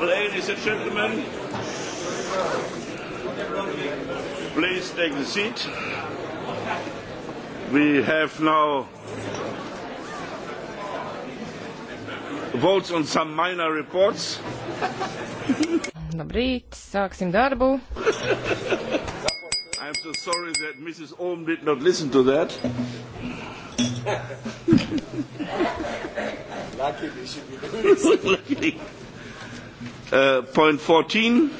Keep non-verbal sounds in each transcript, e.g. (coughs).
Ladies and gentlemen, please take the seat. We have now votes on some minor reports. (laughs) Labrīt, sāksim darbu. (laughs) I'm so sorry that Mrs. Ohm did not listen to that. Luckily, she didn't listen. Uh, point 14.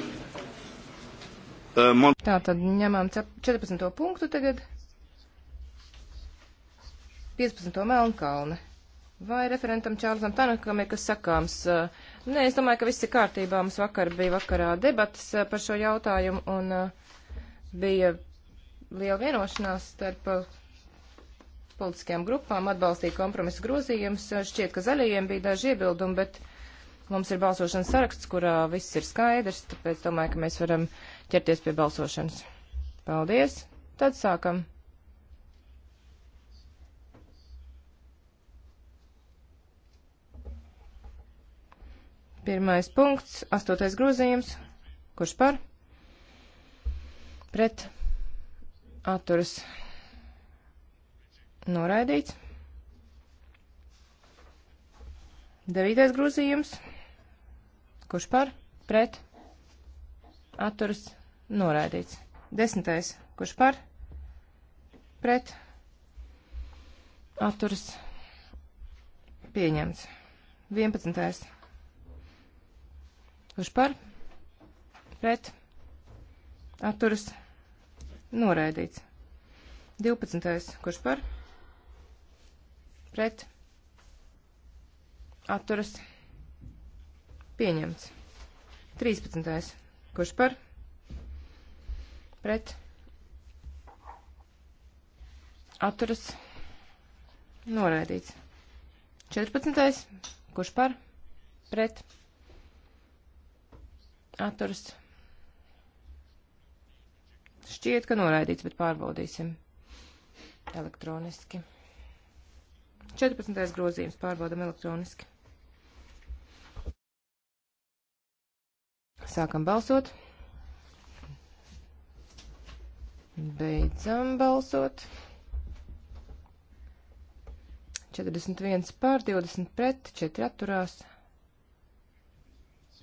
Uh, mon... Tā tad ņemam 14. punktu tagad. 15. Melnkalne. Vai referentam Čārlzam Tanakam ir kas sakāms? Uh, nē, es domāju, ka viss ir kārtībā. Mums vakar bija vakarā debatas uh, par šo jautājumu un uh, bija liela vienošanās starp uh, politiskajām grupām atbalstīt kompromisu grozījumus. Šķiet, ka zaļajiem bija daži iebildumi, bet Mums ir balsošanas saraksts, kurā viss ir skaidrs, tāpēc domāju, ka mēs varam ķerties pie balsošanas. Paldies! Tad sākam! Pirmais punkts, astotais grozījums. Kurš par? Pret. Atturas. Noraidīts. Devītais grozījums. Kurš par? Pret. Atturas noraidīts. Desmitais. Kurš par? Pret. Atturas pieņemts. Vienpadsmitais. Kurš par? Pret. Atturas noraidīts. 12. Kurš par? Pret. Atturas. Pieņemts. 13. Kurš par? Pret. Atturas. Noraidīts. 14. Kurš par? Pret. Atturas. Šķiet, ka noraidīts, bet pārbaudīsim elektroniski. 14. grozījums pārbaudam elektroniski. Sākam balsot. Beidzam balsot. 41 pār 20 pret, 4 atturās.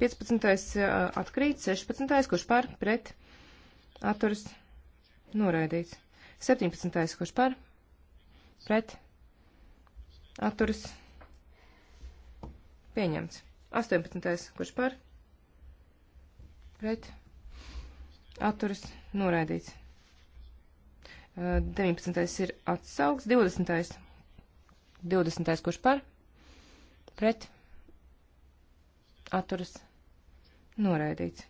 15. atkrīt, 16. kurš pār pret, atturas, noraidīts. 17. kurš pār pret, atturas, pieņemts. 18. kurš pār pret pret atturas noraidīts. 19. ir atsaugs, 20. 20. kurš par pret atturas noraidīts.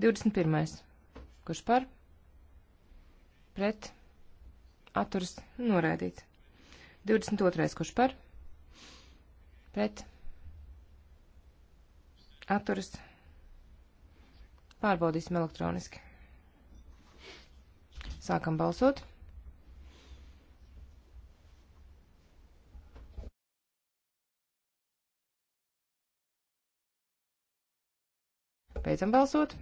21. kurš par pret atturas noraidīts. 22. kurš par pret atturas noraidīts. Pārbaudīsim elektroniski. Sākam balsot. Beidzam balsot.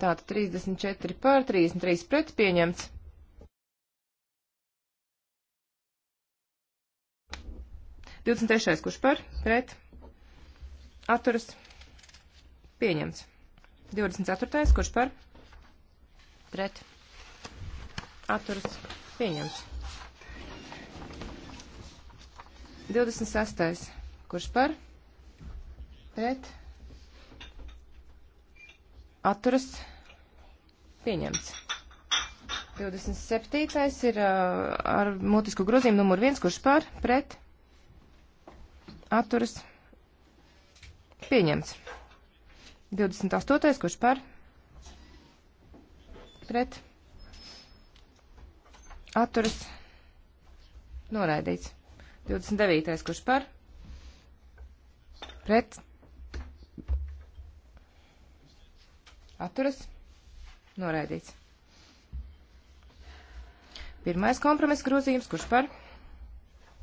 Tātad 34 pār 33 pret pieņemts. 23. kurš par, pret, atturas, pieņemts. 24. kurš par, pret, atturas, pieņemts. 26. kurš par, pret, atturas, pieņemts. 27. ir uh, ar mutisku grozījumu numur 1, kurš par, pret, atturas atturas pieņemts. 28. kurš par pret atturas noraidīts. 29. kurš par pret atturas noraidīts. Pirmais kompromiss grozījums, kurš par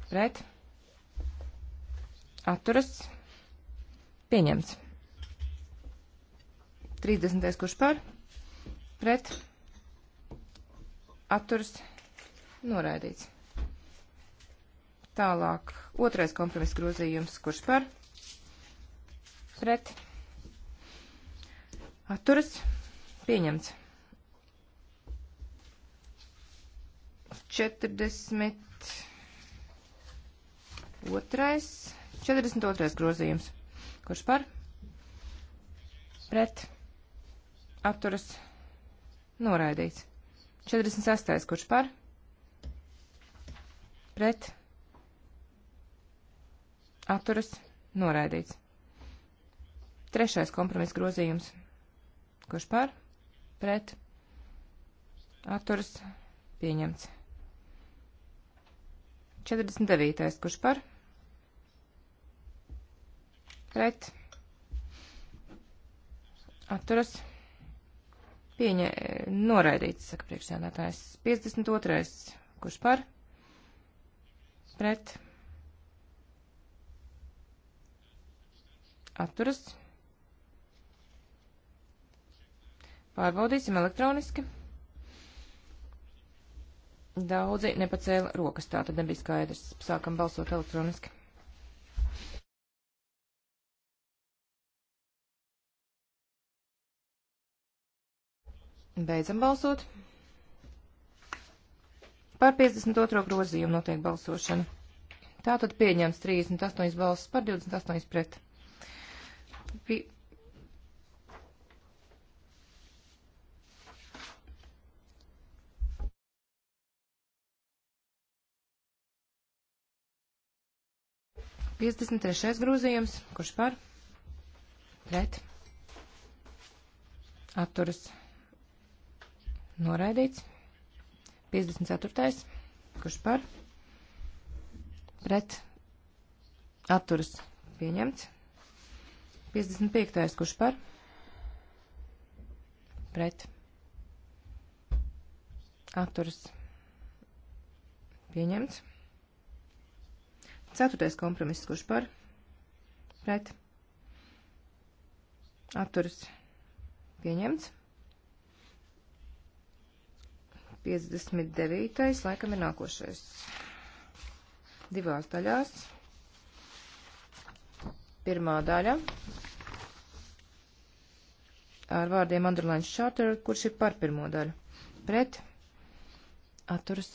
pret atturas atturas pieņemts. 30. kurš par, pret, atturas noraidīts. Tālāk otrais kompromiss grozījums, kurš par, pret, atturas pieņemts. 40. Otrais 42. grozījums. Kurš par? Pret. Atturas. Noraidīts. 46. Kurš par? Pret. Atturas. Noraidīts. Trešais kompromiss grozījums. Kurš par? Pret. Atturas. Pieņemts. 49. Kurš par? Pret pret atturas pieņē, noraidīts, saka priekšsēdētājs. 52. kurš par pret atturas. Pārbaudīsim elektroniski. Daudzi nepacēla rokas, tā tad nebija skaidrs. Sākam balsot elektroniski. Beidzam balsot. Par 52. grozījumu notiek balsošana. Tātad pieņems 38 balsis par 28 pret. Pi Piecdesmit trešais grozījums, kurš par? Pret. Atturas noraidīts. 54. kurš par pret atturas pieņemts. 55. kurš par pret atturas pieņemts. 4. kompromiss, kurš par pret atturas pieņemts. 59. laikam ir nākošais. Divās daļās. Pirmā daļa ar vārdiem underlines charter, kurš ir par pirmo daļu. Pret atturas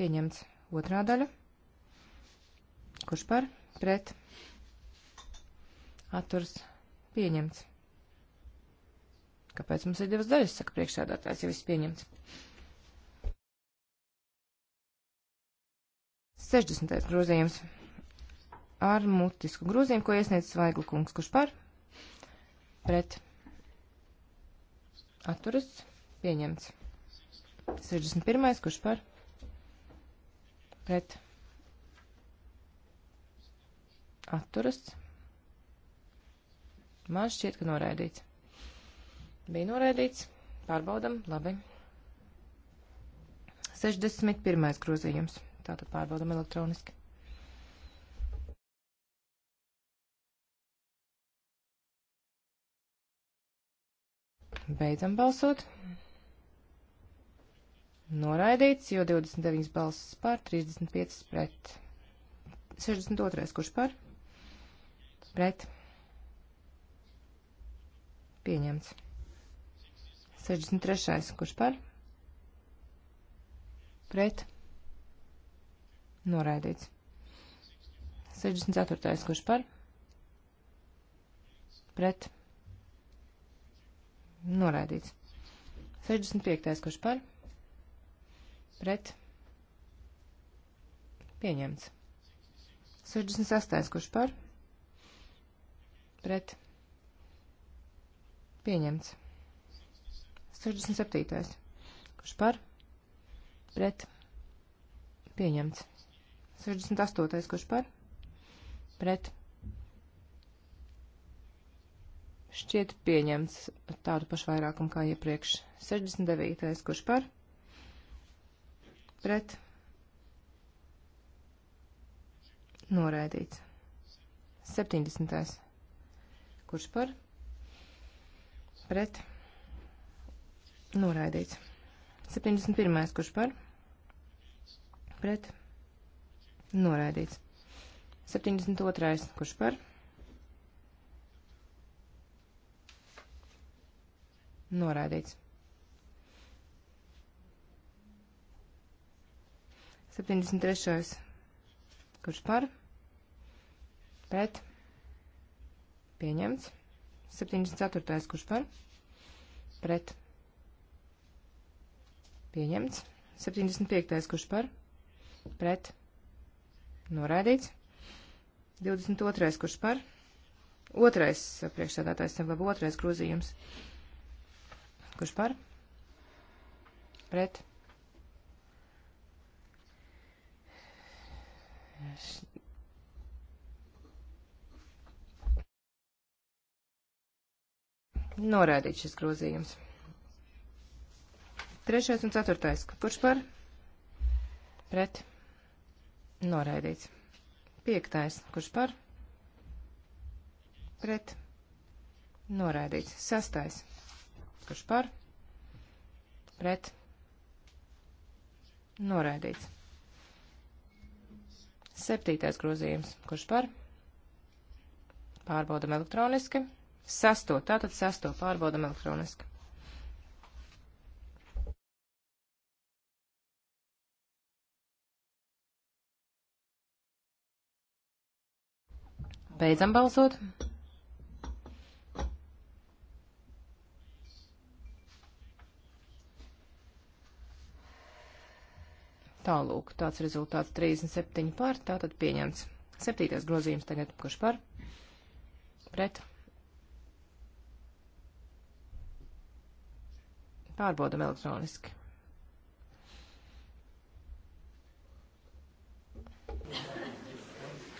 pieņemts otrā daļa. Kurš par pret atturas pieņemts. Kāpēc mums ir divas daļas, saka priekšsēdātājs, ja viss pieņemts? 60. grozījums ar mutisku grozījumu, ko iesniedz Svaigla kungs, kurš par pret atturas pieņemts. 61. kurš par pret atturas. Man šķiet, ka noraidīts. Bija noraidīts. Pārbaudam, labi. 61. grozījums Tātad pārbaudam elektroniski. Beidzam balsot. Noraidīts, jo 29 balsis pār, 35 pret. 62. kurš par? Pret. Pieņemts. 63. kurš par? Pret. Noraidīts. 64. kurš par? Pret. Noraidīts. 65. kurš par? Pret. Pieņemts. 68. kurš par? Pret. Pieņemts. 67. kurš par? Pret. Pieņemts. 68. kurš par? Pret. Šķiet pieņemts ar tādu pašu vairākumu kā iepriekš. 69. kurš par? Pret. Noraidīts. 70. Kurš par? Pret. Noraidīts. 71. Kurš par? Pret. Noraidīts. 72. Kurš par? Noraidīts. 73. Kurš par? Pret. Pieņemts. 74. Kurš par? Pret. Pieņemts. 75. Kurš par? Pret. Noraidīts. 22. kurš par? Otrais priekšsēdētājs, labi, otrais grozījums. Kurš par? Pret. Norādīts šis grozījums. Trešais un ceturtais. Kurš par? Pret. Noraidīts. Piektais. Kurš par? Pret. Noraidīts. Sastais. Kurš par? Pret. Noraidīts. Septītais grozījums. Kurš par? Pārbaudam elektroniski. Sesto. Tātad sesto pārbaudam elektroniski. Beidzam balsot. Tālūk, tāds rezultāts 37 pār, tātad pieņemts. Septītais grozījums tagad, kurš par? Pret. Pārbaudam elektroniski.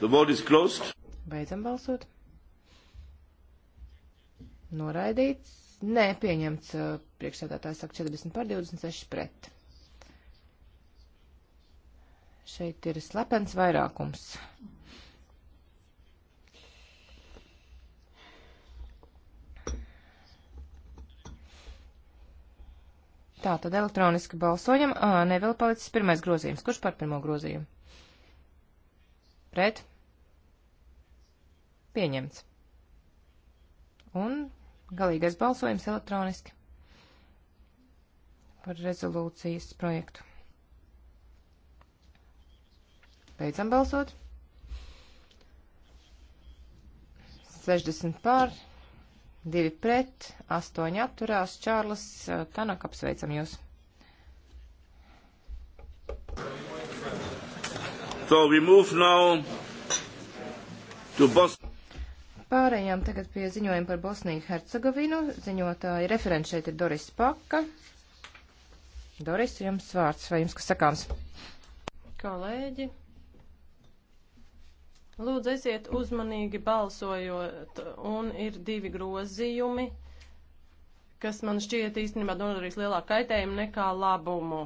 The vote is closed. Beidzam balsot. Noraidīts. Nē, pieņemts. Uh, priekšsēdētājs saka 40 par 26 pret. Šeit ir slepens vairākums. Tā tad elektroniski balsojam. Nē, vēl palicis pirmais grozījums. Kurš par pirmo grozījumu? Pret? Pieņemts. Un galīgais balsojums elektroniski par rezolūcijas projektu. Beidzam balsot. 60 pār, 2 pret, 8 atturās. Čārlis eh, Tanak, apsveicam jūs. So we move now to Bosnia. Pārējām tagad pie ziņojuma par Bosniju Hercegovinu. Ziņotāja referents šeit ir Doris Paka. Doris, jums vārds vai jums kas sakāms? Kolēģi, lūdzu esiet uzmanīgi balsojot, un ir divi grozījumi, kas man šķiet īstenībā nodarīs lielāku kaitējumu nekā labumu.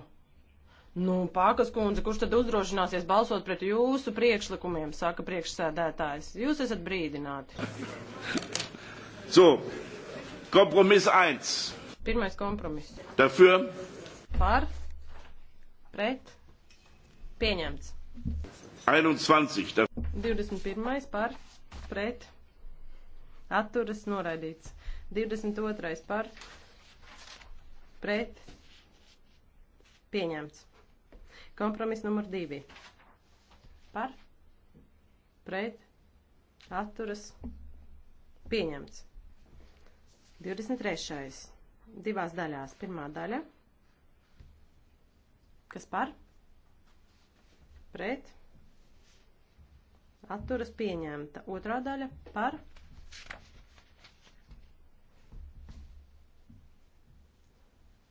Nu, Pākas kundze, kurš tad uzdrošināsies balsot pret jūsu priekšlikumiem, saka priekšsēdētājs. Jūs esat brīdināti. So, kompromis 1. Pirmais kompromis. Dafür. Par. Pret. Pieņemts. 21. Dafür. 21. par. Pret. Atturas noraidīts. 22. par. Pret. Pieņemts. Kompromiss numur divi. Par, pret, atturas, pieņemts. 23. Divās daļās. Pirmā daļa. Kas par? Pret. Atturas pieņemta. Otrā daļa par.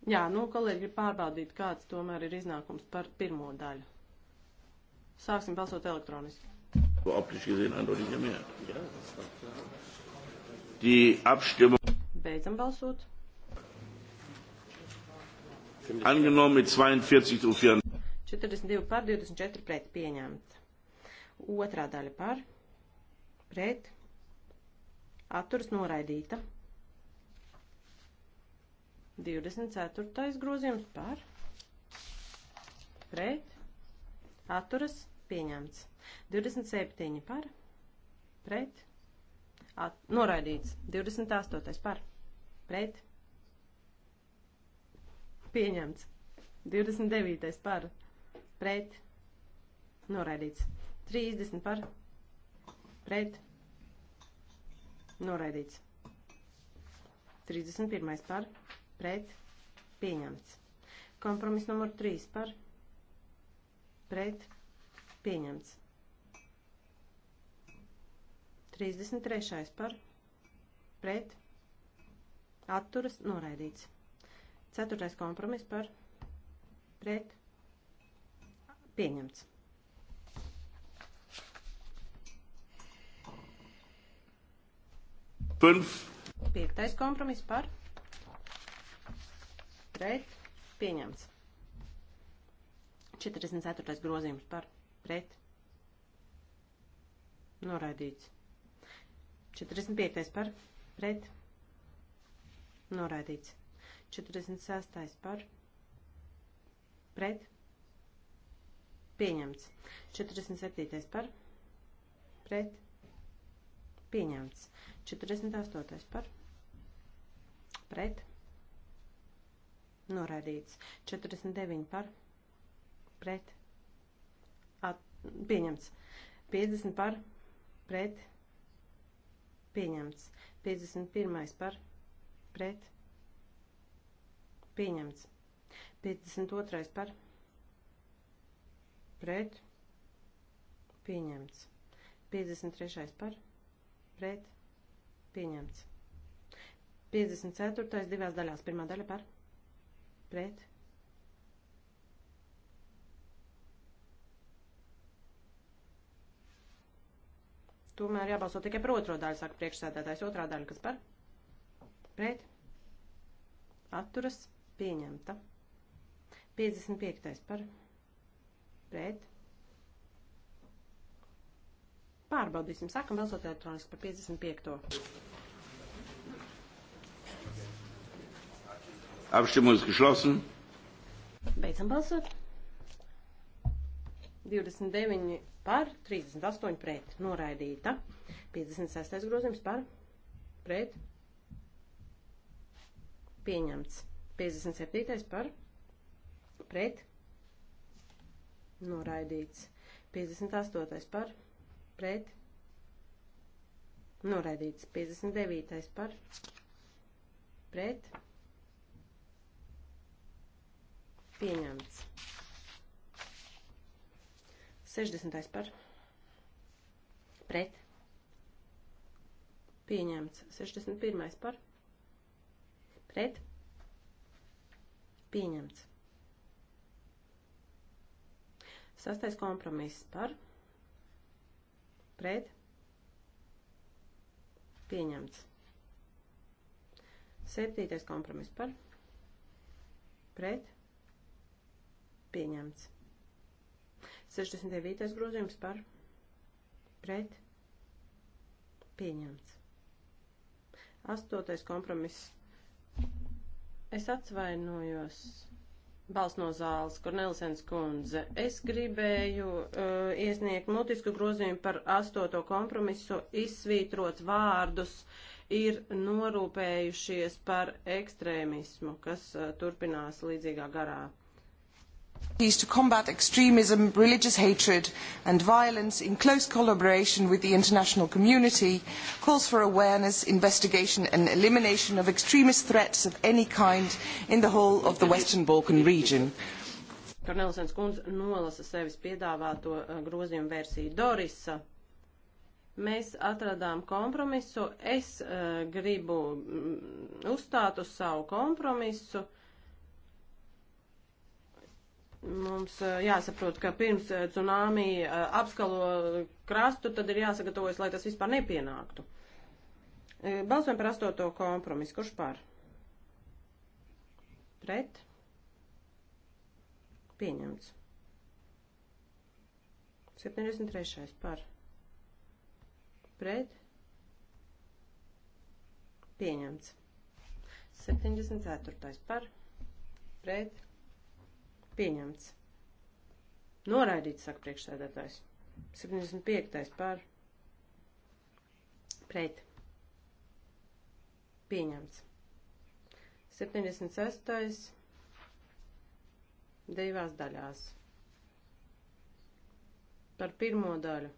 Jā, nu, kolēģi, grib pārbaudīt, kāds tomēr ir iznākums par pirmo daļu. Sāksim balsot elektroniski. Optisch gesehen eindeutig mehr. Die Abstimmung. Beidzam balsot. Angenommen mit 42 zu 4. 42 par, 24 pret pieņemt. Otrā daļa par, pret, atturas noraidīta. 24. grozījums par pret atturas pieņemts. 27. par pret at, noraidīts. 28. par pret pieņemts. 29. par pret noraidīts. 30 par pret noraidīts. 31. par pret pret pieņemts. Kompromis numur 3 par pret pieņemts. 33. par pret atturas noraidīts. 4. kompromis par pret pieņemts. Pirms. Piektais kompromis par pret pret, pieņemts. 44. grozījums par pret, noraidīts. 45. par pret, noraidīts. 46. par pret, pieņemts. 47. par pret, pieņemts. 48. par pret, Noraidīts. 49 par. Pret. At, pieņemts. 50 par. Pret. Pieņemts. 51 par. Pret. Pieņemts. 52 par. Pret. Pieņemts. 53 par. Pret. Pieņemts. 54. divās daļās. Pirmā daļa par pret Tomēr jābalso tikai par otro daļu, saka priekšsēdētājs. Otrā daļa, kas par? Pret. Atturas. Pieņemta. 55. par. Pret. Pārbaudīsim. Sākam balsot elektroniski par 55. Abstimmung ist geschlossen. Beidzam balsot. 29 par, 38 pret. Noraidīta. 56. grozījums par, pret. Pieņemts. 57. par, pret. Noraidīts. 58. par, pret. Noraidīts. 59. par, pret. Pieņemts. 60. par. Pret. Pieņemts. 61. par. Pret. Pieņemts. Sastais kompromiss par. Pret. Pieņemts. Septītais kompromiss par. Pret pieņemts. 69. grozījums par pret pieņemts. 8. kompromiss. Es atvainojos. Balsts no zāles, Kornelisens kundze. Es gribēju uh, iesniegt mutisku grozījumu par astoto kompromisu, izsvītrot vārdus, ir norūpējušies par ekstrēmismu, kas uh, turpinās līdzīgā garā. Uh, is to combat extremism, religious hatred and violence in close collaboration with the international community, calls for awareness, investigation and elimination of extremist threats of any kind in the whole of the Western Balkan region. Kornelisens kundze nolasa sevis piedāvāto uh, grozījumu versiju Dorisa. Mēs atradām kompromisu. Es uh, gribu mm, uzstāt uz savu kompromisu. Uh, Mums eh, jāsaprot, ka pirms eh, tsunami eh, apskalo krastu, tad ir jāsagatavojas, lai tas vispār nepienāktu. Balsojam par astoto kompromisu. Kurš pār? Pret? Pieņemts. 73. par. Pret? Pieņemts. 74. par. Pret? Pieņemts. Noraidīts, saka priekšsēdētājs. 75. par. Pret. Pieņemts. 76. divās daļās. Par pirmo daļu.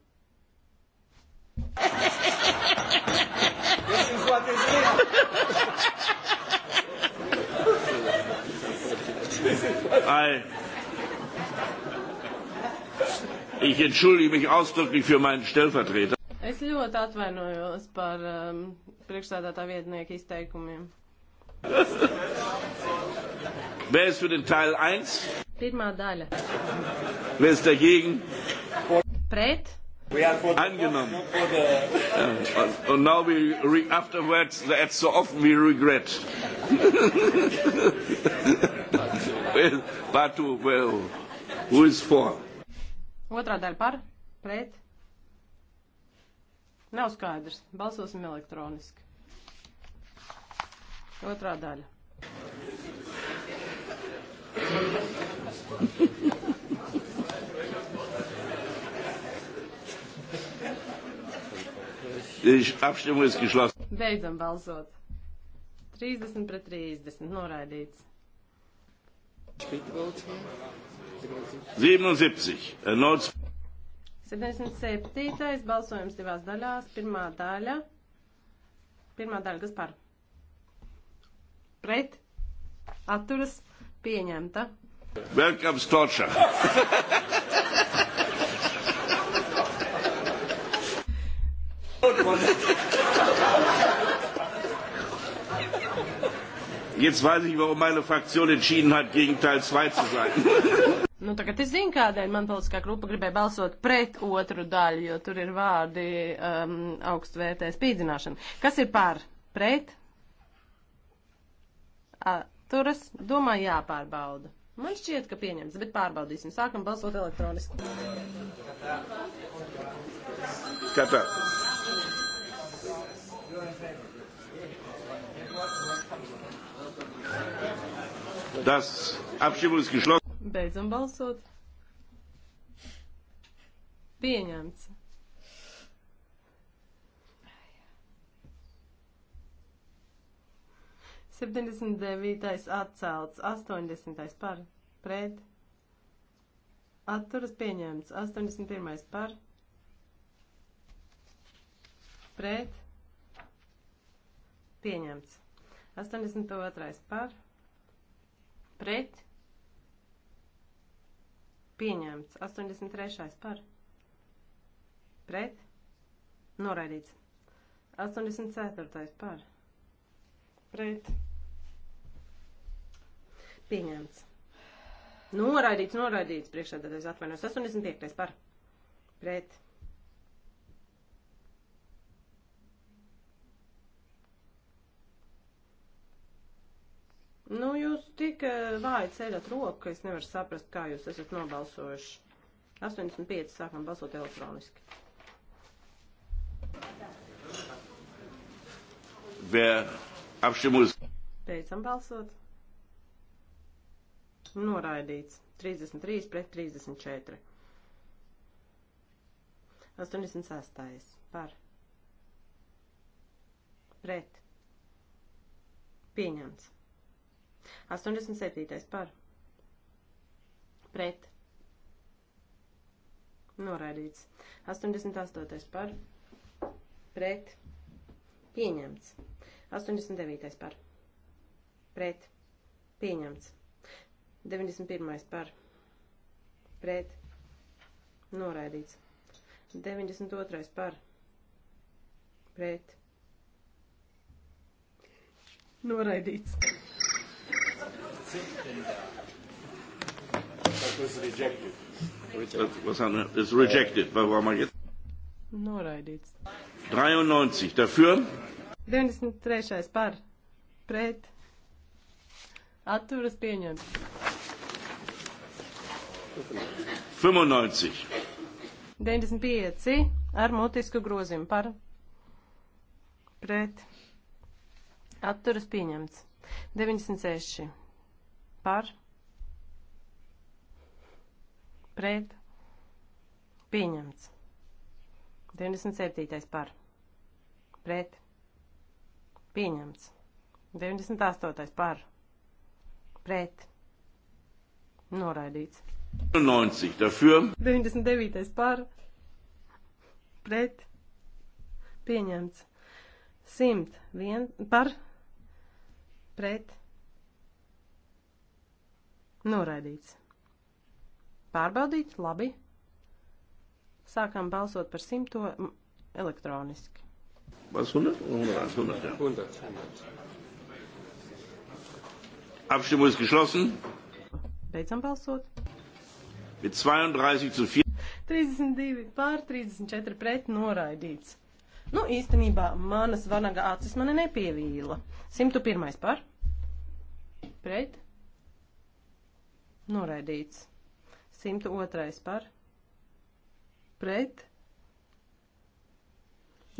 This is what is it. I, ich entschuldige mich ausdrücklich für meinen Stellvertreter. Es ļoti atvainojos par um, priekšstādātā vietnieka izteikumiem. Wer ist für den Teil 1? Pirmā daļa. Wer ist dagegen? Pret. Angenommen. Uh, and now we re afterwards that's so often we regret. (laughs) Part to, well, who is for? Otrā daļa par, pret. Nav skaidrs. Balsosim elektroniski. Otrā daļa. Beidzam balsot. 30 pret 30 noraidīts. 77. 77. balsojums divās daļās. Pirmā daļa. Pirmā daļa, kas par? Pret. Atturas. Pieņemta. Welcome, Storčā. (laughs) Jetzt weiß ich, warum meine Fraktion entschieden hat, gegen Teil 2 zu sein. (laughs) nu, tagad es zinu, kādēļ man politiskā grupa gribēja balsot pret otru daļu, jo tur ir vārdi um, augstu vērtē spīdzināšana. Kas ir par? Pret? Turas, domāju, jāpārbauda. Man šķiet, ka pieņems, bet pārbaudīsim. Sākam balsot elektroniski. Katrā. Thank you. Das Abstimmung ist geschlossen. Beidzam balsot. Pieņemts. Septiņdesmit devītais atcelts, astoņdesmitais par, pret, atturas pieņemts, astoņdesmit pirmais par, pret, pieņemts. 82. par pret pieņemts. 83. par pret noraidīts. 84. par pret pieņemts. Noraidīts, noraidīts priekšādātais atvainojas. 85. par pret pieņemts. Nu, jūs tik eh, vāji ceļat roku, ka es nevaru saprast, kā jūs esat nobalsojuši. 85 sākam balsot elektroniski. Wer apšķimus? Beidzam balsot. Noraidīts. 33 pret 34. 86. Par. Pret. Pieņemts. 87. par. Pret. Noraidīts. 88. par. Pret. Pieņemts. 89. par. Pret. Pieņemts. 91. par. Pret. Noraidīts. 92. par. Pret. Noraidīts sind denn da? That was rejected. That was an, is rejected. Warum haben wir jetzt? Noraidīts. 93 dafür. 93. par. Pret. Atturas pieņemts. 95. 95 ar mutisku grozījumu par. Pret. Atturas pieņemts. 96 par pret pieņemts. 97. par pret pieņemts. 98. par pret noraidīts. 90 dafür. 99. par pret pieņemts. 101 par pret Noraidīts. Pārbaudīt, labi. Sākam balsot par simto elektroniski. Was 100? 100, 100, ja. 100. Abstimmung ist geschlossen. Beidzam balsot. Mit 32 zu 4. 32 pār 34 pret noraidīts. Nu, īstenībā manas vanaga acis mani nepievīla. 101 par. Pret. Noraidīts. 102. par. Pret.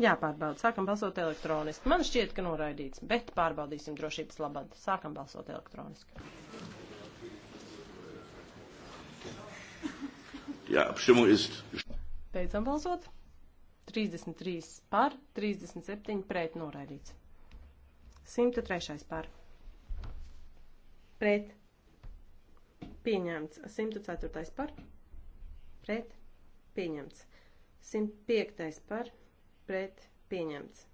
Jāpārbauda. Sākam balsot elektroniski. Man šķiet, ka noraidīts, bet pārbaudīsim drošības labad. Sākam balsot elektroniski. Jā, apšimu ist. Beidzam balsot. 33 par, 37 pret noraidīts. 103 par. Pret. Pieņemts. 104. par. Pret. Pieņemts. 105. par. Pret. Pieņemts.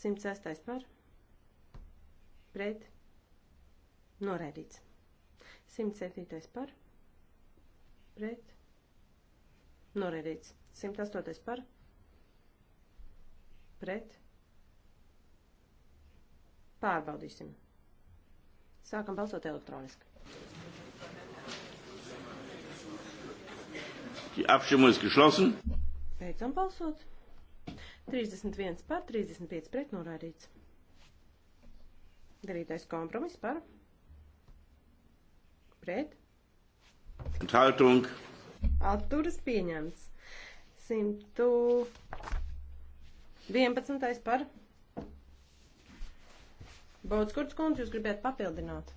106. par. Pret. Noraidīts. 107. par. Pret. Noraidīts. 108. par. Pret. Pārbaudīsim. Sākam balsot elektroniski. Die Abstimmung ist geschlossen. Beidzam balsot. 31 par, 35 pret noraidīts. Darītais kompromiss par. Pret. Enthaltung. Atturas pieņemts. 111 par. Baudskurts kundze, jūs gribētu papildināt?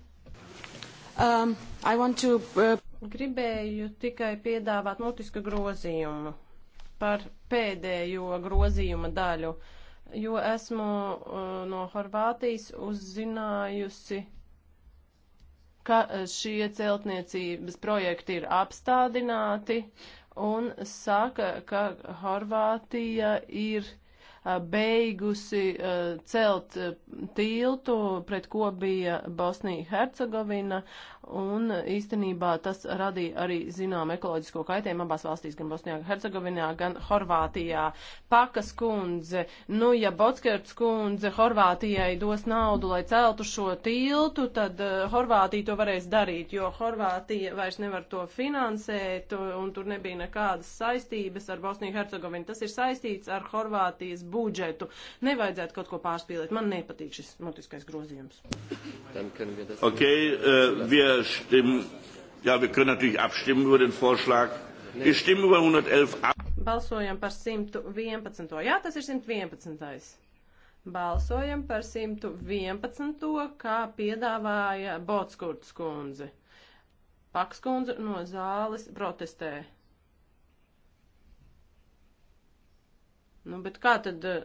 Um, I want to... Uh... Gribēju tikai piedāvāt mutisku grozījumu par pēdējo grozījuma daļu, jo esmu uh, no Horvātijas uzzinājusi, ka uh, šie celtniecības projekti ir apstādināti un saka, ka Horvātija ir uh, beigusi uh, celt tiltu, pret ko bija Bosnija Hercegovina, un īstenībā tas radīja arī zinām ekoloģisko kaitējumu abās valstīs, gan Bosnijā, gan Hercegovinā, gan Horvātijā. Pakas kundze, nu ja Botskerts kundze Horvātijai dos naudu, lai celtu šo tiltu, tad uh, Horvātija to varēs darīt, jo Horvātija vairs nevar to finansēt, un tur nebija nekādas saistības ar Bosniju Hercegovinu. Tas ir saistīts ar Horvātijas budžetu. Nevajadzētu kaut ko pārspīlēt. Man nepatīk šis mutiskais grozījums. Okay, uh, wir stimmen. Ja, wir können natürlich abstimmen über den Vorschlag. Wir stimmen über 111 ab. Balsojam par 111. Jā, tas ir 111. Balsojam par 111. kā piedāvāja Botskurts kundze. Paks kundze no zāles protestē. Nu, bet kā tad eh,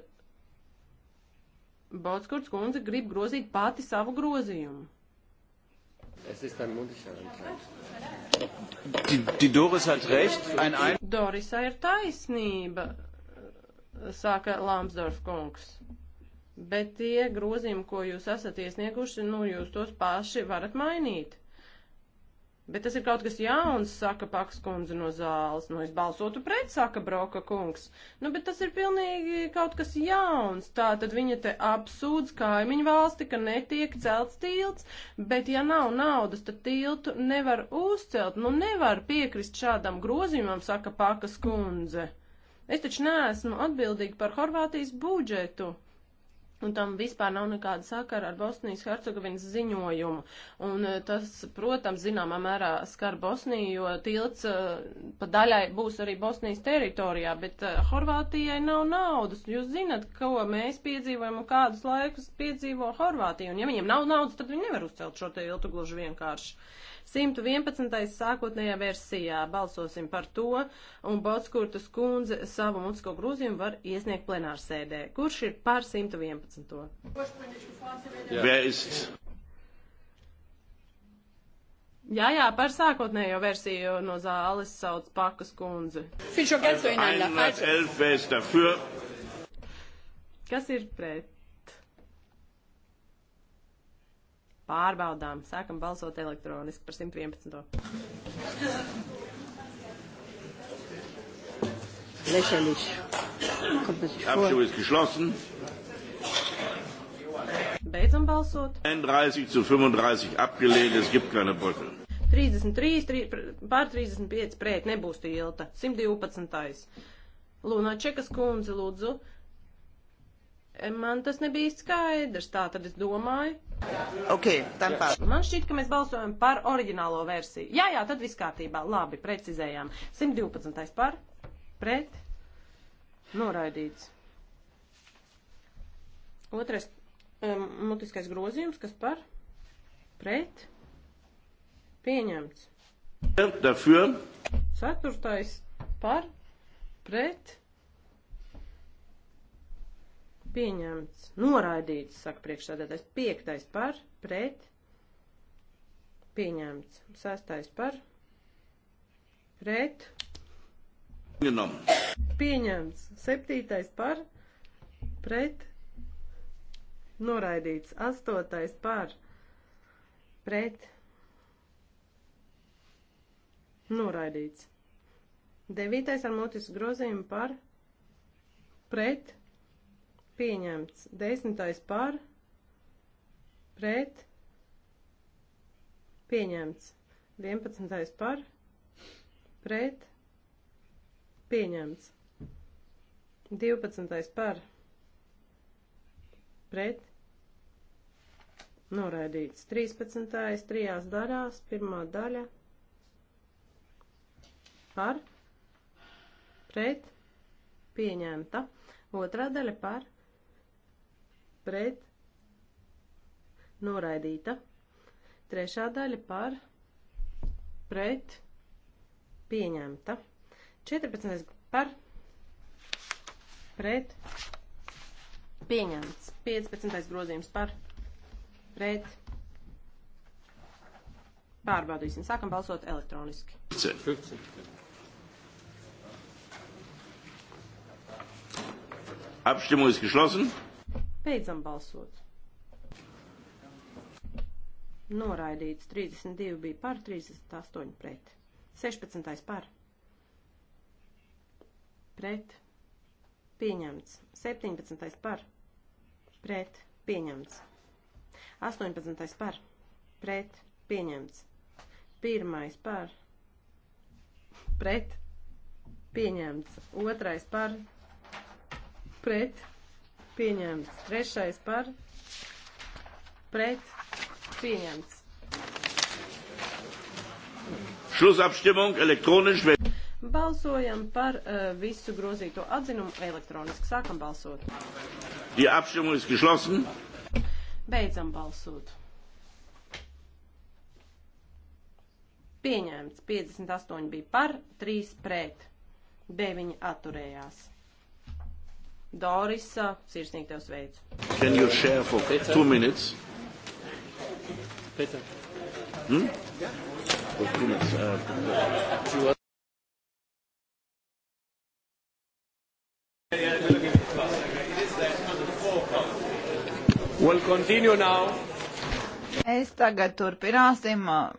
Botskurts kundze grib grozīt pati savu grozījumu? Es ist ein mündlicher Antrag. Doris hat recht. Ein ein Dorisai ir taisnība, saka Lāmsdorf kungs. Bet tie grozījumi, ko jūs esat iesnieguši, nu jūs tos paši varat mainīt. Bet tas ir kaut kas jauns, saka Paks kundze no zāles. Nu, es balsotu pret, saka Broka kungs. Nu, bet tas ir pilnīgi kaut kas jauns. Tā tad viņa te apsūdz kaimiņu valsti, ka netiek celts tilts, bet ja nav naudas, tad tiltu nevar uzcelt. Nu, nevar piekrist šādam grozījumam, saka Pakas kundze. Es taču neesmu atbildīga par Horvātijas budžetu. Un tam vispār nav nekāda sakara ar Bosnijas Hercegovinas ziņojumu. Un eh, tas, protams, zināmā mērā skar Bosniju, jo tilts uh, pa daļai būs arī Bosnijas teritorijā, bet uh, Horvātijai nav naudas. Jūs zinat, ko mēs piedzīvojam un kādus laikus piedzīvo Horvātija. Un ja viņiem nav naudas, tad viņi nevar uzcelt šo tiltu gluži vienkārši. Uh, 111. sākotnējā versijā balsosim par to, un Botskurtas kundze savu mutisko grūzījumu var iesniegt plenārsēdē. Kurš ir par 111? Jā, jā, jā par sākotnējo versiju no zāles sauc Pakas kundze. Kas ir pret? Pārbaudām, sākam balsot elektroniski par 111. Lächerlich. Kommt man sich vor. Abstimmung ist geschlossen. Beidzam balsot. 31 zu 35 abgelehnt, es gibt keine Brücke. 33, 3, pār 35 pret, nebūs tilta. 112. Lūna Čekas kundze, lūdzu. Man tas nebija skaidrs, tā tad es domāju Okay, Man šķiet, ka mēs balsojam par oriģinālo versiju. Jā, jā, tad viss kārtībā. Labi, precizējām. 112. par, pret, noraidīts. Otrais um, mutiskais grozījums, kas par, pret, pieņemts. Dafür. Ceturtais par, pret, pieņemts, noraidīts, saka priekšsēdētājs, piektais par, pret, pieņemts, sestais par, pret, Vienam. pieņemts, septītais par, pret, noraidīts, astotais par, pret, noraidīts, devītais ar mutisku grozījumu par, pret, pret, pieņemts. Desmitais par, pret, pieņemts. Vienpadsmitais par, pret, pieņemts. Divpadsmitais par, pret, noraidīts. Trīspadsmitais trijās daļās, pirmā daļa par, pret, pieņemta. Otrā daļa par, pret noraidīta. Trešā daļa par pret pieņemta. 14. par pret pieņemts. 15. grozījums par pret pārbaudīsim. Sākam balsot elektroniski. 15. Abstimmung ist geschlossen. Beidzam balsot. Noraidīts 32 bija par, 38 pret. 16. par. Pret. Pieņemts. 17. par. Pret. Pieņemts. 18. par. Pret. Pieņemts. 1. par. Pret. Pieņemts. 2. par. Pret pieņemts. Trešais par pret pieņemts. Šlusapšķemung elektroniski. Balsojam par uh, visu grozīto atzinumu elektroniski. Sākam balsot. Die Abstimmung ist geschlossen. Beidzam balsot. Pieņemts. 58 bija par, 3 pret, 9 atturējās. Doris, sirsnīgi tev sveicu. Can you share for Peter? two minutes? Peter. Hmm? For two minutes. Uh, We'll continue now. Mēs tagad turpināsim uh,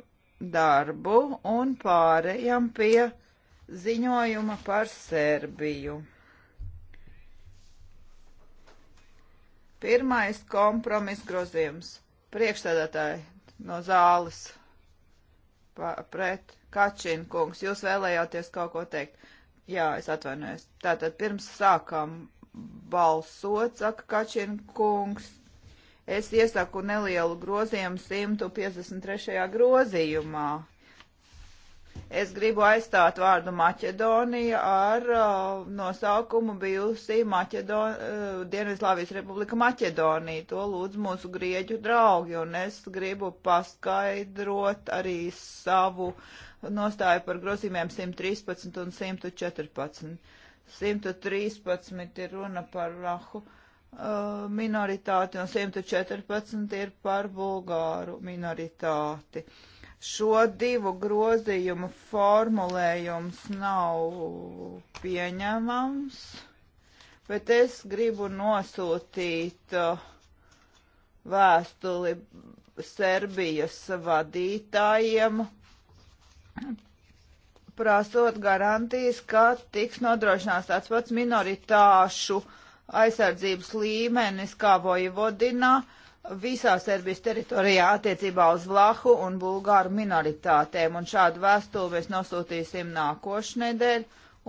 darbu un pārējām pie ziņojuma par Serbiju. Pirmais kompromis grozījums. Priekšstādātāji no zāles pa, pret Kačina kungs. Jūs vēlējāties kaut ko teikt? Jā, es atvainojos. Tātad pirms sākām balsot, saka Kačina kungs. Es iesaku nelielu grozījumu 153. grozījumā. Es gribu aizstāt vārdu Maķedonija ar uh, nosaukumu bijusī Maķedon, uh, Dienvidslāvijas Republika Maķedonija. To lūdz mūsu grieķu draugi, un es gribu paskaidrot arī savu nostāju par grozījumiem 113 un 114. 113 ir runa par rahu uh, minoritāti, un 114 ir par bulgāru minoritāti. Uh, Šo divu grozījumu formulējums nav pieņemams, bet es gribu nosūtīt uh, vēstuli Serbijas vadītājiem, prasot garantijas, ka tiks nodrošināts tāds pats minoritāšu aizsardzības līmenis kā Vojvodinā, uh, visā Serbijas teritorijā attiecībā uz Vlahu un Bulgāru minoritātēm, un šādu vēstuli mēs nosūtīsim nākošnedēļ,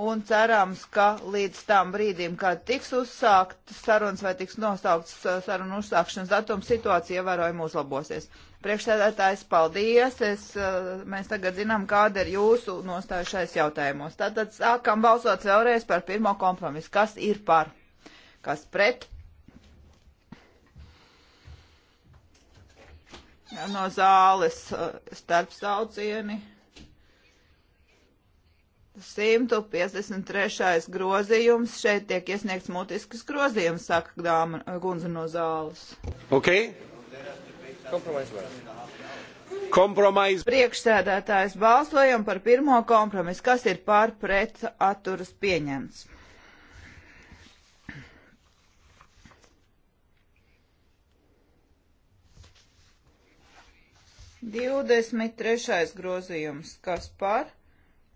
un cerams, ka līdz tam brīdim, kad tiks uzsākt sarunas vai tiks nosaukts uh, sarunu uzsākšanas datums, situācija ievērojami uzlabosies. Priekšsēdētājs, paldies! Es, uh, mēs tagad zinām, kāda ir jūsu nostājušais jautājumos. Tātad sākam balsot vēlreiz par pirmo kompromisu. Kas ir par? Kas pret? no zāles uh, starpsaucieni. 153. grozījums. Šeit tiek iesniegts mutiskas grozījums, saka dāma Gunza uh, no zāles. Ok. Kompromis varam. Kompromis. Priekšsēdētājs balsojam par pirmo kompromisu, kas ir pār pret atturas pieņemts. 23. grozījums, kas par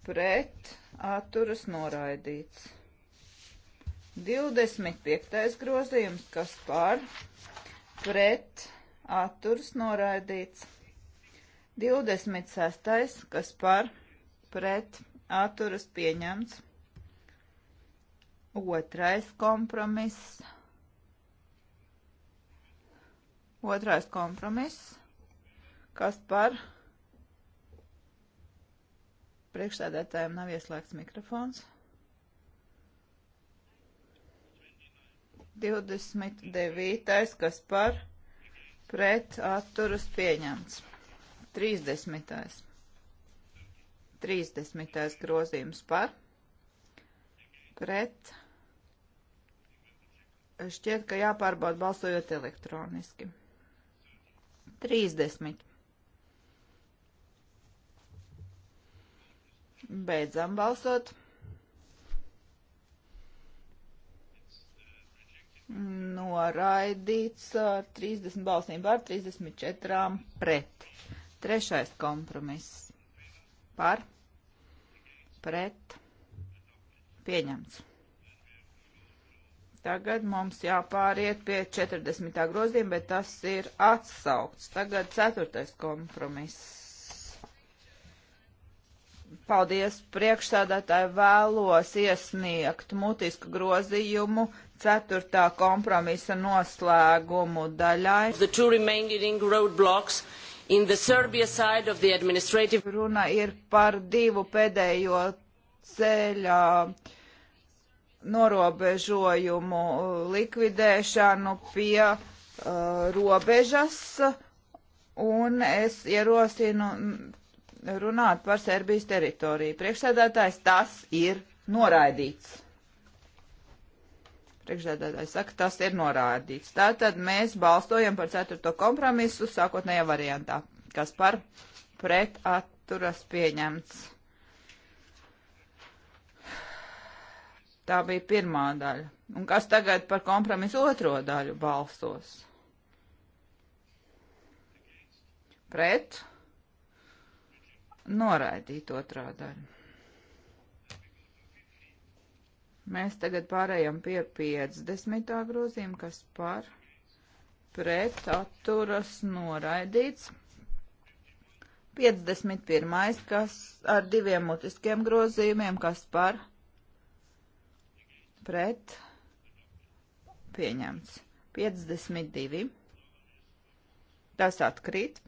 pret atturas noraidīts. 25. grozījums, kas par pret atturas noraidīts. 26. kas par pret atturas pieņemts. Otrais kompromiss. Otrais kompromiss Kas par? Priekšsēdētājiem nav ieslēgts mikrofons. 29. kas par pret atturas pieņemts. 30. 30. grozījums par pret. Šķiet, ka jāpārbauda balsojot elektroniski. 30. Beidzam balsot. Noraidīts ar 30 balsīm par 34 pret. Trešais kompromiss. Par. Pret. Pieņemts. Tagad mums jāpāriet pie 40. grozījuma, bet tas ir atsaukts. Tagad ceturtais kompromiss Paldies priekšsādātāji vēlos iesniegt mutisku grozījumu ceturtā kompromisa noslēgumu daļai. The two remaining roadblocks in the Serbia side of the administrative. Runa ir par divu pēdējo ceļā norobežojumu likvidēšanu pie uh, robežas, un es ierosinu runāt par Serbijas teritoriju. Priekšsēdētājs tas ir noraidīts. Priekšsēdētājs saka, tas ir noraidīts. Tātad mēs balstojam par ceturto kompromisu sākotnējā variantā, kas par pret atturas pieņemts. Tā bija pirmā daļa. Un kas tagad par kompromisu otro daļu balstos? Pret noraidīt otrā daļa. Mēs tagad pārējām pie 50. grozījuma, kas par pret atturas noraidīts. 51. kas ar diviem mutiskiem grozījumiem, kas par pret pieņemts. 52. Tas atkrīt.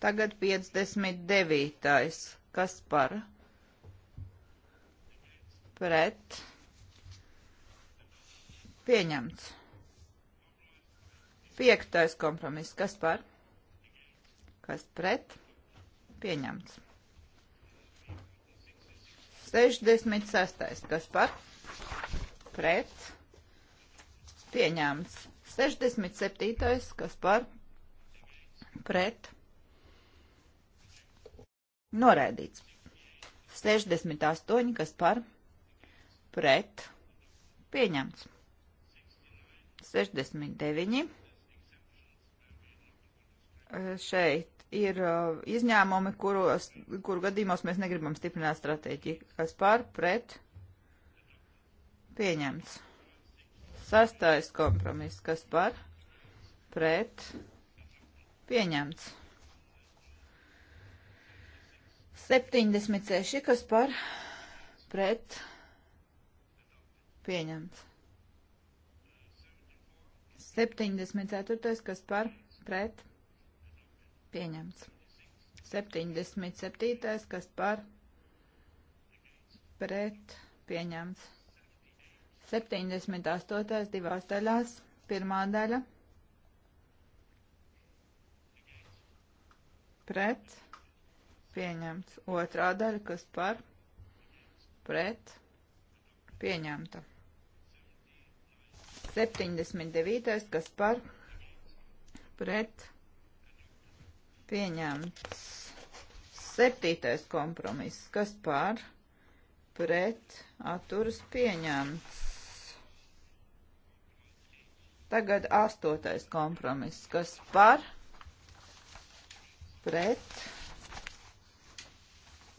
Tagad 59. Kas par? Pret. Pieņemts. Piektais kompromiss. Kas par? Kas pret? Pieņemts. 66. Kas par? Pret. Pieņemts. 67. Kas par? Pret Noraidīts. 68, kas par pret pieņemts. 69. Eh, šeit ir eh, izņēmumi, kuros, kuru gadījumos mēs negribam stiprināt stratēģiju, kas par pret pieņemts. Sastais kompromiss, kas par pret pieņemts. 76, kas par pret pieņemts. 74, kas par pret pieņemts. 77, kas par pret pieņemts. 78, divās daļās, pirmā daļa pret pieņemts pieņemts. Otrā daļa, kas par pret pieņemta. 79. kas par pret pieņemts. 7. kompromiss, kas par pret atturas pieņemts. Tagad astotais kompromiss, kas par pret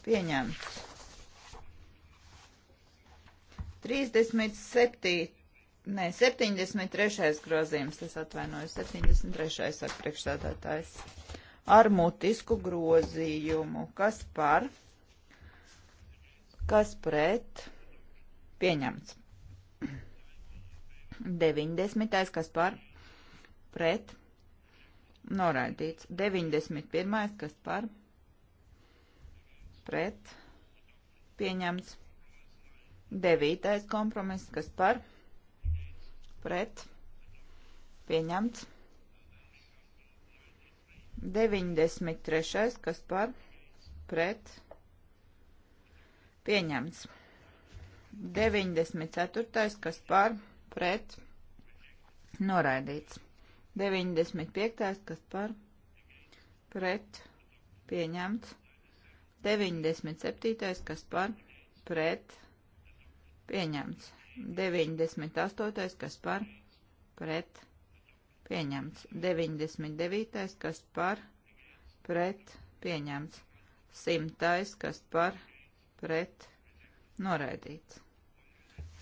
Pieņemts. 37. Nē, 73. grozījums, es atvainojos, 73. ar priekšstādātājs. Ar mutisku grozījumu. Kas par? Kas pret? Pieņemts. 90. kas par? Pret? Noraidīts. 91. kas par? pret pieņemts. Devītais kompromiss, kas par pret pieņemts. 93. kas par pret pieņemts. 94. kas par pret noraidīts. 95. kas par pret pieņemts. 97. kas par pret pieņemts. 98. kas par pret pieņemts. 99. kas par pret pieņemts. 100. kas par pret noraidīts.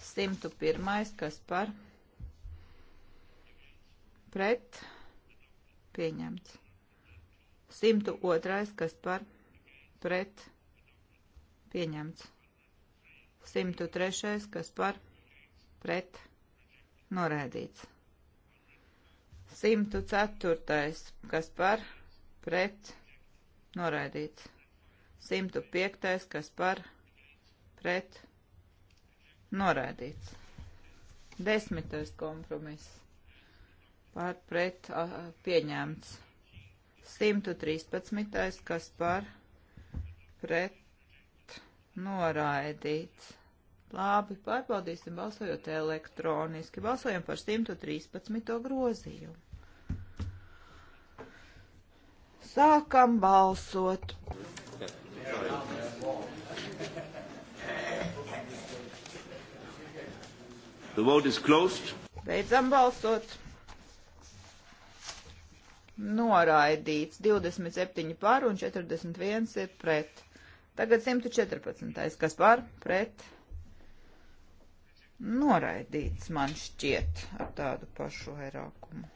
101. kas par pret pieņemts. 102. kas par pret pret pieņemts. 103. kas par pret norēdīts. 104. kas par pret norēdīts. 105. kas par pret norēdīts. Desmitais kompromiss par pret pieņemts. 113. kas par pret pret noraidīts. Labi, pārbaudīsim balsojot elektroniski. Balsojam par 113. grozījumu. Sākam balsot. The vote is closed. Beidzam balsot. Noraidīts 27 par un 41 ir pret. Tagad 114. kas par pret noraidīts man šķiet ar tādu pašu vairākumu.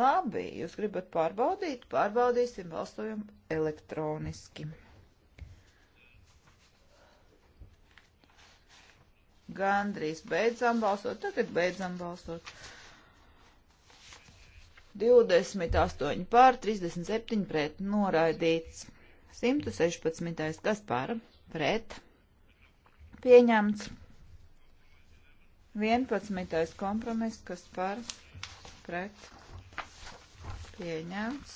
Labi, jūs gribat pārbaudīt, pārbaudīsim balsojumu elektroniski. Gandrīz beidzam balsot, tagad beidzam balsot. 28 pār 37 pret noraidīts. 116. kas par pret pieņemts. 11. kompromiss, kas par pret pieņemts.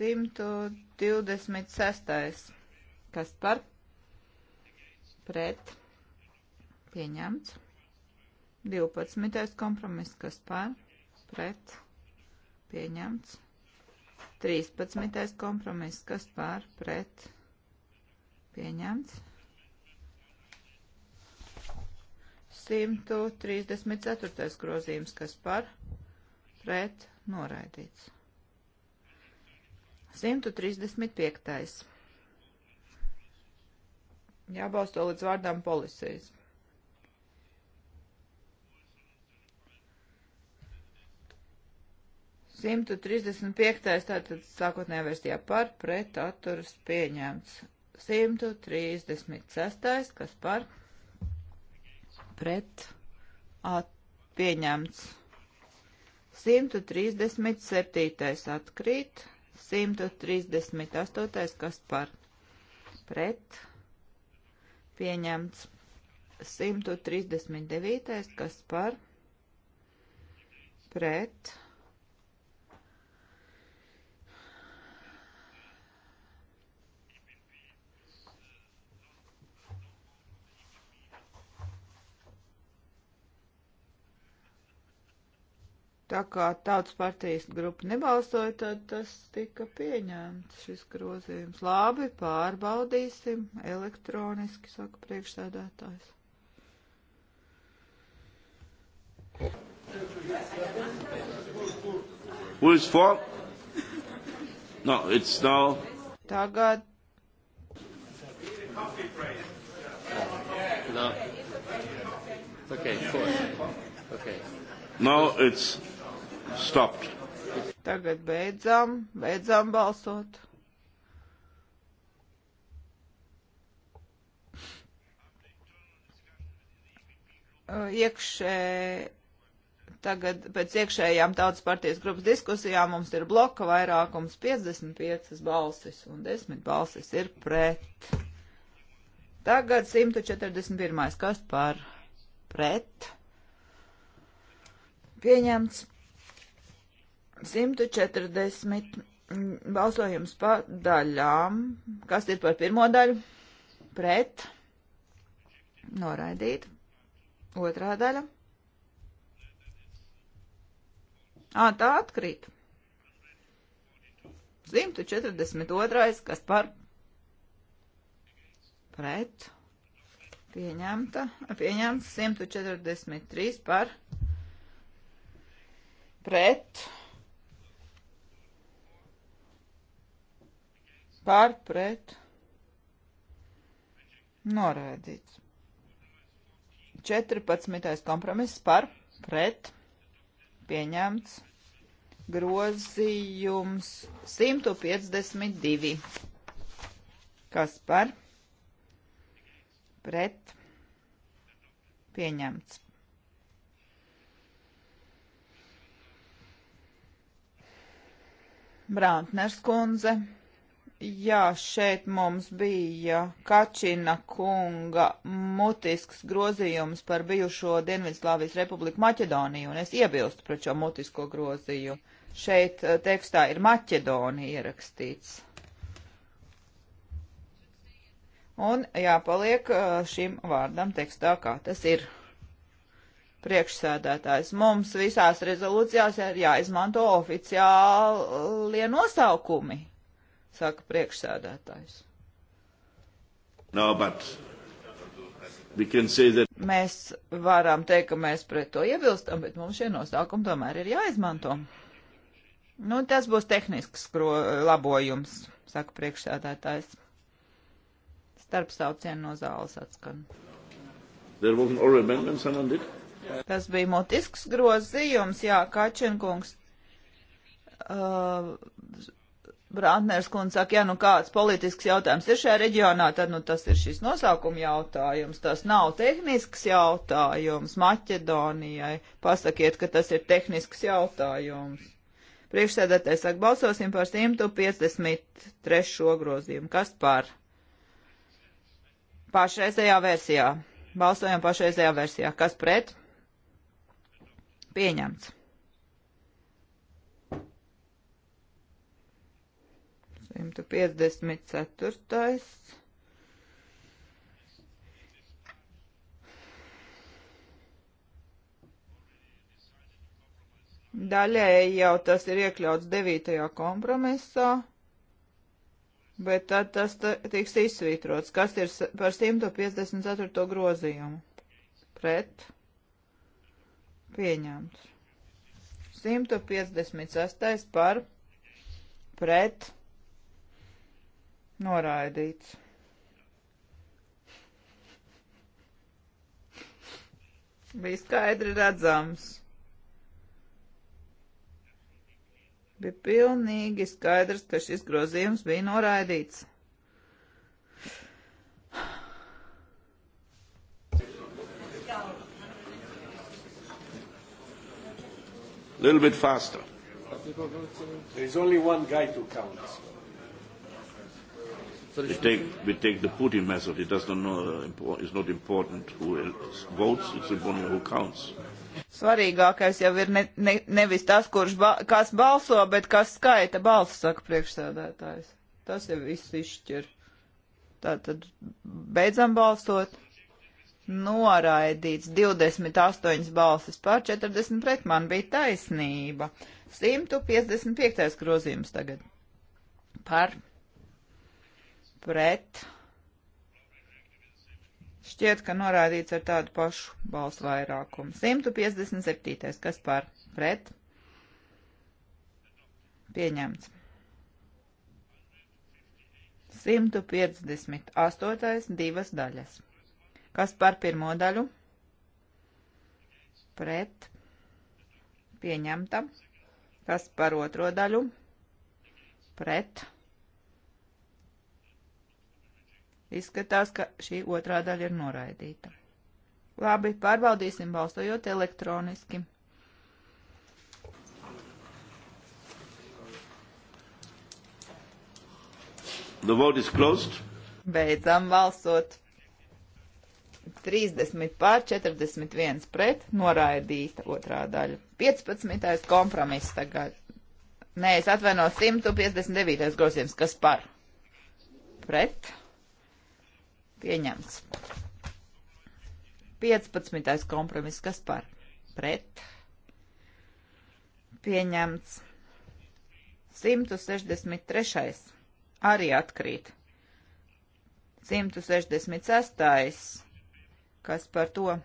126. kas par pret pieņemts. 12. kompromiss, kas par pret pieņemts. 13. kompromiss, kas par pret pieņemts. 134. grozījums, kas par pret noraidīts. 135. Jābalsto līdz vārdām policijas. 135. tātad sākotnējā versijā par pret atturas pieņemts. 136. kas par pret at, pieņemts. 137. atkrīt. 138. kas par pret pieņemts. 139. kas par pret Tā kā tautas partijas grupa nebalsoja, tad tas tika pieņemts šis grozījums. Labi, pārbaudīsim elektroniski, saka priekšsēdētājs. Who is for? No, it's now. Tagad. No. Okay, four. Okay. Now it's Stopped. Tagad beidzam, beidzam balsot. Iekšē, tagad pēc iekšējām tautas partijas grupas diskusijām mums ir bloka vairākums 55 balsis un 10 balsis ir pret. Tagad 141. kas par pret pieņemts. 140 balsojums pa daļām. Kas ir par pirmo daļu? Pret. Noraidīt. Otrā daļa. Ā, tā atkrīt. 142. kas par pret pieņemta, pieņemts 143 par pret par pret noraidīts. 14. kompromiss par pret pieņemts grozījums 152. Kas par pret pieņemts. Brāntners kundze Jā, šeit mums bija Kačina kunga mutisks grozījums par bijušo Dienvidslāvijas republiku Maķedoniju, un es iebilstu pret šo mutisko grozījumu. Šeit eh, tekstā ir Maķedonija ierakstīts. Un jāpaliek eh, šim vārdam tekstā, kā tas ir priekšsēdētājs. Mums visās rezolūcijās ir jāizmanto oficiālie nosaukumi saka priekšsēdētājs. No, but that... Mēs varam teikt, ka mēs pret to iebilstam, bet mums šie nosaukumi tomēr ir jāizmanto. Nu, tas būs tehnisks labojums, saka priekšsēdētājs. Starp saucienu no zāles atskan. Tas bija motisks grozījums, jā, Kačenkungs. Uh, Brantners kundze saka, ja nu kāds politisks jautājums ir šajā reģionā, tad nu tas ir šis nosaukuma jautājums. Tas nav tehnisks jautājums Maķedonijai. Pasakiet, ka tas ir tehnisks jautājums. Priekšsēdētājs saka, balsosim par 153. grozījumu. Kas par? Pašreizējā versijā. Balsojam pašreizējā versijā. Kas pret? Pieņemts. 154. Daļēji jau tas ir iekļauts 9. kompromisā, bet tad tas tiks izsvītrots. Kas ir par 154. grozījumu? Pret. Pieņemts. 156. par pret Noraidīts. Bija skaidri redzams. Bija pilnīgi skaidrs, ka šis grozījums bija noraidīts. little bit faster. There is only one guy to count. We take, we take the Putin method. It does not know, uh, it's not important who votes, it's important who counts. Svarīgākais jau ir ne, ne, nevis tas, kurš ba kas balso, bet kas skaita balsu, saka priekšsēdētājs. Tas jau viss izšķir. Tātad beidzam balsot. Noraidīts 28 balsis pār 40 pret man bija taisnība. 155. grozījums tagad. Par pret. Šķiet, ka norādīts ar tādu pašu balsu vairākumu. 157. kas par pret? Pieņemts. 158. divas daļas. Kas par pirmo daļu? Pret. Pieņemta. Kas par otro daļu? Pret. Izskatās, ka šī otrā daļa ir noraidīta. Labi, pārbaudīsim balsojot elektroniski. The vote is closed. Beidzam balsot. 30 pār 41 pret, noraidīta otrā daļa. 15. kompromiss tagad. Nē, es atvaino 159. grozījums, kas par? Pret Pieņemts. 15. kompromiss, kas par pret. Pieņemts. 163. arī atkrīt. 166. kas par to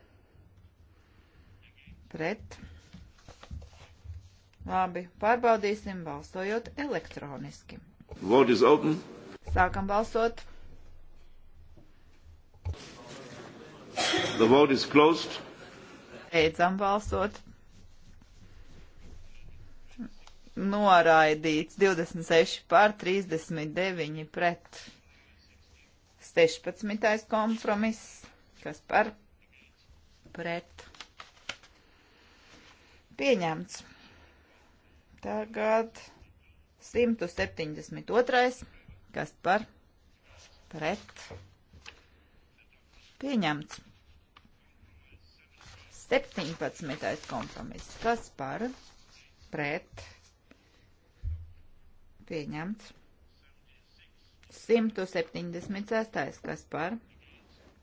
pret. Labi, pārbaudīsim balsojot elektroniski. Vote is open. Sākam balsot. The vote is closed. Beidzam balsot. Noraidīts 26 pār 39 pret 16. kompromiss, kas par pret pieņemts. Tagad 172. kas par pret pieņemts. 17. kompromiss. Kas par? Pret. Pieņemts. 176. Kas par?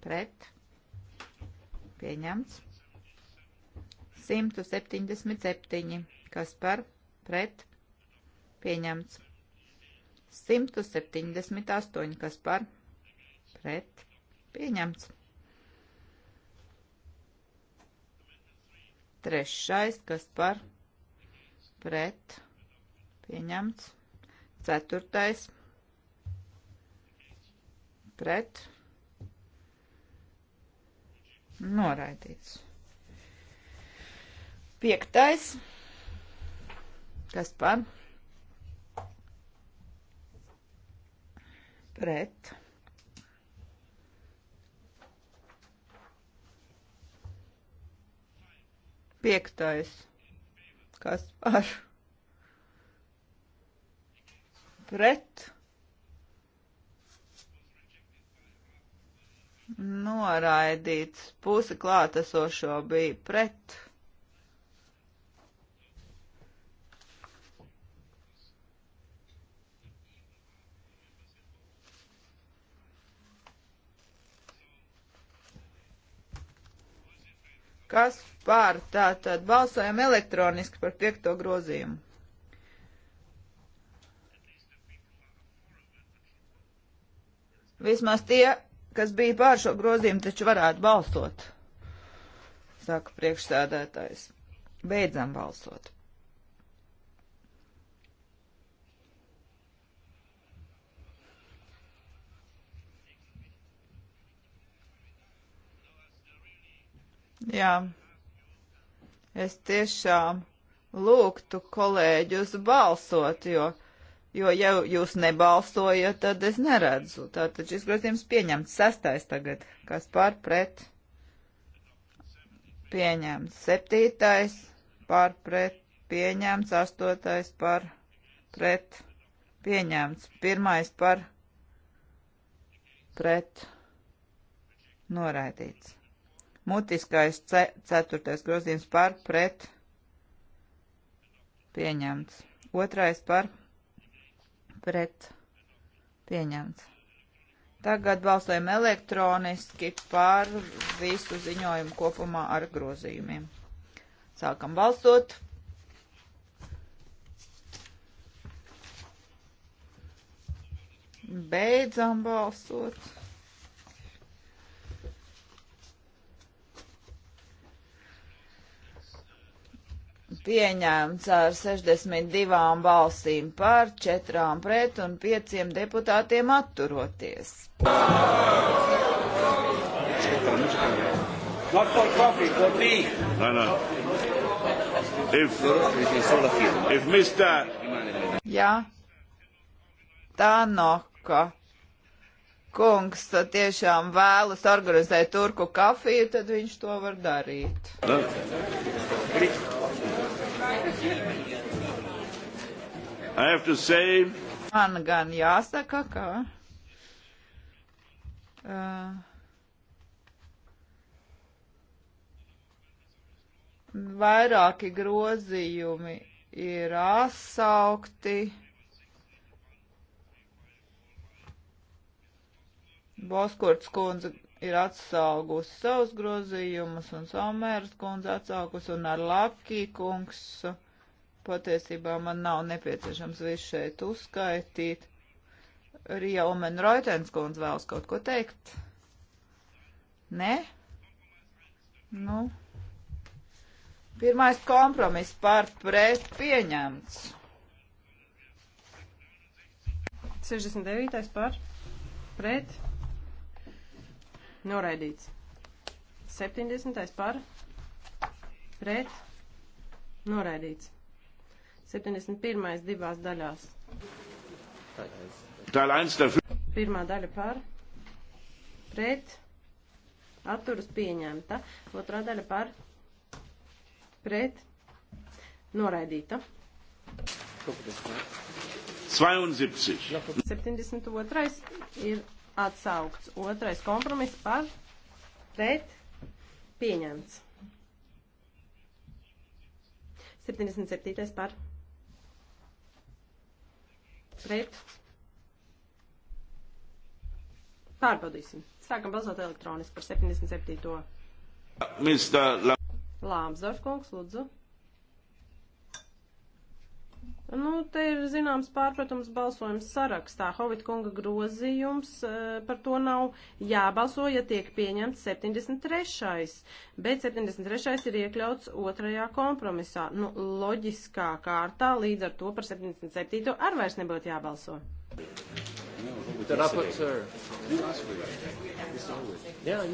Pret. Pieņemts. 177. Kas par? Pret. Pieņemts. 178. Kas par? Pret. Pieņemts. Trešais, kas par pret pieņemts. Ceturtais pret noraidīts. Piektais, kas par pret pieņemts Piektais. Kas par? Pret. Noraidīts. Pusi klātesošo bija pret. Kas pār? Tātad balsojam elektroniski par piekto grozījumu. Vismaz tie, kas bija pār šo grozījumu, taču varētu balsot, saka priekšsēdētājs. Beidzam balsot. Jā, es tiešām lūgtu kolēģus balsot, jo, jo ja jūs nebalsojat, tad es neredzu. Tātad šis grozījums pieņemts sastais tagad, kas pār pret pieņemts. Septītais pār pret pieņemts, astotais par pret pieņemts, pirmais par pret noraidīts. Mutiskais ce, ceturtais grozījums par pret pieņemts. Otrais par pret pieņemts. Tagad balsojam elektroniski par visu ziņojumu kopumā ar grozījumiem. Sākam balsot. Beidzam balsot. pieņēmts ar 62 balsīm par, 4 pret un 5 deputātiem atturoties. Not for coffee, for tea. No, no. If, if Mr. Jā, Tanoka kungs tiešām vēlas organizēt turku kafiju, tad viņš to var darīt. No. Say... Man gan jāsaka, ka. Uh, vairāki grozījumi ir atsaukti. Boskurts kundze ir atsaugusi savus grozījumus, un Somērs kundze atsaugusi, un ar Lapkī kungs uh, Patiesībā man nav nepieciešams visu šeit uzskaitīt. Rija Omen Roitens kundze vēlas kaut ko teikt. Nē? Nu. Pirmais kompromiss par pret pieņemts. 69. par pret noraidīts. 70. par pret noraidīts. 71. divās daļās. Pirmā daļa par, pret, atturas pieņemta. Otrā daļa par, pret, noraidīta. 72. 72. ir atsaukts. Otrais kompromiss par, pret, pieņemts. 77. par Pret. Pārbaudīsim. Sākam balsot elektroniski par 77. Mr. Lāmsdorf kungs, lūdzu. Nu, te ir zināms pārpratums balsojums sarakstā. Hovita kunga grozījums eh, par to nav jābalso, ja tiek pieņemts 73. Bet 73. ir iekļauts otrajā kompromisā. Nu, loģiskā kārtā līdz ar to par 77. ar vairs nebūtu jābalso.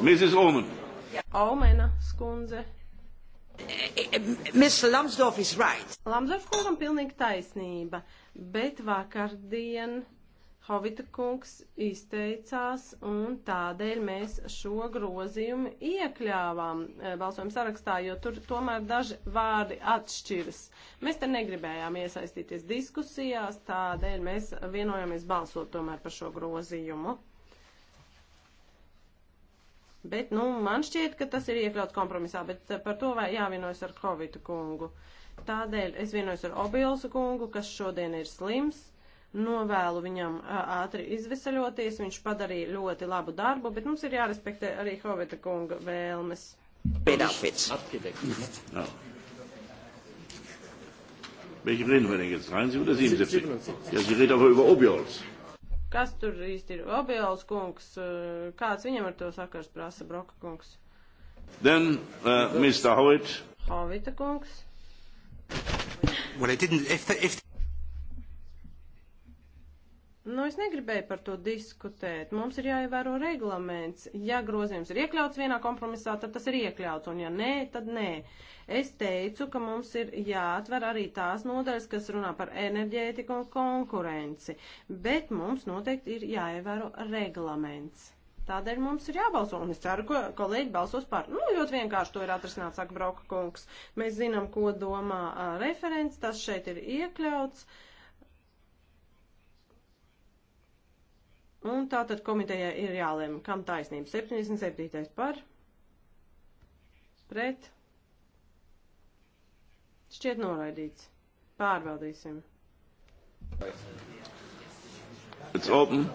Mrs. Omen. Omena skundze. Mr. Lamsdorf is right. Lamsdorf kungam pilnīgi taisnība, bet vakardien Hovita kungs izteicās un tādēļ mēs šo grozījumu iekļāvām eh, balsojuma sarakstā, jo tur tomēr daži vārdi atšķiras. Mēs te negribējām iesaistīties diskusijās, tādēļ mēs vienojāmies balsot tomēr par šo grozījumu. Bet, nu, man šķiet, ka tas ir iekļauts kompromisā, bet eh, par to vai jāvienojas ar Kovitu kungu. Tādēļ es vienojos ar Obilsu kungu, kas šodien ir slims, novēlu viņam eh, ātri izvesaļoties, viņš padarīja ļoti labu darbu, bet mums ir jārespektē arī Hovita kunga vēlmes. Benefits. no. Welche reden wir denn jetzt? 73 oder 77? Ja, Sie reden aber über Obiols. Kas tur īsti ir Obielas kungs? Eh, kāds viņam ar to sakars prasa Broka kungs? Then, uh, Mr. Howitt. Hovita kungs. Well, it didn't, if the, if the... Nu, es negribēju par to diskutēt. Mums ir jāievēro reglaments. Ja grozījums ir iekļauts vienā kompromisā, tad tas ir iekļauts, un ja nē, tad nē. Es teicu, ka mums ir jāatver arī tās nodaļas, kas runā par enerģētiku un konkurenci, bet mums noteikti ir jāievēro reglaments. Tādēļ mums ir jābalso, un es ceru, ka kolēģi balsos par. Nu, ļoti vienkārši to ir atrasināts, saka Brauka kungs. Mēs zinām, ko domā uh, referents, tas šeit ir iekļauts. Uh, Un tātad komitejai ir jālēma, kam taisnība 77. par, pret, šķiet noraidīts. Pārbaudīsim. It's open.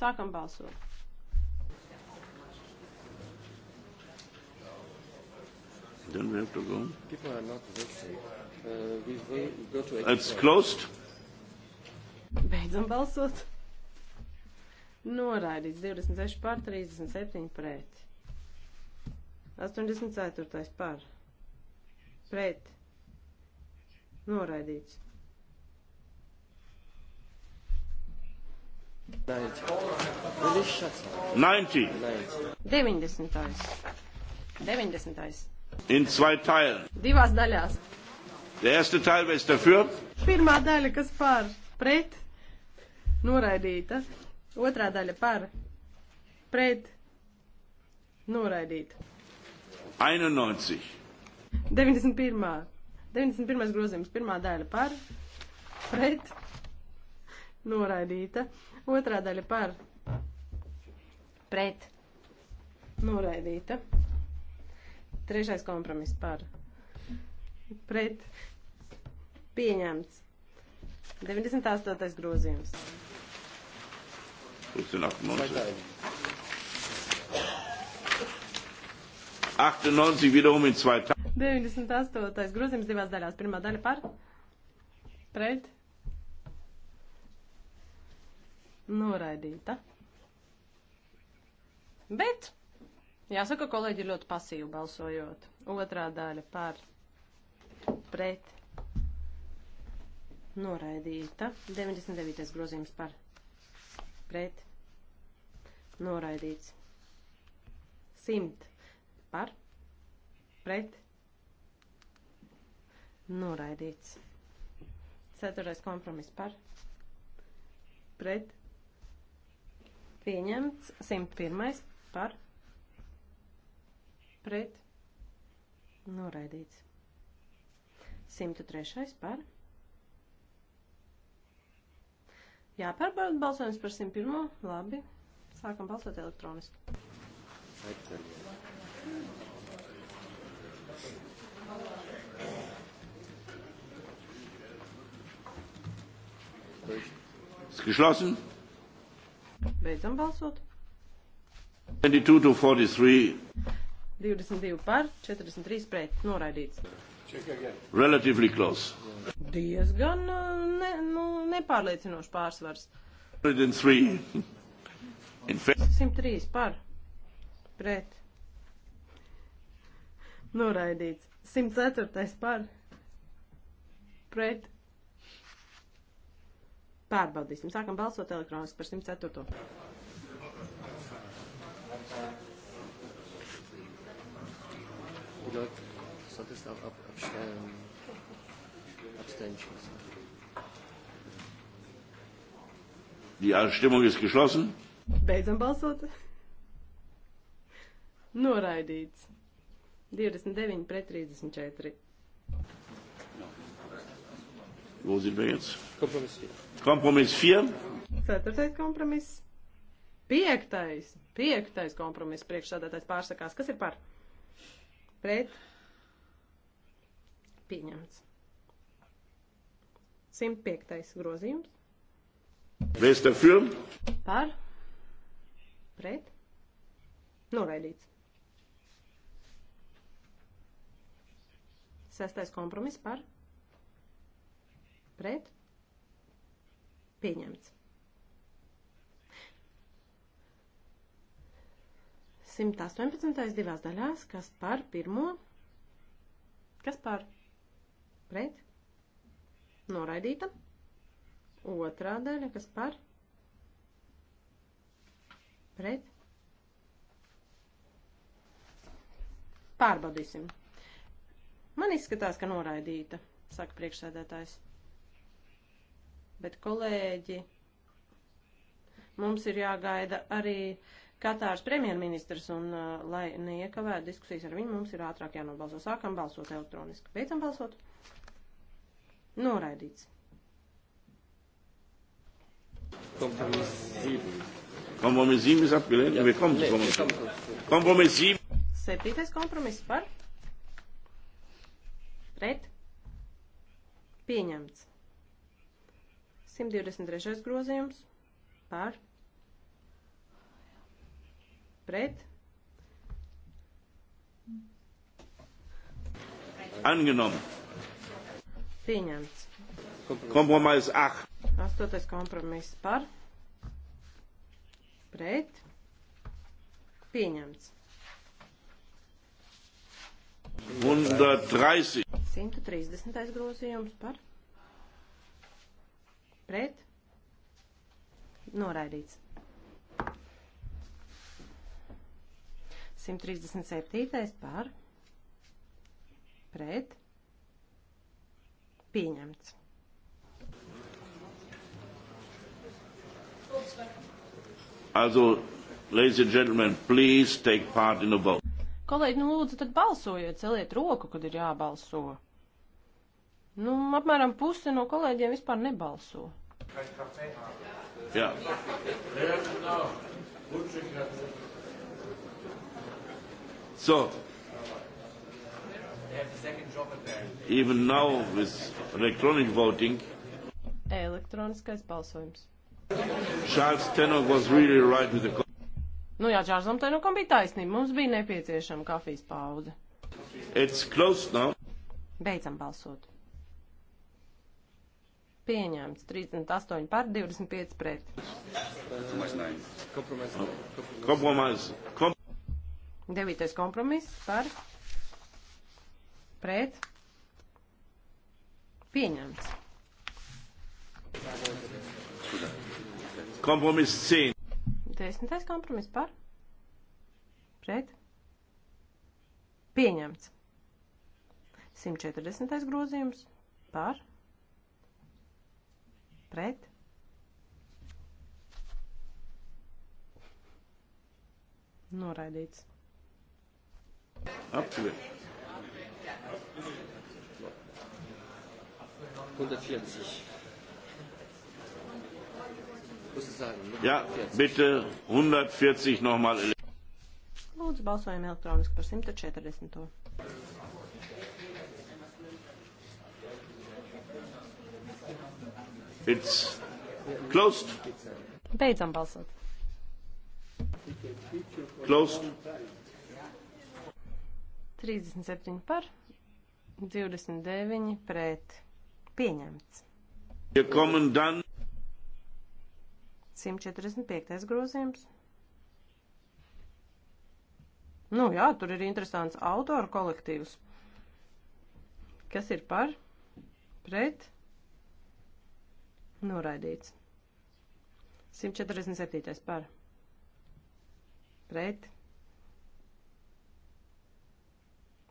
Sākam balsot. Then we have to go. People are not voting. Uh, we, we go to. It's closed. Beidzam balsot. Noraidīts 26 par, 37 pret. 84. par. Pret. Noraidīts. Ninety. 90. 90. In zwei Teilen. Divās daļās. Der erste Teil, wer ist dafür? Pirmā daļa, kas par pret noraidīta. Otrā daļa par pret noraidīta. 91. 91. 91. grozījums. Pirmā daļa par pret noraidīta. Otrā daļa par pret noraidīta. Trešais kompromiss par pret pieņemts. 98. grozījums. Kurš ir nākamais? 98 wiederum in zwei Teilen. 98. grozījums divās daļās. Pirmā daļa par, pret, noraidīta. Bet, jāsaka, kolēģi ļoti pasīvi balsojot. Otrā daļa par, pret, noraidīta. 99. grozījums par pret noraidīts. 100 par pret noraidīts. 4. kompromiss par pret pieņemts. 101. par pret noraidīts. 103. par pret. Jāpārbauda balsojums par 101. Labi. Sākam balsot elektroniski. Ist geschlossen. Beidzam balsot. 22 to 43. 22 par, 43 pret. Noraidīts. Relatively close. Diezgan uh, ne, nu, nepārliecinoši pārsvars. 103. 103 par. Pret. Noraidīts. 104 par. Pret. Pārbaudīsim. Sākam balsot elektroniski par 104. Good solltest auch ab, abstellen. Abstentions. Die Abstimmung ist geschlossen. Beidzam balsot. Noraidīts. 29 pret 34. Wo sind wir jetzt? Kompromiss 4. Kompromiss 4. Ceturtais kompromiss. Piektais. Piektais kompromiss. Priekšsādātais pārsakās. Kas ir par? Pret pieņemts. 105. grozījums. Mēs te film? Par. Pret. Noraidīts. Sestais kompromiss par. Pret. Pieņemts. 118. divās daļās, kas par pirmo, kas par pret, noraidīta. Otrā daļa, kas par, pret, pārbaudīsim. Man izskatās, ka noraidīta, saka priekšsēdētājs. Bet, kolēģi, mums ir jāgaida arī Katārs premjerministrs, un, uh, lai neiekavētu diskusijas ar viņu, mums ir ātrāk jānobalso. Sākam balsot elektroniski. Beidzam balsot. Noraidīts. Kompromiss 7. Kompromiss 7 ir apgalēts. Wir kommen zu Kompromiss. Kompromiss 7. Septītais kompromiss par. Pret. Pieņemts. 123. grozījums par pret angenommen pieņemts. Kompromiss ah. Astotais kompromiss par. Pret. Pieņemts. 130. 130. grozījums par. Pret. Noraidīts. 137. par. Pret Pieņemts. Also, ladies and gentlemen, please take part in the vote. Kolēģi, nu lūdzu, tad balsojiet, celiet roku, kad ir jābalso. Nu, apmēram puse no kolēģiem vispār nebalso. Jā. So, Even now with electronic voting. Elektroniskais balsojums. Charles Tenok was really right with the... Nu jā, Čārzam Tenokam bija taisnība. Mums bija nepieciešama kafijas pauze. It's closed now. Beidzam balsot. Pieņemts 38 par 25 pret. Kompromiss. Kompromiss. Kompromiss. Devītais kompromiss par pret pieņemts. Kompromiss 10. Desmitais kompromiss par pret pieņemts. 140. grozījums par pret noraidīts. Apsveic. 140. Ja, bitte 140 nochmal. Lūdzu, balsojam elektroniski par 140. It's closed. Beidzam balsot. Closed. 37 par, 29 pret. Pieņemts. 145. grozījums. Nu jā, tur ir interesants autoru kolektīvs. Kas ir par? Pret? Noraidīts. 147. par. Pret?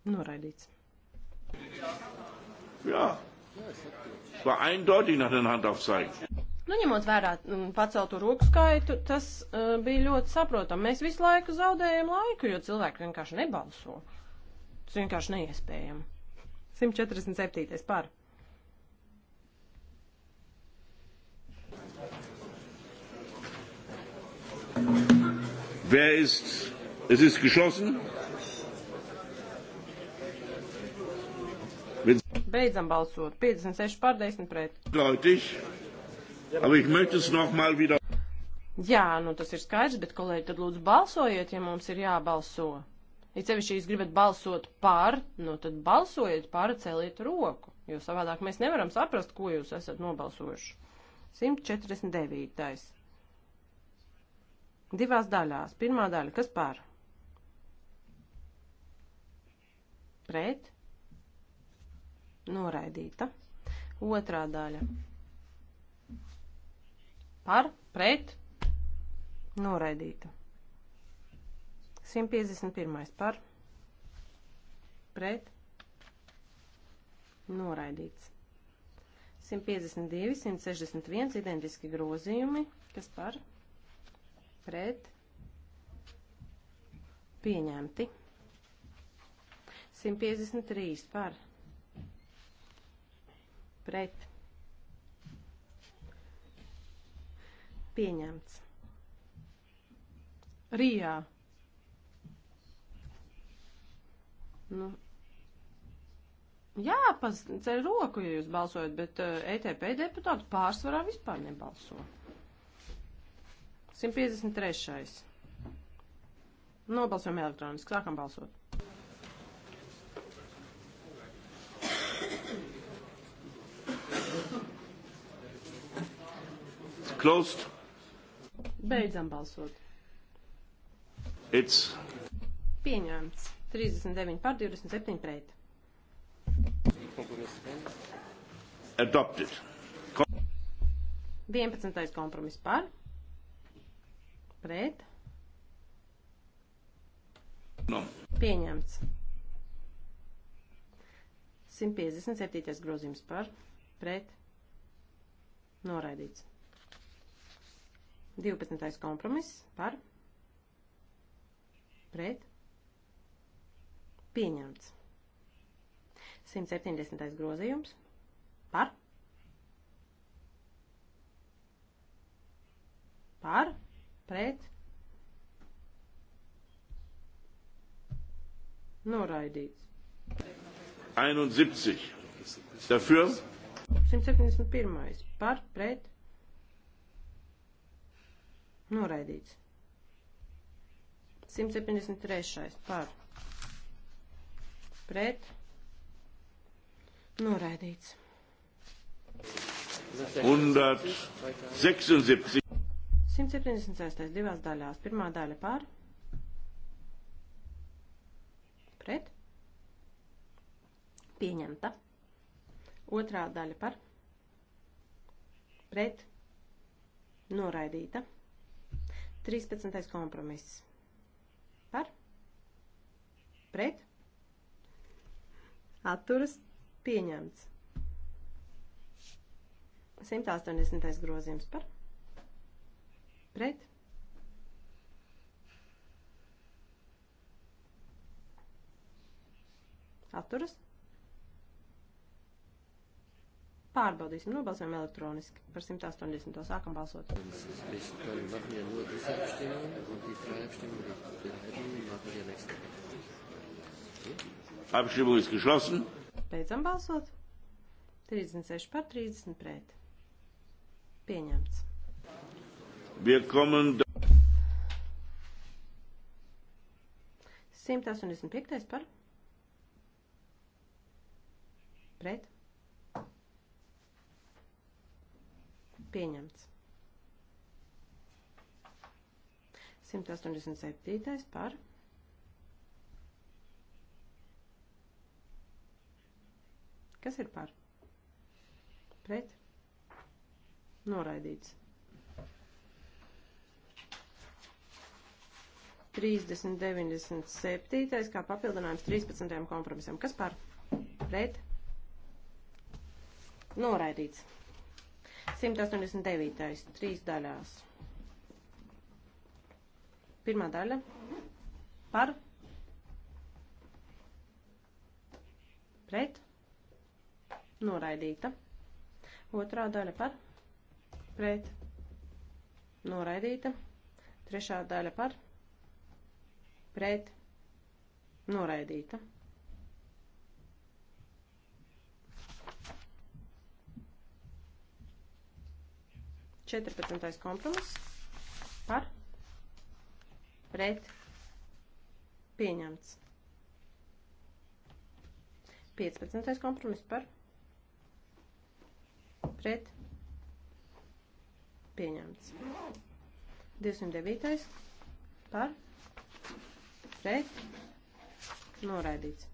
Noraidīts. Jā, es varu eindeutig nach den Handaufzeigen. Nu, ņemot vērā mm, paceltu roku skaitu, tas uh, bija ļoti saprotami. Mēs visu laiku zaudējam laiku, jo cilvēki vienkārši nebalso. Tas vienkārši neiespējami. 147. par. Wer ist? Es ist geschlossen. Beidzam balsot. 56 pār 10 pret. Deutlich, aber ich möchte es nochmal wieder. Jā, nu tas ir skaidrs, bet kolēģi, tad lūdzu balsojiet, ja mums ir jābalso. Ja sevišķi jūs gribat balsot par, nu tad balsojiet par, celiet roku, jo savādāk mēs nevaram saprast, ko jūs esat nobalsojuši. 149. Divās daļās. Pirmā daļa, kas par? Pret? noraidīta. Otrā daļa par, pret, noraidīta. 151. par, pret, noraidīts. 152, 161 identiski grozījumi, kas par, pret, pieņemti. 153 par, pret pieņemts. Rijā. Nu, jā, paceļ roku, ja jūs balsojat, bet uh, eh, ETP deputātu pārsvarā vispār nebalso. 153. Nobalsojam elektroniski, sākam balsot. closed. Beidzam balsot. It's. Pieņemts. 39 par 27 pret. Adopted. Kom 11. kompromiss par. Pret. No. Pieņemts. 157. grozījums par. Pret. Noraidīts. 12. kompromiss par pret pieņemts. 170. grozījums par par pret noraidīts. 71. Dafür 171. par pret Noraidīts. 173. par. Pret. Noraidīts. 176. 176. divās daļās. Pirmā daļa par. Pret. Pieņemta. Otrā daļa par. Pret. Noraidīta. 13. kompromiss. Par? Pret? Atturas pieņemts. 180. grozījums par? Pret? Atturas? Pārbaudīsim, nobalsojam elektroniski par 180. Sākam balsot. Abstimmung ist geschlossen. Beidzam balsot. 36 par 30 pret. Pieņemts. Wir kommen 185. par pret. Pieņemts. 187. par. Kas ir par? Pret. Noraidīts. 30, 97. kā papildinājums 13. kompromisam. Kas par? Pret. Noraidīts. 189. Trīs daļās. Pirmā daļa par pret noraidīta. Otrā daļa par pret noraidīta. Trešā daļa par pret noraidīta. 14. kompromiss par pret pieņemts. 15. kompromiss par pret pieņemts. 209. par pret noraidīts.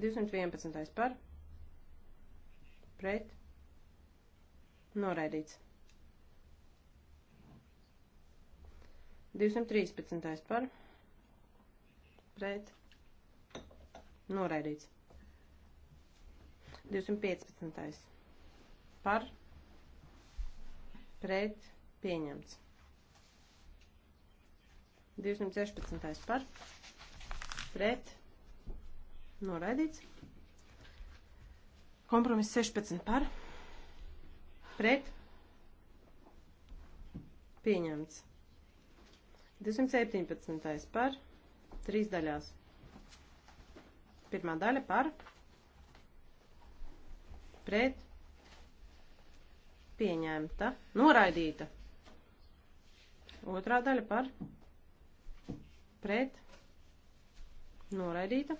211. par pret noraidīts. 213. par pret noraidīts. 215. par pret pieņemts. 216. par pret Noraidīts. Kompromiss 16 par. Pret. Pieņemts. 217. par. Trīs daļās. Pirmā daļa par. Pret. Pieņemta. Noraidīta. Otrā daļa par. Pret. Noraidīta.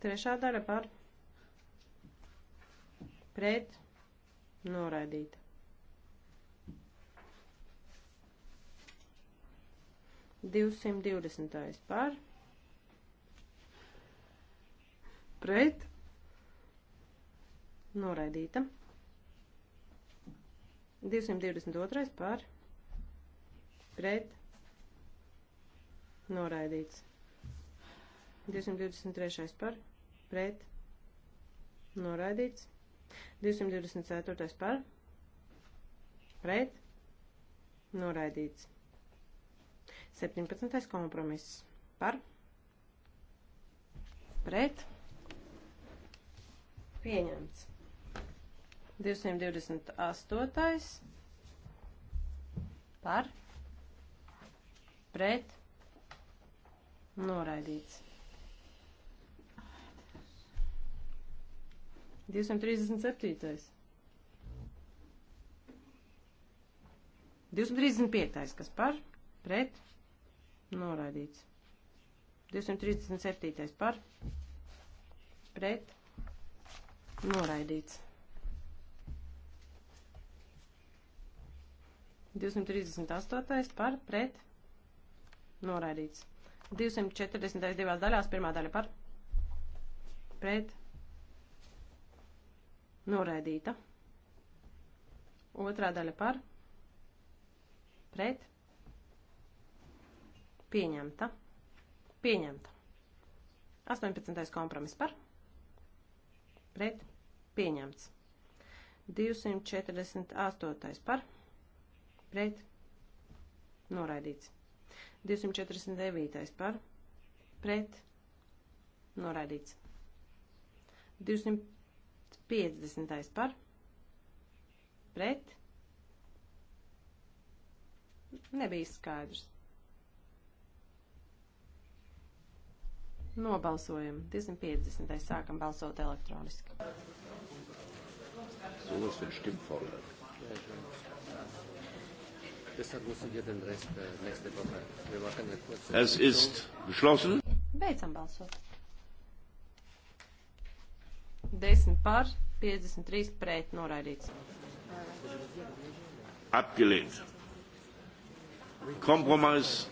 Trešā daļa par pret noraidīta. Divsimt divdesmitais par pret noraidīta. 222 par pret noraidīts. 223 par pret pret noraidīts. 224. par pret noraidīts. 17. kompromiss par pret pieņemts. 228. par pret noraidīts. 237. 235. kas par, pret, noraidīts. 237. par, pret, noraidīts. 238. par, pret, noraidīts. 240. divās daļās, pirmā daļa par, pret, Noraidīta. Otrā daļa par. Pret. Pieņemta. Pieņemta. 18. kompromiss par. Pret. Pieņemts. 248. par. Pret. Noraidīts. 249. par. Pret. Noraidīts. 250. 50. par pret nebija skaidrs. Nobalsojam. 250. sākam balsot elektroniski. Sowas und Stimmvorlage. Deshalb müssen wir den Rest äh, nächste Woche. Wir machen eine kurze. Es ist geschlossen. Beidzam balsot. 10 par, 53 pret noraidīts. Apgelehnt. Kompromiss.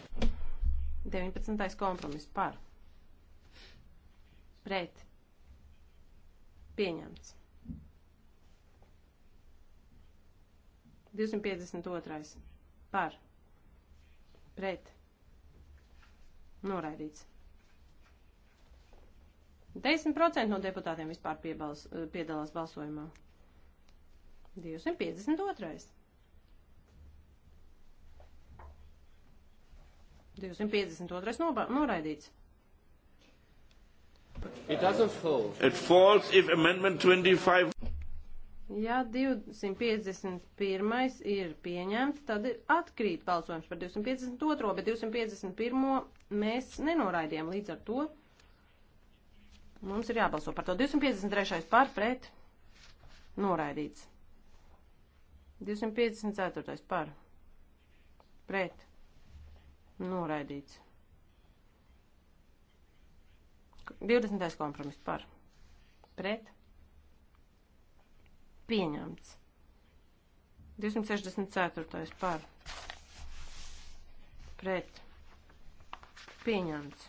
19. kompromiss par. Pret. Pieņemts. 252. par. Pret. Noraidīts. 10% no deputātiem vispār piebals, eh, piedalās balsojumā. 252. 252. Noba, noraidīts. It doesn't fall. It falls if amendment 25. Ja 251 ir pieņemts, tad ir atkrīt balsojums par 252, bet 251 mēs nenoraidījām līdz ar to. Mums ir jābalso par to. 253. par pret noraidīts. 254. par pret noraidīts. 20. kompromiss par pret pieņemts. 264. par pret pieņemts.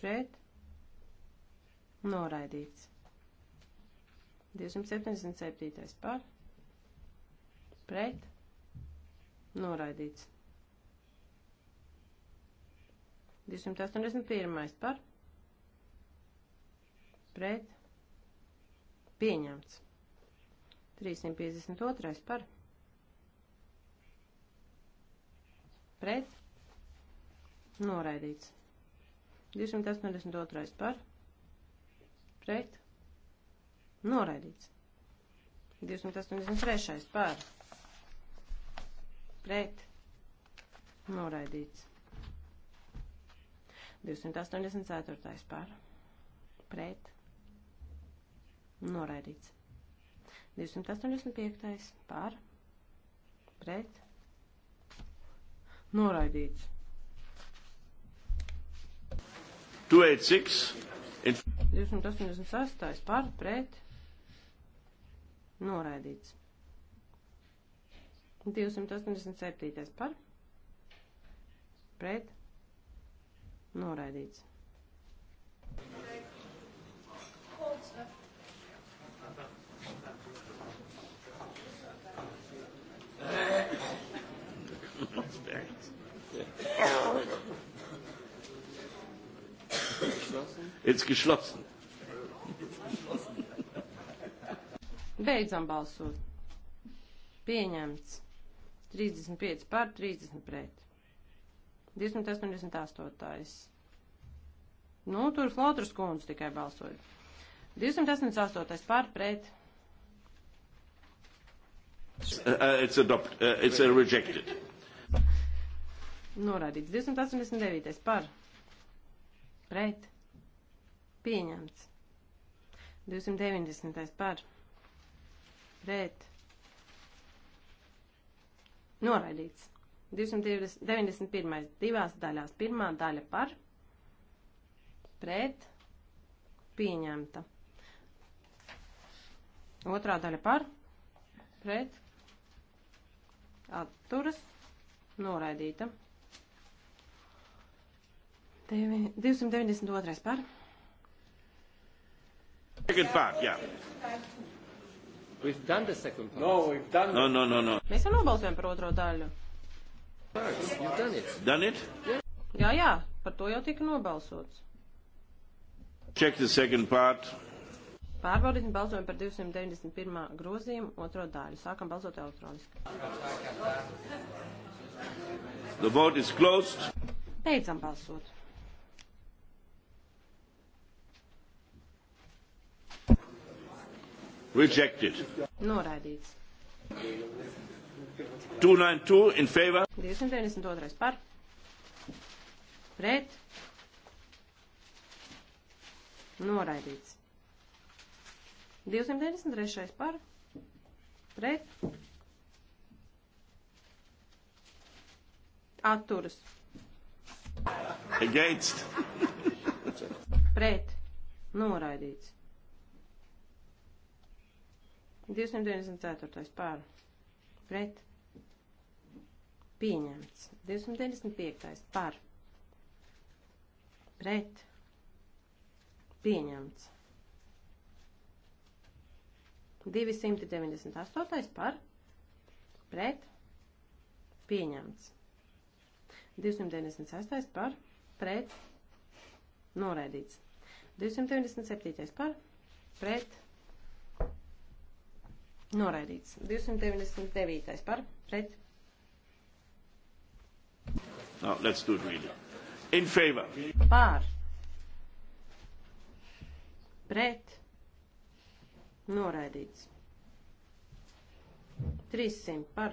pret noraidīts. 277. par pret noraidīts. 281. par pret pieņemts. 352. par pret noraidīts. 282 par, pret, noraidīts. 283 par, pret, noraidīts. 284 par, pret, noraidīts. 285 par, pret, noraidīts. 286 in... 286 par pret noraidīts. 287 par pret noraidīts. Jetzt geschlossen. Beidzam balsot. Pieņemts. 35 par, 30 pret. 288. Nu, tur Flotras kundze tikai balsoja. 288 par, pret. Uh, uh, it's adopt, uh, it's uh, rejected. Norādīts. 289 par, pret. Pieņemts. 290. par. Pret. Noraidīts. 291. divās daļās. Pirmā daļa par. Pret. Pieņemta. Otrā daļa par. Pret. Atturas. Noraidīta. 292. par Second part, jā. We've done the second part. No, we've done. No, no, no, no. Mēs jau nobalsojam par otro daļu. You've done it. Done it? Yeah. Jā, jā, par to jau tika nobalsots. Check the second part. Pārbaudīsim balsojumu par 291. grozījumu otro daļu. Sākam balsot elektroniski. The vote is closed. Beidzam balsot. Rejected. Noraidīts. 292 in favor. 292 par. Pret. Noraidīts. 293 par. Pret. Atturas. Against. Pret. Noraidīts. 294. pār pret pieņemts. 295. par pret pieņemts. 298. par pret pieņemts. 296. par pret noraidīts. 297. par pret pieņemts Noraidīts. 299. par pret. No, let's do it really. In favor. Pār. Pret. Noraidīts. 300 par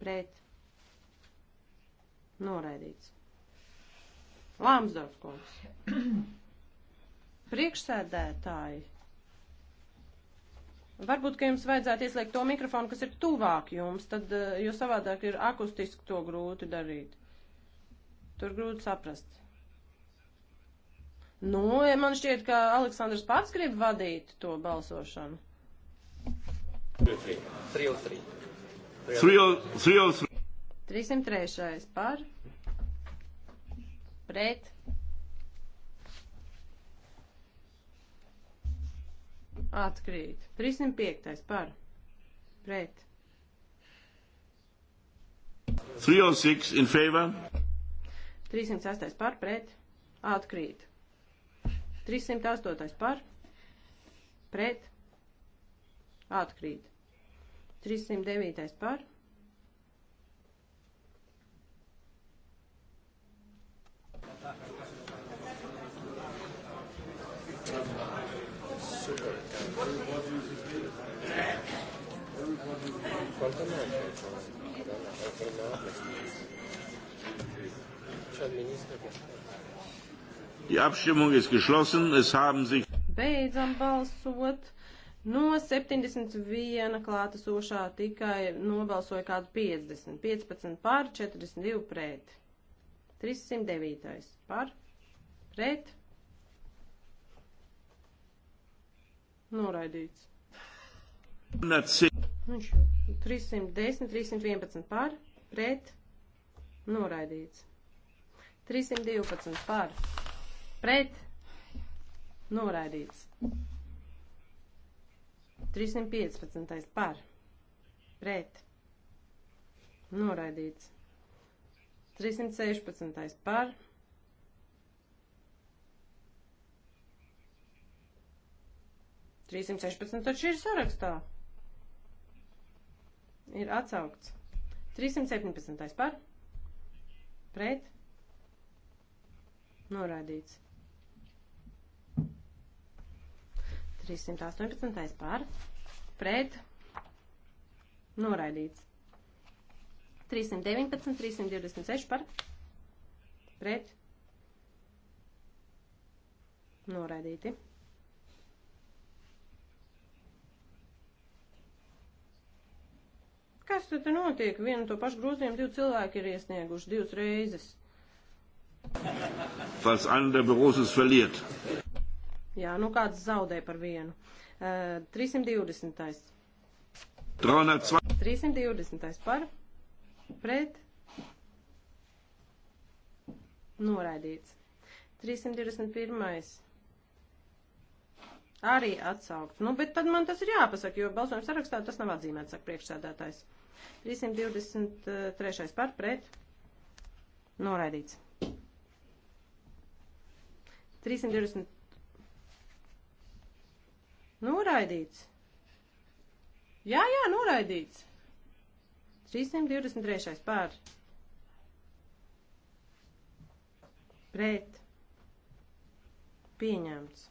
pret. Noraidīts. Lāmsdorf kungs. (coughs) Priekšsēdētāji Varbūt, ka jums vajadzētu ieslēgt to mikrofonu, kas ir tuvāk jums, tad, eh, jo savādāk ir akustiski to grūti darīt. Tur grūti saprast. Nu, man šķiet, ka Aleksandrs pats grib vadīt to balsošanu. 303. 303. 303. par. Pret. Atkrīt. 305. par. Pret. 306 in favor. 308. par. Pret. Atkrīt. 308. par. Pret. Atkrīt. 309. par. Thank you. ascolta me Die Abstimmung ist geschlossen. Es haben sich. Beidzam balsot. No 71 klātesošā tikai nobalsoja kāds 50. 15 pār, 42 pret. 309 par, pret. Noraidīts. 110. Nu, viņš 310, 311 par, pret, noraidīts. 312 par, pret, noraidīts. 315 par, pret, noraidīts. 316 par, Trīsimt sešpadsmit taču ir sarakstā ir atsaukts. 317. par, pret, norādīts. 318. par, pret, noraidīts. 319, 326 par, pret, noraidīti. Kas tad notiek? Vienu to pašu grozījumu divi cilvēki ir iesnieguši divas reizes. Falls einer der Büros es verliert. Jā, nu kāds zaudē par vienu. Uh, 320. 320. par. Pret. Noraidīts. 321 arī atsaukt. Nu, bet tad man tas ir jāpasaka, jo balsojums sarakstā tas nav atzīmēts, saka priekšsēdētājs. 323. par pret noraidīts. 320. Noraidīts. Jā, jā, noraidīts. 323. pār. Pret. Pieņemts.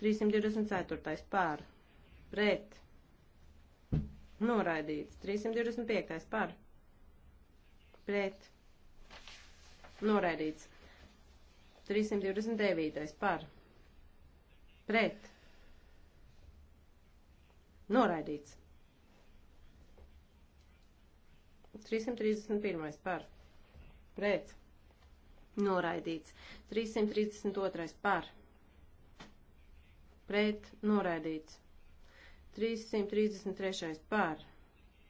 324. pār, pret, noraidīts, 325. pār, pret, noraidīts, 329. pār, pret, noraidīts, 331. pār, pret, noraidīts, 332. pār, pret, pret noraidīts. 333. par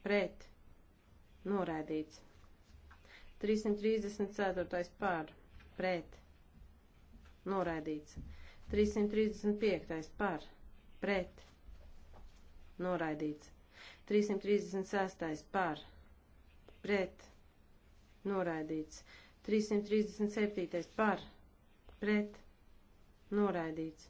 pret noraidīts. 334. par pret noraidīts. 335. par pret noraidīts. 336. par pret noraidīts. 337. par pret noraidīts.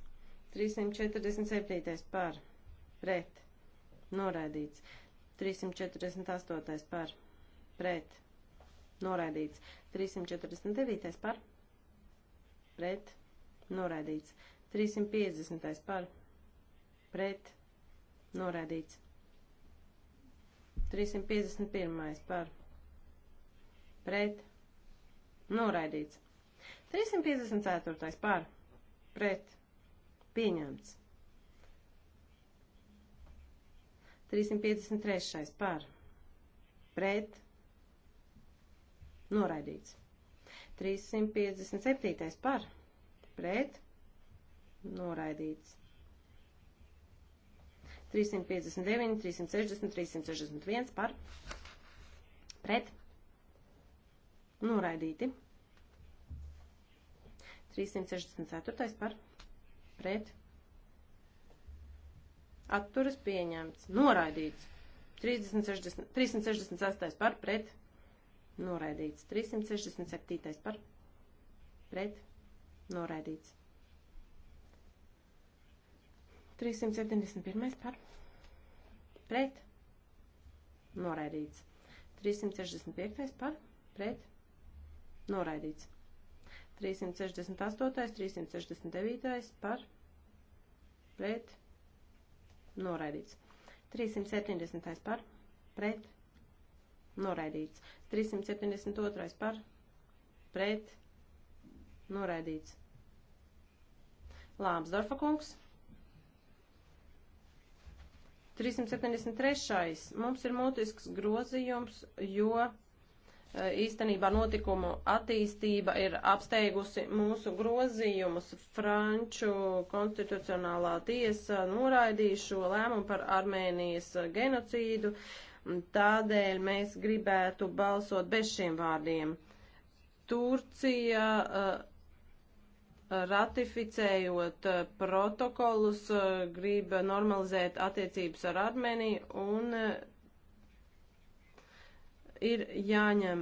347. par, pret, noraidīts. 348. par, pret, noraidīts. 349. par, pret, noraidīts. 350. par, pret, noraidīts. 351. par, pret, noraidīts. 354. par, pret, noraidīts. Pieņemts. 353. par. Pret. Noraidīts. 357. par. Pret. Noraidīts. 359, 360, 361 par. Pret. Noraidīti. 364 par. Pret pret, atturas pieņemts, noraidīts. 360, 368 par pret, noraidīts. 367 par pret, noraidīts. 371 par pret, noraidīts. 365 par pret, noraidīts. 368, 369 par pret noraidīts. 370 par pret noraidīts. 372 par pret noraidīts. Lāms Dorfa kungs. 373. Mums ir mutisks grozījums, jo Eh, īstenībā notikumu attīstība ir apsteigusi mūsu grozījumus. Franču konstitucionālā tiesa noraidīja šo lēmumu par Armēnijas genocīdu, tādēļ mēs gribētu balsot bez šiem vārdiem. Turcija eh, ratificējot eh, protokolus grib normalizēt attiecības ar Armēniju un ir jāņem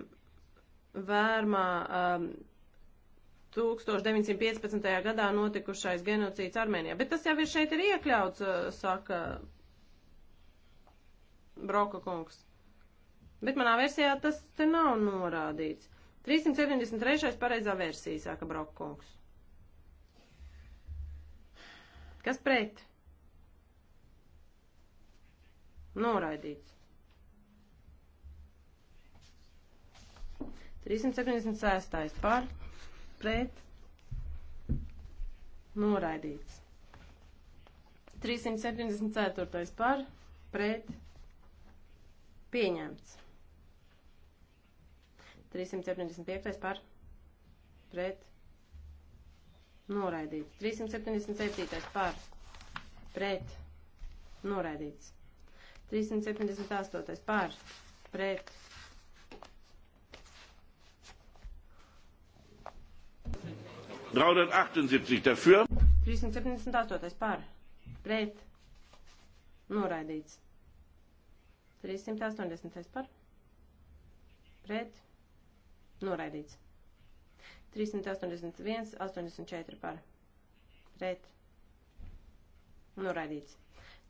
vērmā um, 1915. gadā notikušais genocīds Armēnijā. Bet tas jau ir šeit ir iekļauts, uh, saka Broka kungs. Bet manā versijā tas te nav norādīts. 373. pareizā versija, saka Broka kungs. Kas pret? Noraidīts. 376. par pret noraidīts. 374. par pret pieņemts. 375. par pret noraidīts. 377. par pret noraidīts. 378. par pret noraidīts. 378 dafür. 378 par. Pret. Noraidīts. 380 par. Pret. Noraidīts. 381, 84 par. Pret. Noraidīts.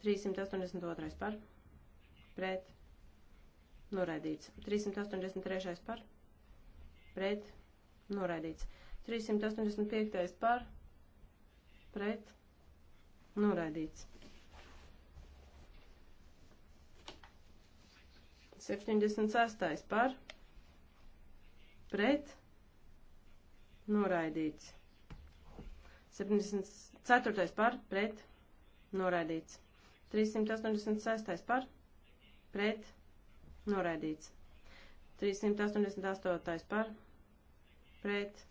382 par. Pret. Noraidīts. 383 par. Pret. Noraidīts. 385. par pret noraidīts. 76. par pret noraidīts. 74. par pret noraidīts. 386. par pret noraidīts. 388. par pret noraidīts.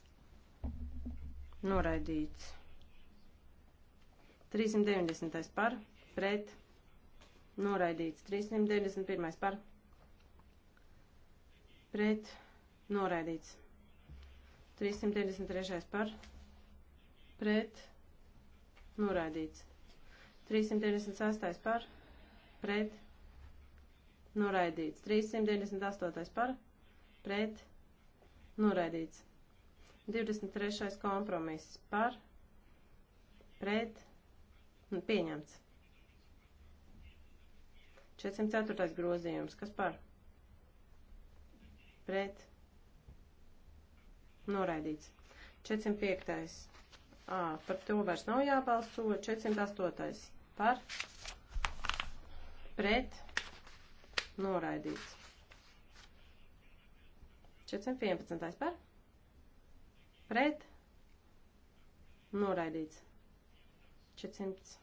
Noraidīts. 390. par, pret, noraidīts. 391. par, pret, noraidīts. 393. par, pret, noraidīts. 398. par, pret, noraidīts. 398. par, pret, noraidīts. 23. kompromiss par, pret, un nu, pieņemts. 404. grozījums, kas par, pret, noraidīts. 405. Ā, par to vairs nav jābalso. 408. par, pret, noraidīts. 411. par, pret, noraidīts. 400.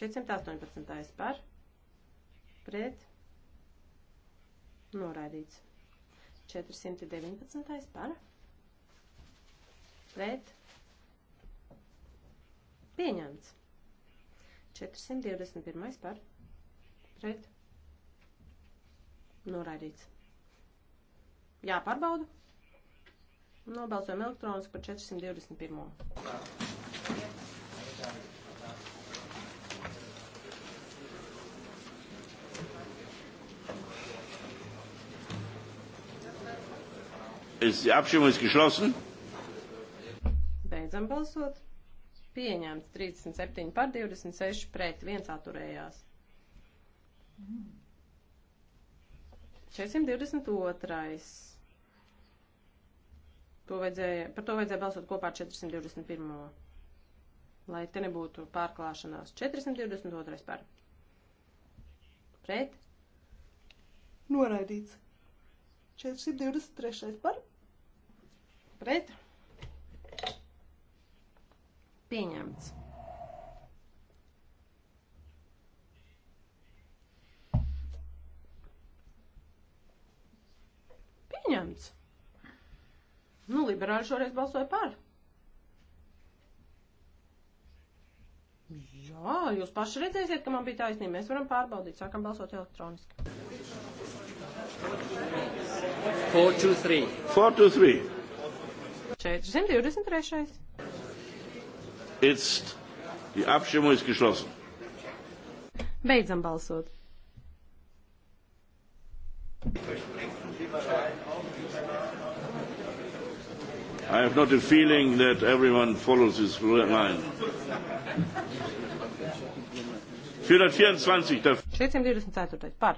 418. par, pret, noraidīts. 419. par, pret, pieņemts. 421. par, pret, noraidīts. Jāpārbauda. Nobalsojam elektroniski par 421. Ist die Abstimmung ist geschlossen? Beidzam balsot. Pieņemts 37 par 26 pret, viens atturējās. 422. To vajadzēja, par to vajadzēja balsot kopā ar 421. Lai te nebūtu pārklāšanās. 422. par. Pret. Noraidīts. 423. par. Pret. Pieņemts. Pieņemts. Nu, liberāļi šoreiz balsoja par. Jā, jūs paši redzēsiet, ka man bija taisnība. Mēs varam pārbaudīt. Sākam balsot elektroniski. 423. 423. 423. Jetzt die Abstimmung ist geschlossen. Beidzam balsot. I have not a feeling that everyone follows this line. 424 dafür. Par.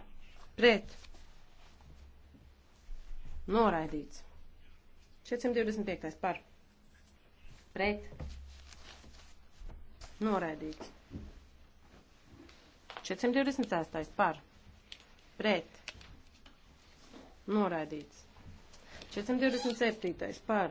Pret. Noraidīts. 425. Par. Pret. Noraidīts. 426. Par. Pret. Noraidīts. 427. Par.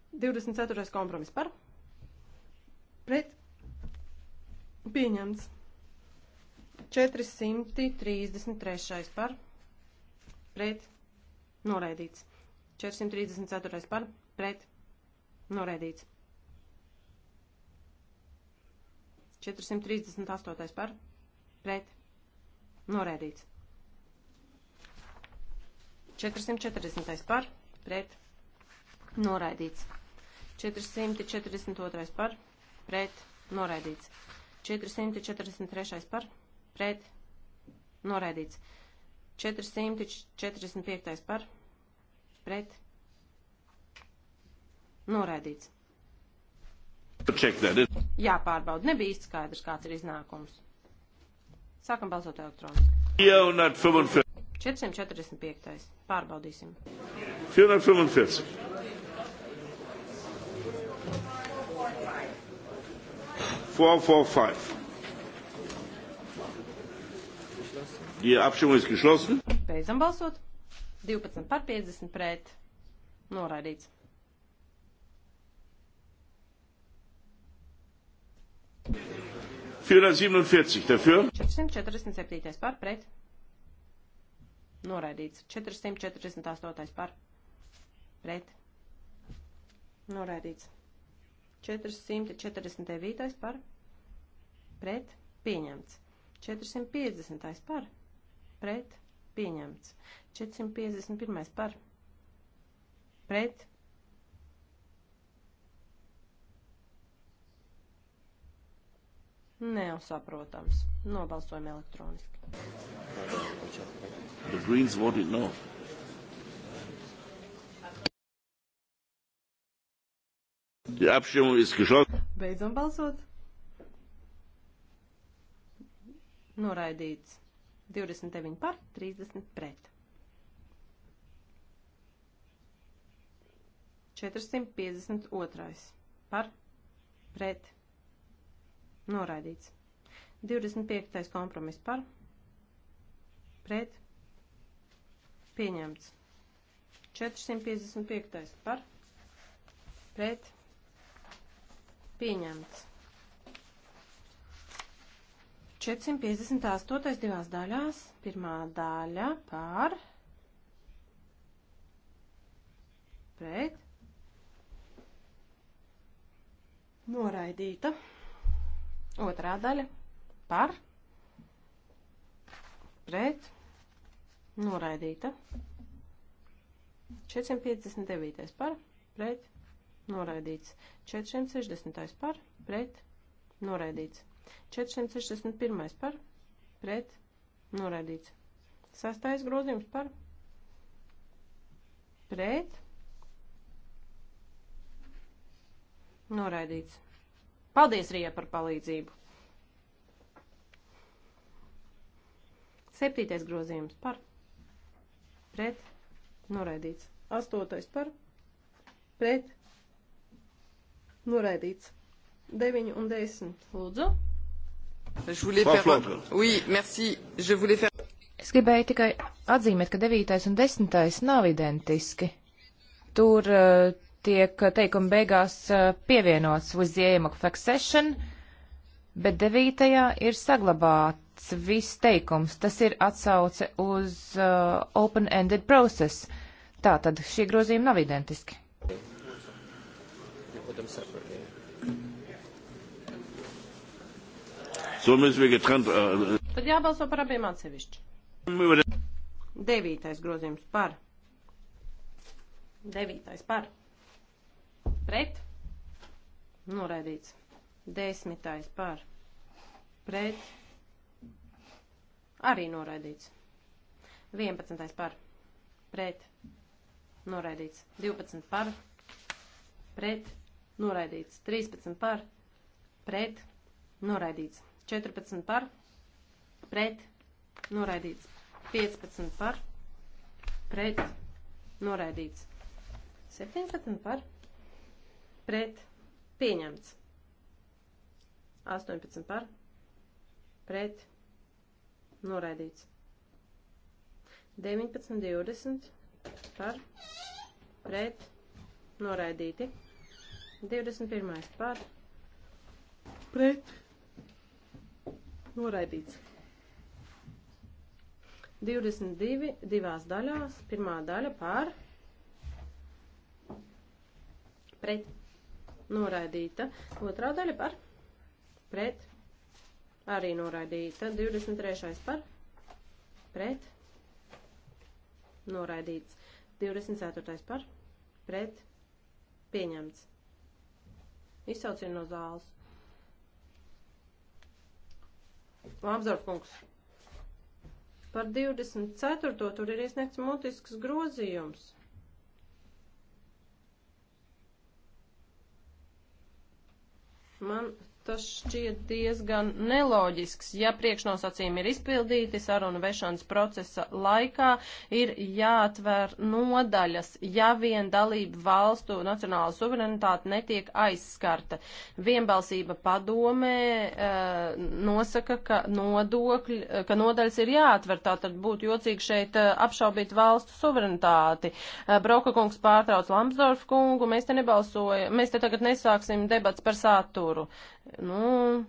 24. kompromiss par pret pieņemts. 433. par pret noraidīts. 434. par pret noraidīts. 438. par pret noraidīts. 440. par pret noraidīts. 442 par pret noraidīts. 443 par pret noraidīts. 445 par pret noraidīts. Jāpārbauda. Nebija īsti skaidrs, kāds ir iznākums. Sākam balsot elektroniski. 445. Pārbaudīsim. 445. 445. Die Abstimmung ist geschlossen. Beidzam balsot. 12 par 50 pret. Noraidīts. Dafür. 447. par pret. Noraidīts. 448. par pret. Noraidīts. 449. par pret pieņemts. 450. par pret pieņemts. 451. par pret Nav saprotams. Nobalsojam elektroniski. The Greens voted no. Die Abstimmung ist geschlossen. Beidzam balsot. Noraidīts. 29 par, 30 pret. 452 par, pret. Noraidīts. 25. kompromiss par, pret. Pieņemts. 455. par, pret Pieņemts. 458. divās daļās. Pirmā daļa pār. Pret. Noraidīta. Otrā daļa par. Pret. Noraidīta. 459. par. Pret noraidīts. 460. par, pret, noraidīts. 461. par, pret, noraidīts. Sastais grozījums par, pret, noraidīts. Paldies, Rija, par palīdzību! Septītais grozījums par, pret, noraidīts. Astotais par, pret, noraidīts. Noraidīts. 9 un 10. Lūdzu. Es gribēju tikai atzīmēt, ka 9. un 10. nav identiski. Tur uh, tiek teikuma beigās uh, pievienots with the aim of accession, bet 9. ir saglabāts viss teikums. Tas ir atsauce uz uh, open-ended process. Tātad šie grozījumi nav identiski put them separately. So müssen wir getrennt. Uh, Tad jābalso par abiem atsevišķi. Devītais grozījums par. Devītais par. Pret. Noraidīts. Desmitais par. Pret. Arī noraidīts. Vienpadsmitais par. Pret. Noraidīts. Divpadsmit par. Pret noraidīts. 13 par, pret, noraidīts. 14 par, pret, noraidīts. 15 par, pret, noraidīts. 17 par, pret, pieņemts. 18 par, pret, noraidīts. 19, 20 par, pret, noraidīti. 21. par pret noraidīts. 22. divās daļās, pirmā daļa par pret noraidīta, otrā daļa par pret arī noraidīta, 23. par pret noraidīts, 24. par pret pieņemts. Izsauciet no zāles. Lāmsdorf kungs. Par 24. tur ir iesniegts mutisks grozījums. Man tas šķiet diezgan neloģisks. Ja priekšnosacījumi ir izpildīti sarunu vešanas procesa laikā, ir jāatver nodaļas, ja vien dalību valstu nacionāla suverenitāte netiek aizskarta. Vienbalsība padomē e, nosaka, ka, nodokļi, eh, ka nodaļas ir jāatver, tātad būtu jocīgi šeit eh, apšaubīt valstu suverenitāti. E, Brauka kungs pārtrauc Lambsdorf kungu, mēs te nebalsojam, mēs te tagad nesāksim debats par saturu nu,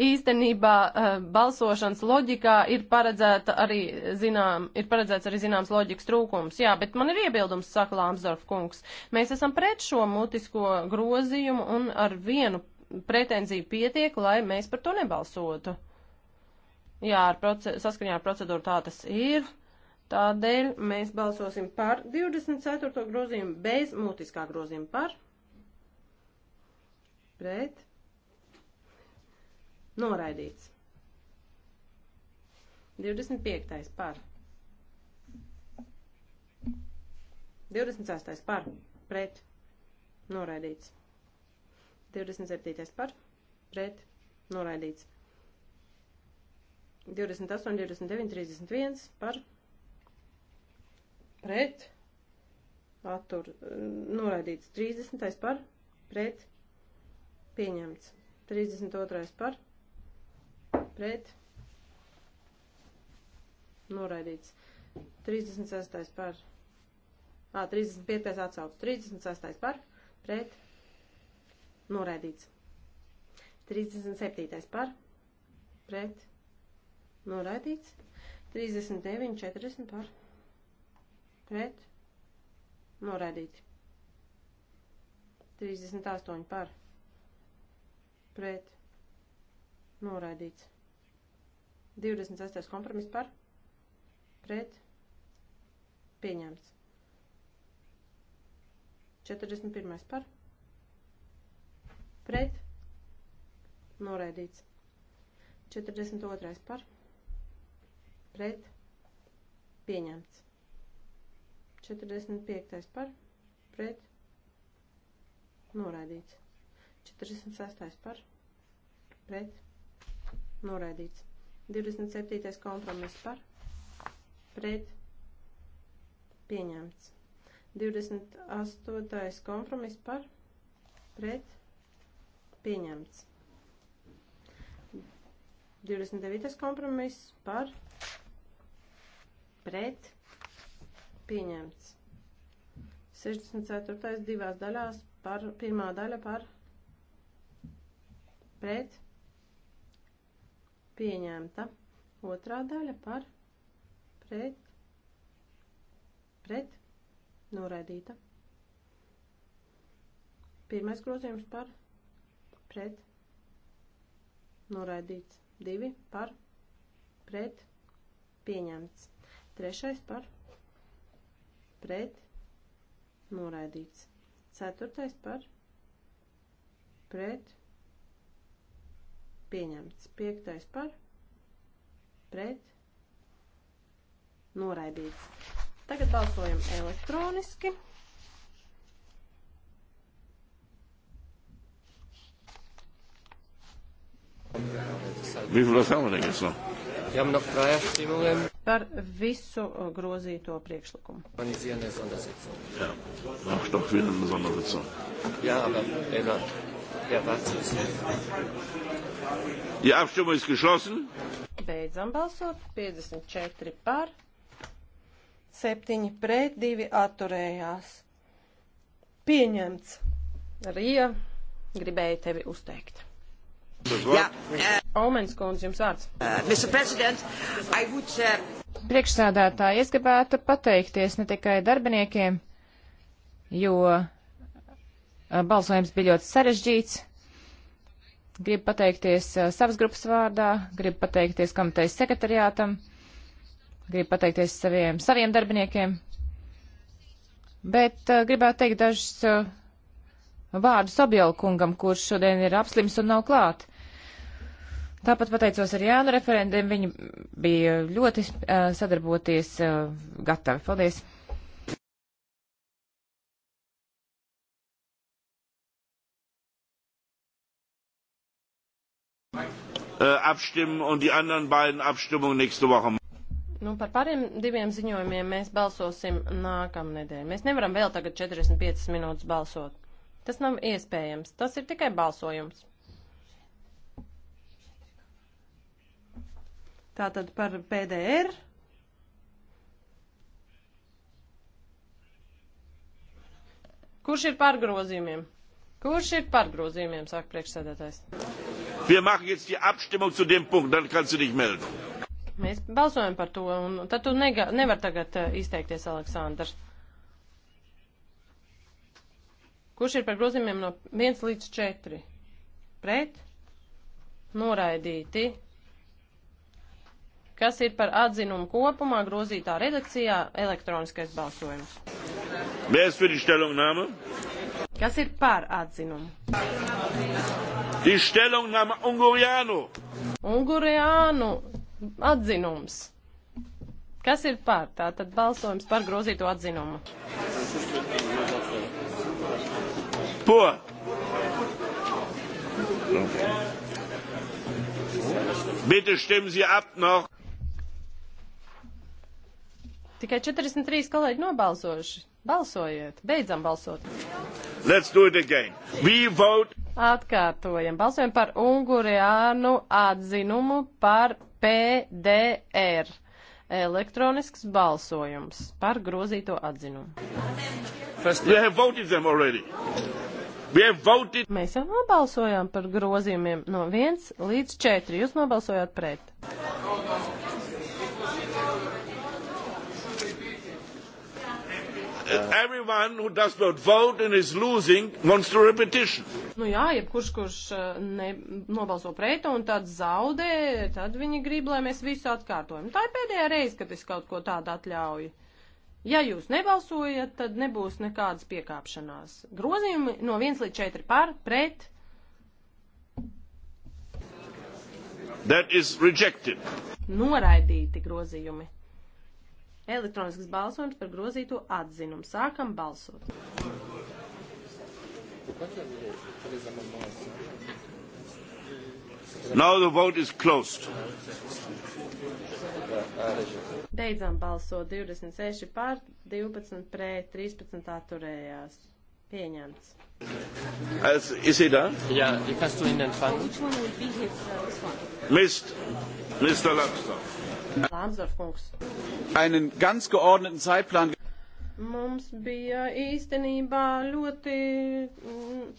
īstenībā eh, balsošanas loģikā ir paredzēta arī, zinām, ir paredzēts arī zināms loģikas trūkums. Jā, bet man ir iebildums, saka Lāmsdorf kungs. Mēs esam pret šo mutisko grozījumu un ar vienu pretenziju pietiek, lai mēs par to nebalsotu. Jā, ar proced, saskaņā ar procedūru tā tas ir. Tādēļ mēs balsosim par 24. grozījumu bez mutiskā grozījuma par pret, noraidīts. 25. par, 26. par, pret, noraidīts. 27. par, pret, noraidīts. 28, 29, 31 par pret, attur, noraidīts 30 par pret, pieņemts. 32. par, pret, noraidīts. 36. par, ā, 35. atsaukts, 36. par, pret, noraidīts. 37. par, pret, noraidīts. 39, 40 par, pret, noraidīti. 38 par, pret noraidīts. 26. kompromiss par pret pieņemts. 41. par pret noraidīts. 42. par pret pieņemts. 45. par pret noraidīts. 36. par pret noraidīts. 27. kompromiss par pret pieņemts. 28. kompromiss par pret pieņemts. 29. kompromiss par pret pieņemts. 64. divās daļās par pirmā daļa par pret pret pieņemta. Otrā daļa par pret pret noraidīta. Pirmais grozījums par pret noraidīts. Divi par pret pieņemts. Trešais par pret noraidīts. Ceturtais par pret noraidīts pieņemts. Piektais par, pret, noraidīts. Tagad balsojam elektroniski. Wie viel das haben wir denn jetzt noch? Wir haben noch drei Abstimmungen. Par visu uh, grozīto priekšlikumu. Organisieren Sondersitzung. Ja, noch doch wieder eine Sondersitzung. Ja, aber, Eva, ja, was ist? Die Abstimmung ist geschlossen. Beidzam balsot. 54 par, 7 pret, 2 atturējās. Pieņemts. Rija, gribēju tevi uzteikt. Jā. Eh, Omens kundze, jums vārds. Uh, would, uh... Eh, Priekšsādātāji, es gribētu pateikties ne tikai darbiniekiem, jo balsojums bija ļoti sarežģīts. Gribu pateikties eh, savas grupas vārdā, gribu pateikties komitejas sekretariātam, gribu pateikties saviem, saviem darbiniekiem, bet eh, gribētu teikt dažus eh, vārdu Sobjelkungam, kurš šodien ir apslims un nav klāt. Tāpat pateicos ar Jānu referendiem, viņi bija ļoti uh, sadarboties uh, gatavi. Paldies! Äh, abstimmen und die anderen beiden Abstimmungen nächste Woche. Nu, par pāriem diviem ziņojumiem mēs balsosim nākamnedēļ. Mēs nevaram vēl tagad 45 minūtes balsot. Tas nav iespējams. Tas ir tikai balsojums. Tātad par PDR. Kurš ir par grozījumiem? Kurš ir par grozījumiem, saka priekšsēdētājs. Wir machen jetzt die Abstimmung zu dem Punkt, dann kannst du dich melden. Mēs balsojam par to, un tad tu nega, nevar tagad uh, izteikties, Aleksandrs. Kurš ir par grozījumiem no 1 līdz 4? Pret? Noraidīti. Kas ir par atzinumu kopumā grozītā redakcijā elektroniskais balsojums? Mēs ir izstelungnāma. Kas ir par atzinumu? Die Stellungnahme Ungurianu. Ungurianu atzinums. Kas ir par? Tā tad balsojums par grozīto atzinumu. Po. Bitte stimmen Sie ab noch. Tikai 43 kolēģi nobalsojuši. Balsojiet, beidzam balsot. Let's do it again. We vote. Atkārtojam, balsojam par Unguriānu atzinumu par PDR. Elektronisks balsojums par grozīto atzinumu. We have voted them already. We have voted. Mēs jau nobalsojām par grozījumiem no 1 līdz 4. Jūs nobalsojāt pret. Oh, no. Everyone who does not vote and is losing wants to repetition. Nu jā, ja kurš, kurš eh, ne, nobalso pret un tad zaudē, tad viņi grib, lai mēs visu atkārtojam. Tā ir pēdējā reize, kad es kaut ko tādu atļauju. Ja jūs nebalsojat, tad nebūs nekādas piekāpšanās. Grozījumi no 1 līdz 4 par, pret. Noraidīti grozījumi. Elektronisks balsojums par grozīto atzinumu. Sākam balsot. Now the vote is closed. Beidzām balsot 26 pār, 12 pret, 13 atturējās. Pieņemts. As, is he done? Yeah, ja, kannst du ihn empfangen? Which one will be his, uh, this one? Mist, Mr. Lambsdorff. Lambsdorff kungs. Einen ganz geordneten Zeitplan. Mums bija īstenībā ļoti. Mm,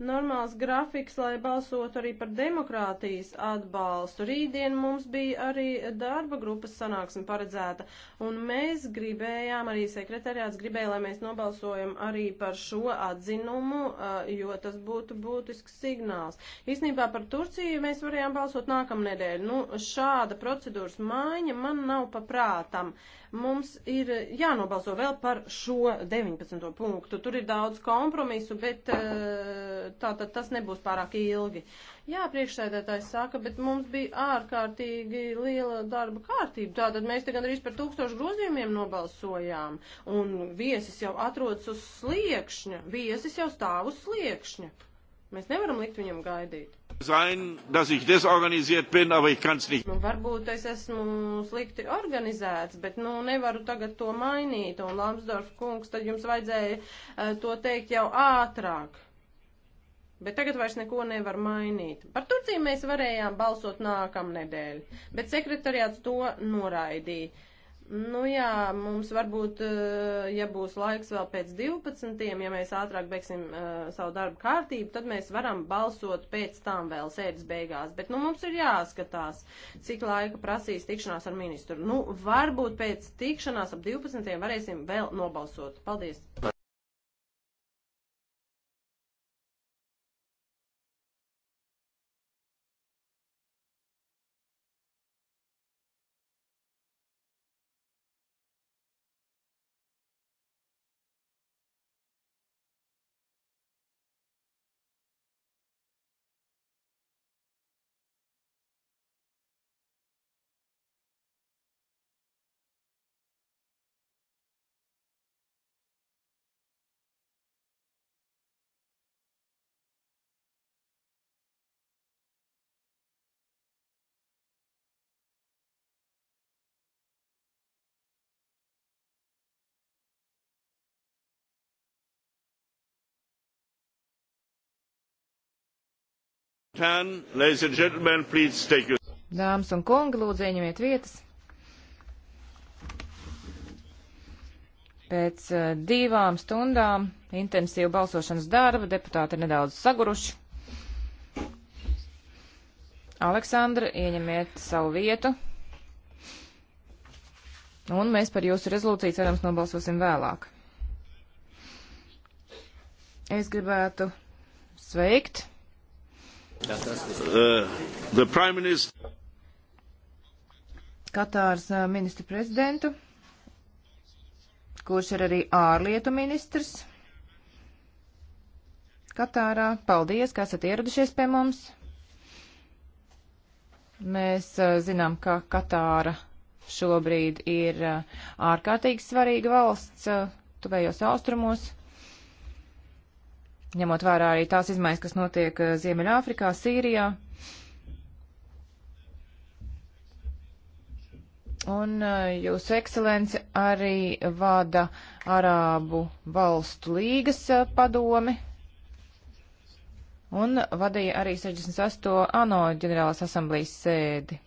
normāls grafiks, lai balsotu arī par demokrātijas atbalstu. Rītdien mums bija arī darba grupas sanāksme paredzēta, un mēs gribējām, arī sekretariāts gribēja, lai mēs nobalsojam arī par šo atzinumu, jo tas būtu būtisks signāls. Īsnībā par Turciju mēs varējām balsot nākamnedēļ. Nu, šāda procedūras maiņa man nav paprātam. Uh, Mums ir eh, jānobalso vēl par šo 19. punktu. Tur ir daudz kompromisu, bet eh, tātad tas nebūs pārāk ilgi. Jā, priekšsēdētājs saka, bet mums bija ārkārtīgi liela darba kārtība. Tātad mēs te gandrīz par tūkstošu grozījumiem nobalsojām. Un viesis jau atrodas uz sliekšņa. Viesis jau stāv uz sliekšņa. Mēs nevaram likt viņam gaidīt. Sein, dass ich desorganisiert bin, aber ich kann's nicht. Nu, varbūt es esmu slikti organizēts, bet nu nevaru tagad to mainīt. Un Lamsdorf kungs, tad jums vajadzēja uh, to teikt jau ātrāk. Bet tagad vairs neko nevar mainīt. Par Turciju mēs varējām balsot nākamnedēļ, bet sekretariāts to noraidīja. Nu jā, mums varbūt, eh, ja būs laiks vēl pēc 12, ja mēs ātrāk beigsim uh, savu darbu kārtību, tad mēs varam balsot pēc tam vēl sēdes beigās. Bet, nu, mums ir jāskatās, cik laika prasīs tikšanās ar ministru. Nu, varbūt pēc tikšanās ap 12 varēsim vēl nobalsot. Paldies! Can, Dāmas un kungi, lūdzu, ieņemiet vietas. Pēc eh, divām stundām intensīva balsošanas darba deputāti ir nedaudz saguruši. Aleksandra, ieņemiet savu vietu. Un mēs par jūsu rezolūciju cerams nobalsosim vēlāk. Es gribētu sveikt Uh, minister... Katārs uh, ministru prezidentu, kurš ir arī ārlietu ministrs Katārā. Paldies, ka esat ieradušies pie mums. Mēs uh, zinām, ka Katāra šobrīd ir uh, ārkārtīgi svarīga valsts uh, tuvējos austrumos ņemot vērā arī tās izmaiņas, kas notiek eh, Ziemeļāfrikā, Sīrijā. Un eh, jūsu ekscelenci arī vada Arābu valstu līgas eh, padomi un vadīja arī 68. ANO ģenerālas asamblijas sēdi.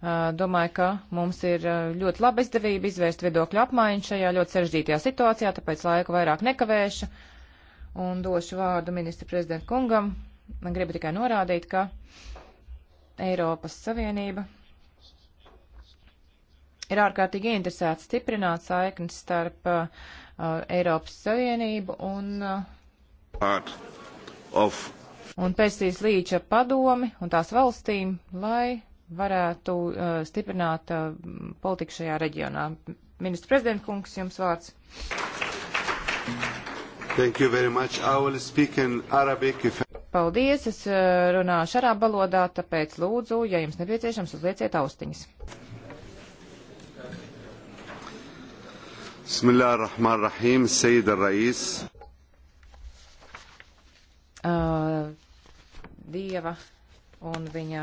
Domāju, ka mums ir ļoti laba izdevība izvērst viedokļu apmaiņu šajā ļoti sarežģītajā situācijā, tāpēc laiku vairāk nekavēšu un došu vārdu ministra prezidenta kungam. Man gribu tikai norādīt, ka Eiropas Savienība ir ārkārtīgi interesēta stiprināt saiknes starp uh, Eiropas Savienību un, uh, un Persijas līča padomi un tās valstīm, lai varētu uh, stiprināt uh, politiku šajā reģionā. Ministra prezidenta kungs, jums vārds. Thank you very much. I will speak in Arabic. If... Paldies, es uh, runāšu arābu valodā, tāpēc lūdzu, ja jums nepieciešams, uzlieciet austiņas. Bismillah ar-Rahman ar-Rahim, Seyyid ar-Rais. Uh, dieva un viņa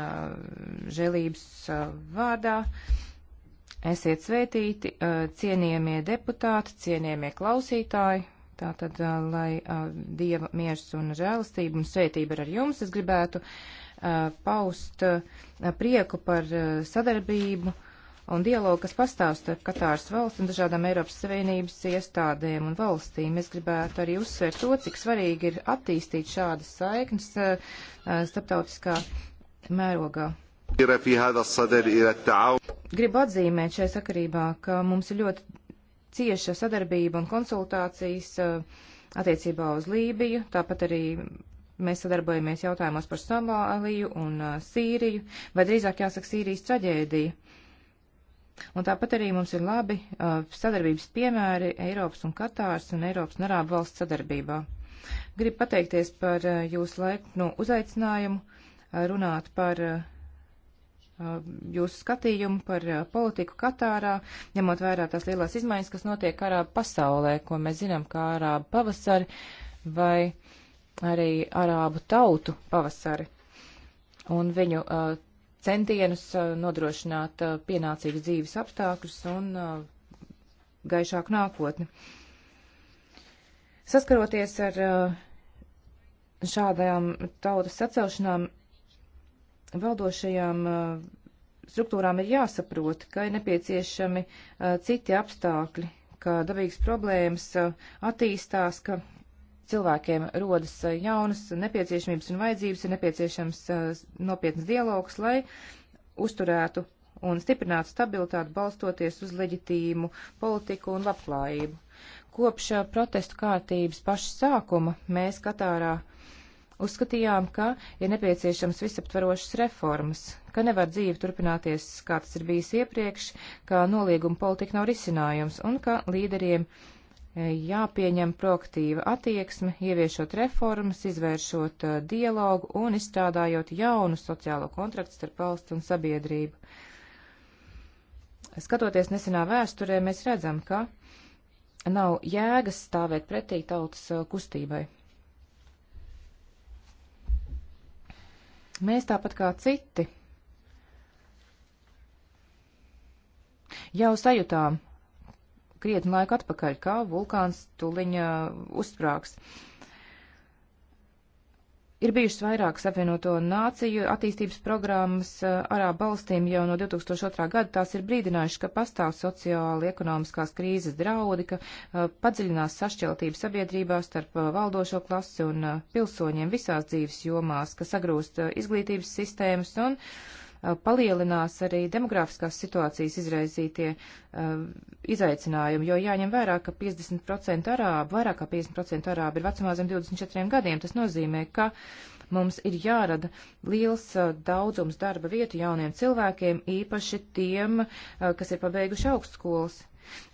žēlības uh, vārdā. Esiet sveitīti, uh, cienījamie deputāti, cienījamie klausītāji. Tātad, uh, lai dieva miers un žēlastība un sveitība ir ar jums, es gribētu paust prieku par sadarbību un dialogu, kas pastāv starp Katāras valsts un dažādām Eiropas Savienības iestādēm un valstīm. Es gribētu arī uzsvērt to, cik svarīgi ir attīstīt šādas saiknes eh, eh, starptautiskā mērogā. Gribu atzīmēt šajā sakarībā, ka mums ir ļoti cieša sadarbība un konsultācijas eh, attiecībā uz Lībiju, tāpat arī mēs sadarbojamies jautājumos par Somāliju un Sīriju, vai drīzāk jāsaka Sīrijas traģēdiju Un tāpat arī mums ir labi uh, sadarbības piemēri Eiropas un Katārs un Eiropas un Arābu valsts sadarbībā. Gribu pateikties par uh, jūsu laiku no uzaicinājumu, uh, runāt par uh, uh, jūsu skatījumu par uh, politiku Katārā, ņemot vērā tās lielās izmaiņas, kas notiek Arābu pasaulē, ko mēs zinām kā Arābu pavasari vai arī Arābu tautu pavasari un viņu uh, centienus uh, nodrošināt uh, pienācīgus dzīves apstākļus un uh, gaišāku nākotni. Saskaroties ar šādajām tautas sacelšanām, valdošajām struktūrām ir jāsaprot, ka ir nepieciešami citi apstākļi, ka dabīgas problēmas attīstās, ka cilvēkiem rodas eh, jaunas nepieciešamības un vajadzības, ir nepieciešams eh, nopietns dialogs, lai uzturētu un stiprinātu stabilitāti balstoties uz leģitīmu politiku un labklājību. Kopš eh, protestu kārtības paša sākuma mēs Katārā uzskatījām, ka ir nepieciešams visaptvarošas reformas, ka nevar dzīve turpināties, kā tas ir bijis iepriekš, ka nolieguma politika nav risinājums un ka līderiem uh, E, jāpieņem proaktīva attieksme, ieviešot reformas, izvēršot e, dialogu un izstrādājot jaunu sociālo kontraktu starp valsts un sabiedrību. Skatoties nesenā vēsturē, mēs redzam, ka nav jēgas stāvēt pretī tautas e, kustībai. Mēs tāpat kā citi jau sajūtām krietni laiku atpakaļ, kā vulkāns tuliņa uh, uzsprāgs. Ir bijušas vairākas apvienoto nāciju attīstības programmas uh, arābu valstīm jau no 2002. gada. Tās ir brīdinājušas, ka pastāv sociāli ekonomiskās krīzes draudi, ka uh, padziļinās sašķeltība sabiedrībā starp uh, valdošo klasi un uh, pilsoņiem visās dzīves jomās, ka sagrūst uh, izglītības sistēmas un uh, Eh, palielinās arī demografiskās situācijas izraizītie eh, izaicinājumi, jo jāņem vērā, ka 50% arābu, vairāk kā 50% arābu ir vecumā zem 24 gadiem. Tas nozīmē, ka mums ir jārada liels eh, daudzums darba vietu jauniem cilvēkiem, īpaši tiem, kas ir pabeiguši augstskolas.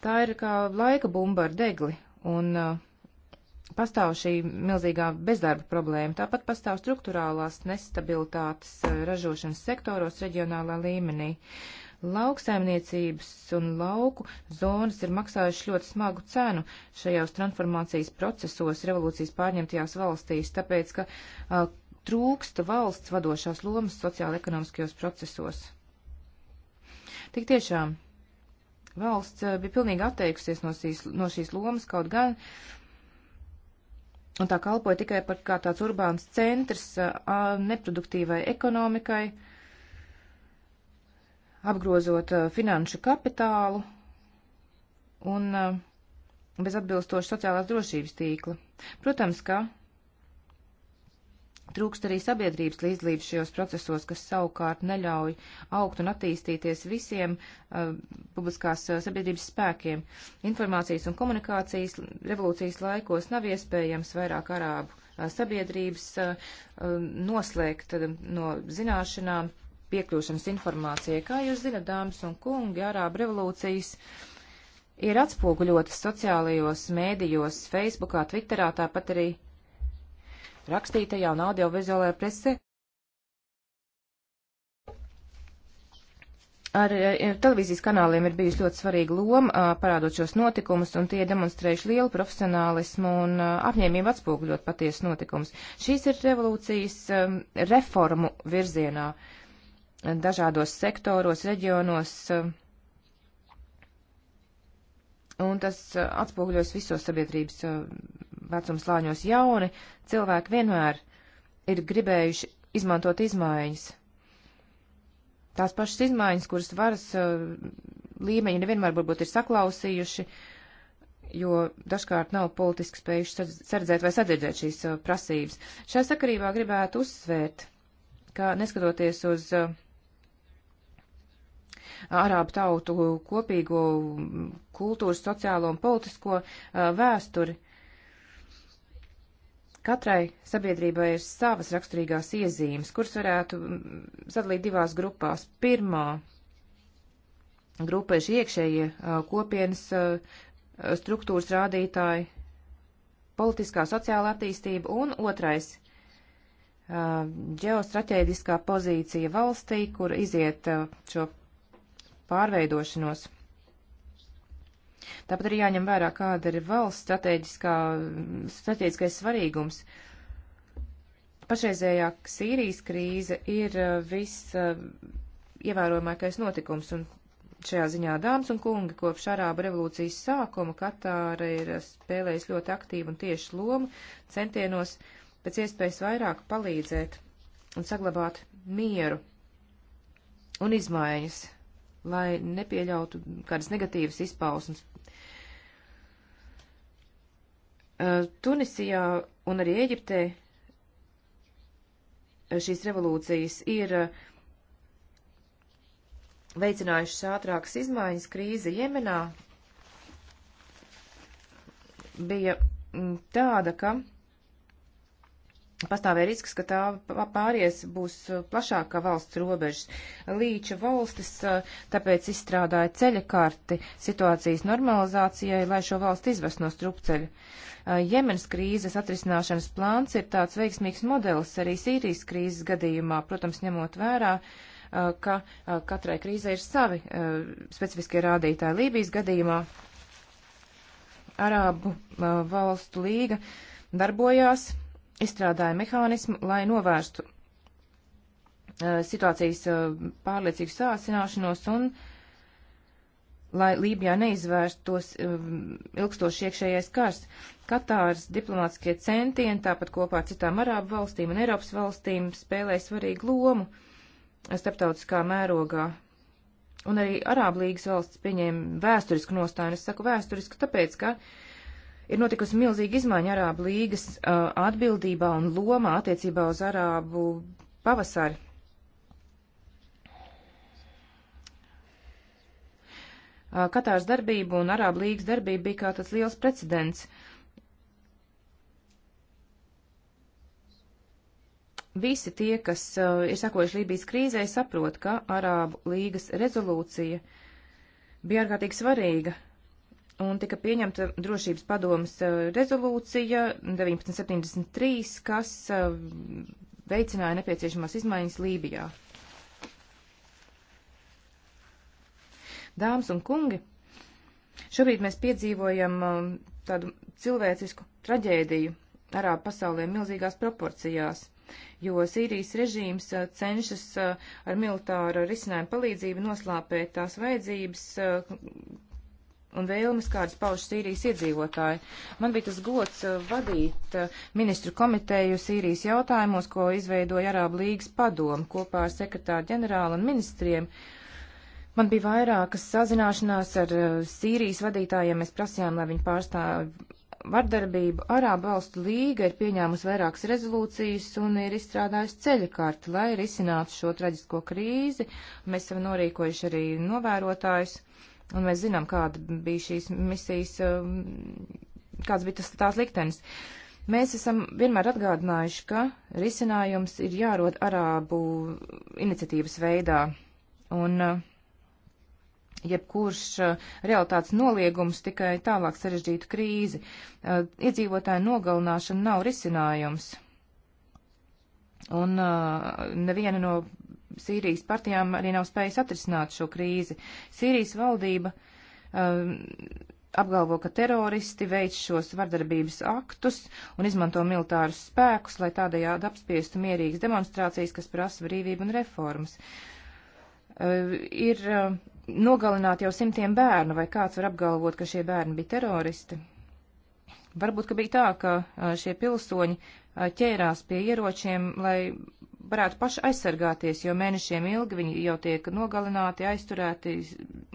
Tā ir kā laika bumba ar degli, un uh, pastāv šī milzīgā bezdarba problēma. Tāpat pastāv struktūrālās nestabilitātes eh, ražošanas sektoros reģionālā līmenī. Lauksaimniecības un lauku zonas ir maksājuši ļoti smagu cenu šajos transformācijas procesos revolūcijas pārņemtajās valstīs, tāpēc, ka a, eh, trūksta valsts vadošās lomas sociāla-ekonomiskajos procesos. Tik tiešām valsts a, eh, bija pilnīgi atteikusies no, sīs, no šīs lomas, kaut gan uh, un tā kalpoja tikai par kā tāds urbāns centrs neproduktīvai ekonomikai, apgrozot finanšu kapitālu un bez atbilstoša sociālās drošības tīkla. Protams, ka Trūkst arī sabiedrības līdzdalības šajos procesos, kas savukārt neļauj augt un attīstīties visiem uh, publiskās uh, sabiedrības spēkiem. Informācijas un komunikācijas revolūcijas laikos nav iespējams vairāk arābu uh, sabiedrības uh, uh noslēgt uh, no zināšanām piekļūšanas informācijai. Kā jūs zinat, dāmas un kungi, arābu revolūcijas. Uh, ir atspoguļotas sociālajos mēdījos, Facebookā, Twitterā, tāpat arī rakstītajā un audiovizuālajā presē. Ar e, e, televīzijas kanāliem ir bijusi ļoti svarīga loma parādot šos notikumus, un tie demonstrējuši lielu profesionālismu un apņēmību atspūgļot patiesu notikumus. Šīs ir revolūcijas reformu virzienā dažādos sektoros, reģionos, un tas atspūgļos visos sabiedrības vecumslāņos jauni cilvēki vienmēr ir gribējuši izmantot izmaiņas. Tās pašas izmaiņas, kuras varas uh, līmeņi nevienmēr varbūt ir saklausījuši, jo dažkārt nav politiski spējuši sardzēt vai sadzirdēt šīs uh, prasības. Šajā sakarībā gribētu uzsvērt, ka neskatoties uz uh, ārābu tautu kopīgo kultūras, sociālo un politisko uh, vēsturi, Katrai sabiedrībai ir savas raksturīgās iezīmes, kuras varētu mm, sadalīt divās grupās. Pirmā grupa ir šie iekšējie kopienas struktūras rādītāji, politiskā sociāla attīstība, un otrais ģeostrateģiskā pozīcija valstī, kur iziet šo pārveidošanos. Tāpat arī jāņem vērā, kāda ir valsts strateģiskais svarīgums. Pašreizējā Sīrijas krīze ir eh, viss eh, ievērojamākais notikums, un šajā ziņā dāmas un kungi kopš Arābu revolūcijas sākuma Katāra ir eh, spēlējusi ļoti aktīvu un tiešu lomu centienos pēc iespējas vairāk palīdzēt un saglabāt mieru un izmaiņas lai nepieļautu kādas negatīvas izpausmes. Tunisijā un arī Eģiptē šīs revolūcijas ir veicinājušas ātrākas izmaiņas. Krīze Jemenā bija tāda, ka pastāvēja risks, ka tā pāries būs uh, plašākā valsts robežas. Līča valstis uh, tāpēc izstrādāja ceļa karti situācijas normalizācijai, lai šo valstu izvest no strupceļa. Uh, Jemens krīzes atrisināšanas plāns ir tāds veiksmīgs modelis arī Sīrijas krīzes gadījumā, protams, ņemot vērā ka katrai krīzē ir savi specifiskie rādītāji. Lībijas gadījumā Arābu valstu līga darbojās izstrādāja mehānismu, lai novērstu uh, situācijas uh, pārliecīgu sāsināšanos un lai Lībijā neizvērstos um, ilgstoši iekšējais kars. Katāras diplomātskie centieni, tāpat kopā ar citām Arābu valstīm un Eiropas valstīm, spēlē svarīgu lomu starptautiskā mērogā. Un arī Arābu līgas valsts pieņēma vēsturisku nostāju, es saku vēsturisku, tāpēc, ka uh, ir notikusi milzīga izmaiņa Arābu līgas uh, atbildībā un lomā attiecībā uz Arābu pavasari. Uh, Katārs darbība un Arābu līgas darbība bija kā tas liels precedents. Visi tie, kas uh, ir sakojuši Lībijas krīzē, saprot, ka Arābu līgas rezolūcija bija ārkārtīgi svarīga un tika pieņemta drošības padomas e, rezolūcija 1973, kas e, veicināja nepieciešamās izmaiņas Lībijā. Dāmas un kungi, šobrīd mēs piedzīvojam e, tādu cilvēcisku traģēdiju arābu pasaulē milzīgās proporcijās, jo Sīrijas režīms cenšas ar militāru risinājumu palīdzību noslāpēt tās vajadzības, un vēlmes, kādas pauž Sīrijas iedzīvotāji. Man bija tas gods uh, vadīt uh, ministru komiteju Sīrijas jautājumos, ko izveidoja Arābu līgas padomu kopā ar sekretāru ģenerālu un ministriem. Man bija vairākas sazināšanās ar uh, Sīrijas vadītājiem, mēs prasījām, lai viņi pārstāv vardarbību. Arābu valstu līga ir pieņēmusi vairākas rezolūcijas un ir izstrādājusi ceļakārti, lai risinātu šo traģisko krīzi. Mēs esam norīkojuši arī novērotājus. Uh, Un mēs zinām, kāda bija šīs misijas, um, kāds bija tas tās liktenis. Mēs esam vienmēr atgādinājuši, ka risinājums ir jārod arābu iniciatīvas veidā. Un uh, jebkurš uh, realitātes noliegums tikai tālāk sarežģītu krīzi. Uh, iedzīvotāju nogalināšana nav risinājums. Un neviena no Sīrijas partijām arī nav spējis atrisināt šo krīzi. Sīrijas valdība um, apgalvo, ka teroristi veic šos vardarbības aktus un izmanto militārus spēkus, lai tādējādi apspiestu mierīgas demonstrācijas, kas prasa brīvību un reformas. Uh, ir uh, nogalināti jau simtiem bērnu, vai kāds var apgalvot, ka šie bērni bija teroristi? Varbūt, ka bija tā, ka uh, šie pilsoņi uh, ķērās pie ieročiem, lai varētu paši aizsargāties, jo mēnešiem ilgi viņi jau tiek nogalināti, aizturēti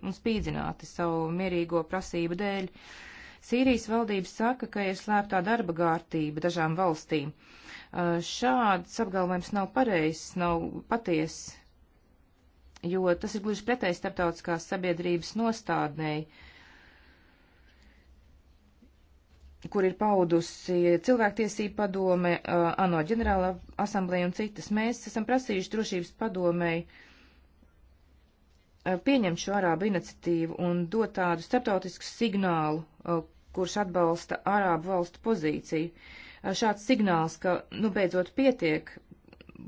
un spīdzināti savu mierīgo prasību dēļ. Sīrijas valdības saka, ka ir slēptā darba kārtība dažām valstīm. Šāds apgalvojums nav pareizs, nav patiesis, jo tas ir gluži pretēji starptautiskās sabiedrības nostādnēji kur ir paudusi cilvēktiesība padome, ANO ģenerāla asamblēja un citas. Mēs esam prasījuši drošības padomei pieņemt šo arābu iniciatīvu un dot tādu starptautisku signālu, kurš atbalsta arābu valstu pozīciju. Šāds signāls, ka, nu, beidzot pietiek,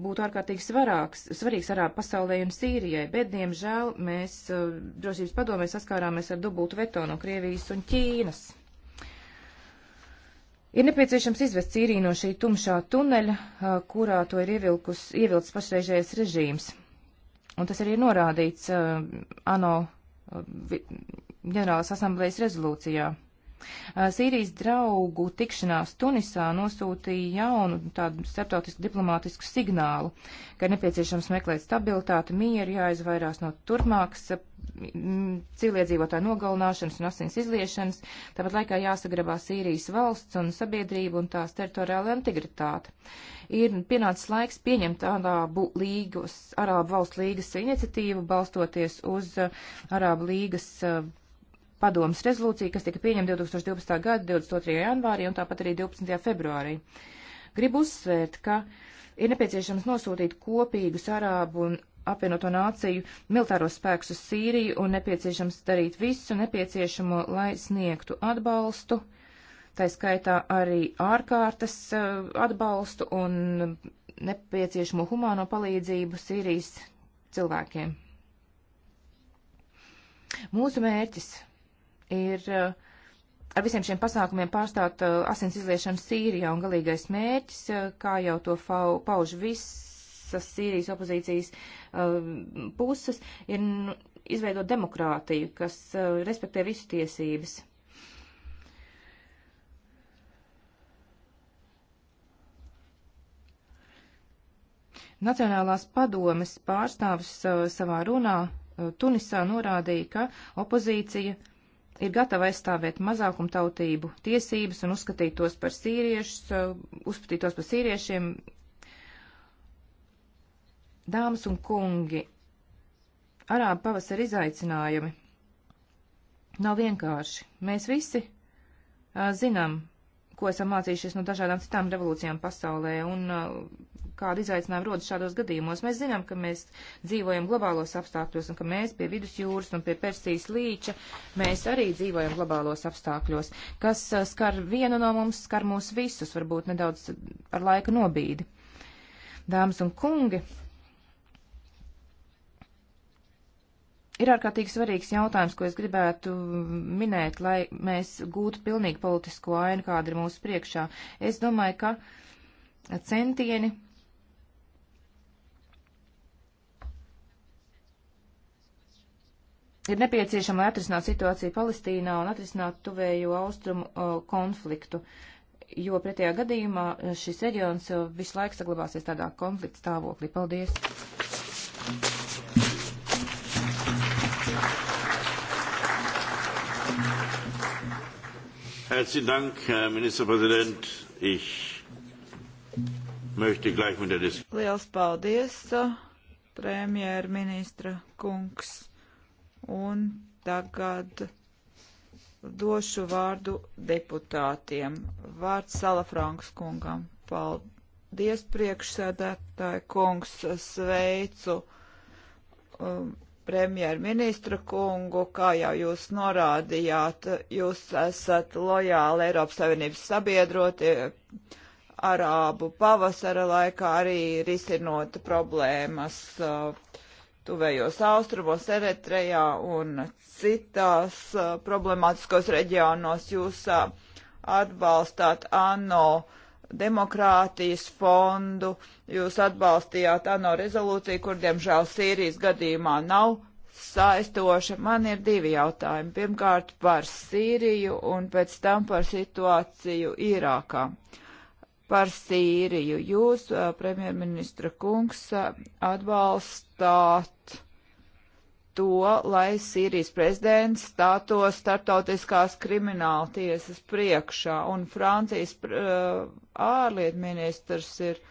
būtu ārkārtīgi svarāks, svarīgs arābu pasaulē un Sīrijai, bet, diemžēl, mēs drošības padomē saskārāmies ar dubultu veto no Krievijas un Ķīnas. Ir nepieciešams izvest Sīriju no šī tumšā tuneļa, kurā to ir ievilkus, ievilcis pašreizējais režīms. Un tas arī ir norādīts ANO ģenerālas asamblējas rezolūcijā Sīrijas draugu tikšanās Tunisā nosūtīja jaunu tādu starptautisku diplomātisku signālu, ka ir nepieciešams meklēt stabilitāti, mieru, jāizvairās no turpmākas civiliedzīvotāju nogalināšanas un asins izliešanas, tāpat laikā jāsagrabā Sīrijas valsts un sabiedrība un tās teritoriāla integritāte. Ir pienācis laiks pieņemt Arābu, līgas, Arābu valstu līgas iniciatīvu, balstoties uz Arābu līgas padomas rezolūcija, kas tika pieņemta 2012. gada 22. janvārī un tāpat arī 12. februārī. Gribu uzsvērt, ka ir nepieciešams nosūtīt kopīgus arābu un apvienoto nāciju militāros spēkus uz Sīriju un nepieciešams darīt visu nepieciešamo, lai sniegtu atbalstu, tā skaitā arī ārkārtas eh, atbalstu un nepieciešamo humāno palīdzību Sīrijas cilvēkiem. Mūsu mērķis ir eh, ar visiem šiem pasākumiem pārstāt eh, asins izliešanu Sīrijā un galīgais mērķis, eh, kā jau to pauž visas Sīrijas opozīcijas puses, ir izveidot demokrātiju, kas respektē visu tiesības. Nacionālās padomes pārstāvis savā runā Tunisā norādīja, ka opozīcija ir gatava aizstāvēt mazākumtautību tiesības un uzskatīt tos par sīriešus, uh, uzskatīt tos par sīriešiem. Dāmas un kungi, arāba pavasara izaicinājumi nav vienkārši. Mēs visi a, uh, zinām, ko esam mācījušies no dažādām citām revolūcijām pasaulē un uh, kāda izaicinājuma rodas šādos gadījumos. Mēs zinām, ka mēs dzīvojam globālos apstākļos un ka mēs pie vidusjūras un pie Persijas līča mēs arī dzīvojam globālos apstākļos, kas uh, skar vienu no mums, skar mūs visus, varbūt nedaudz ar laika nobīdi. Dāmas un kungi, Ir ārkārtīgi svarīgs jautājums, ko es gribētu minēt, lai mēs gūtu pilnīgi politisko ainu, kāda ir mūsu priekšā. Es domāju, ka centieni ir nepieciešama atrisināt situāciju Palestīnā un atrisināt tuvējo austrumu uh, konfliktu, jo pretējā gadījumā e, šis reģions e, visu laiku saglabāsies tādā konflikta stāvoklī. Paldies! Herzlichen Dank, Herr Ministerpräsident. Ich möchte gleich mit der Diskussion. Liels paldies, uh, premjerministra kungs. Un tagad došu vārdu deputātiem. Vārds Salafrankas kungam. Paldies, priekšsēdētāji kungs, sveicu. Um, premjerministru kungu, kā jau jūs norādījāt, jūs esat lojāli Eiropas Savienības sabiedroti arābu pavasara laikā arī risinot problēmas uh, tuvējos austrumos, Eritrejā un citās uh, problemātiskos reģionos. Jūs uh, atbalstāt ANO demokrātijas fondu. Jūs atbalstījāt ANO rezolūciju, kur, diemžēl, Sīrijas gadījumā nav saistoša. Man ir divi jautājumi. Pirmkārt par Sīriju un pēc tam par situāciju Irākā. Par Sīriju jūs, eh, premjerministra kungs, eh, atbalstāt to, lai Sīrijas prezidents stātos startautiskās krimināla tiesas priekšā, un Francijas uh, ārlietu ministrs ir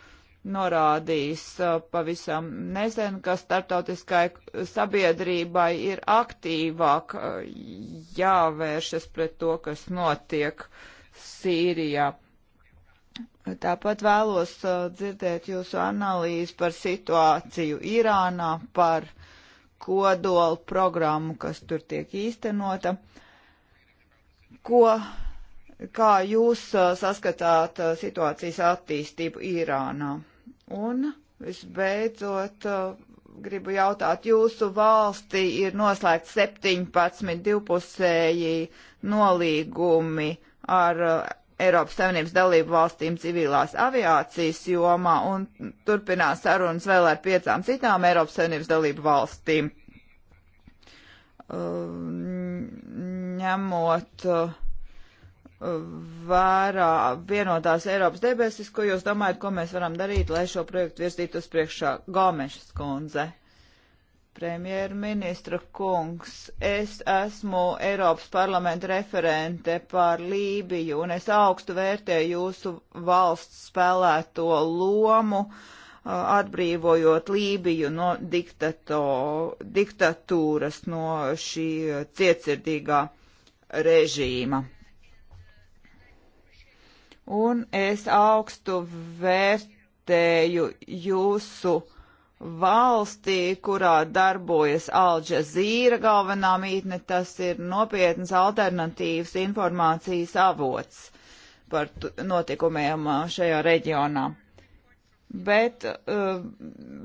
norādījis uh, pavisam nesen, ka startautiskai sabiedrībai ir aktīvāk uh, jāvēršas pret to, kas notiek Sīrijā. Tāpat vēlos uh, dzirdēt jūsu analīzi par situāciju Irānā, par kodolu programmu, kas tur tiek īstenota. Ko, kā jūs saskatāt situācijas attīstību Irānā? Un visbeidzot, gribu jautāt, jūsu valstī ir noslēgt 17 divpusēji nolīgumi ar Eiropas Savienības dalību valstīm civilās aviācijas jomā un turpinās sarunas vēl ar piecām citām Eiropas Savienības dalību valstīm. Um, ņemot uh, vērā vienotās Eiropas debesis, ko jūs domājat, ko mēs varam darīt, lai šo projektu virzītu uz priekšā Gomešas kundze? Premjerministra kungs, es esmu Eiropas parlamenta referente par Lībiju, un es augstu vērtēju jūsu valsts spēlēto lomu, uh, atbrīvojot Lībiju no diktato, diktatūras, no šī cietsirdīgā režīma. Un es augstu vērtēju jūsu valsts valstī, kurā darbojas Alžēzīra galvenā mītne, tas ir nopietns alternatīvs informācijas avots par notikumiem šajā reģionā. Bet uh,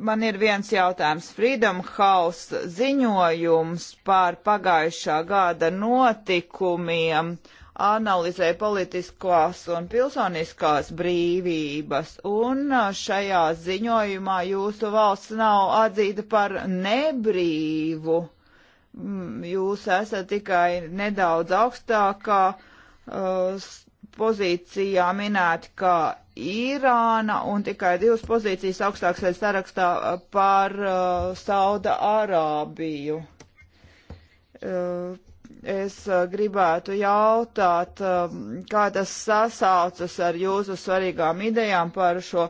man ir viens jautājums. Freedom House ziņojums par pagājušā gada notikumiem analizē politiskās un pilsoniskās brīvības, un šajā ziņojumā jūsu valsts nav atzīta par nebrīvu. Mm, jūs esat tikai nedaudz augstākā uh, pozīcijā minēti kā Irāna un tikai divas pozīcijas augstākajā sarakstā par uh, Sauda Arābiju. Uh, Es eh, gribētu jautāt, eh, kā tas sasaucas ar jūsu svarīgām idejām par šo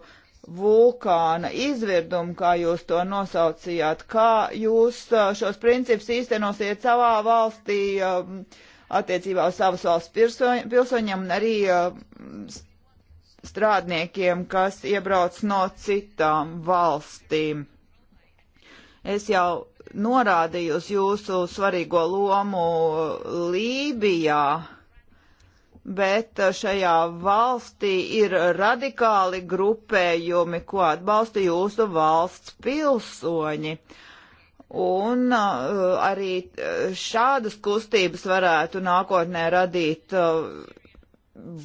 vulkāna izvirdumu, kā jūs to nosaucījāt, kā jūs eh, šos principus īstenosiet savā valstī attiecībā uz savas valsts pilsoņiem un arī strādniekiem, kas iebrauc no citām valstīm. Es jau norādīju uz jūsu svarīgo lomu Lībijā, bet šajā valstī ir radikāli grupējumi, ko atbalsta jūsu valsts pilsoņi. Un uh, arī uh, šādas kustības varētu nākotnē radīt uh,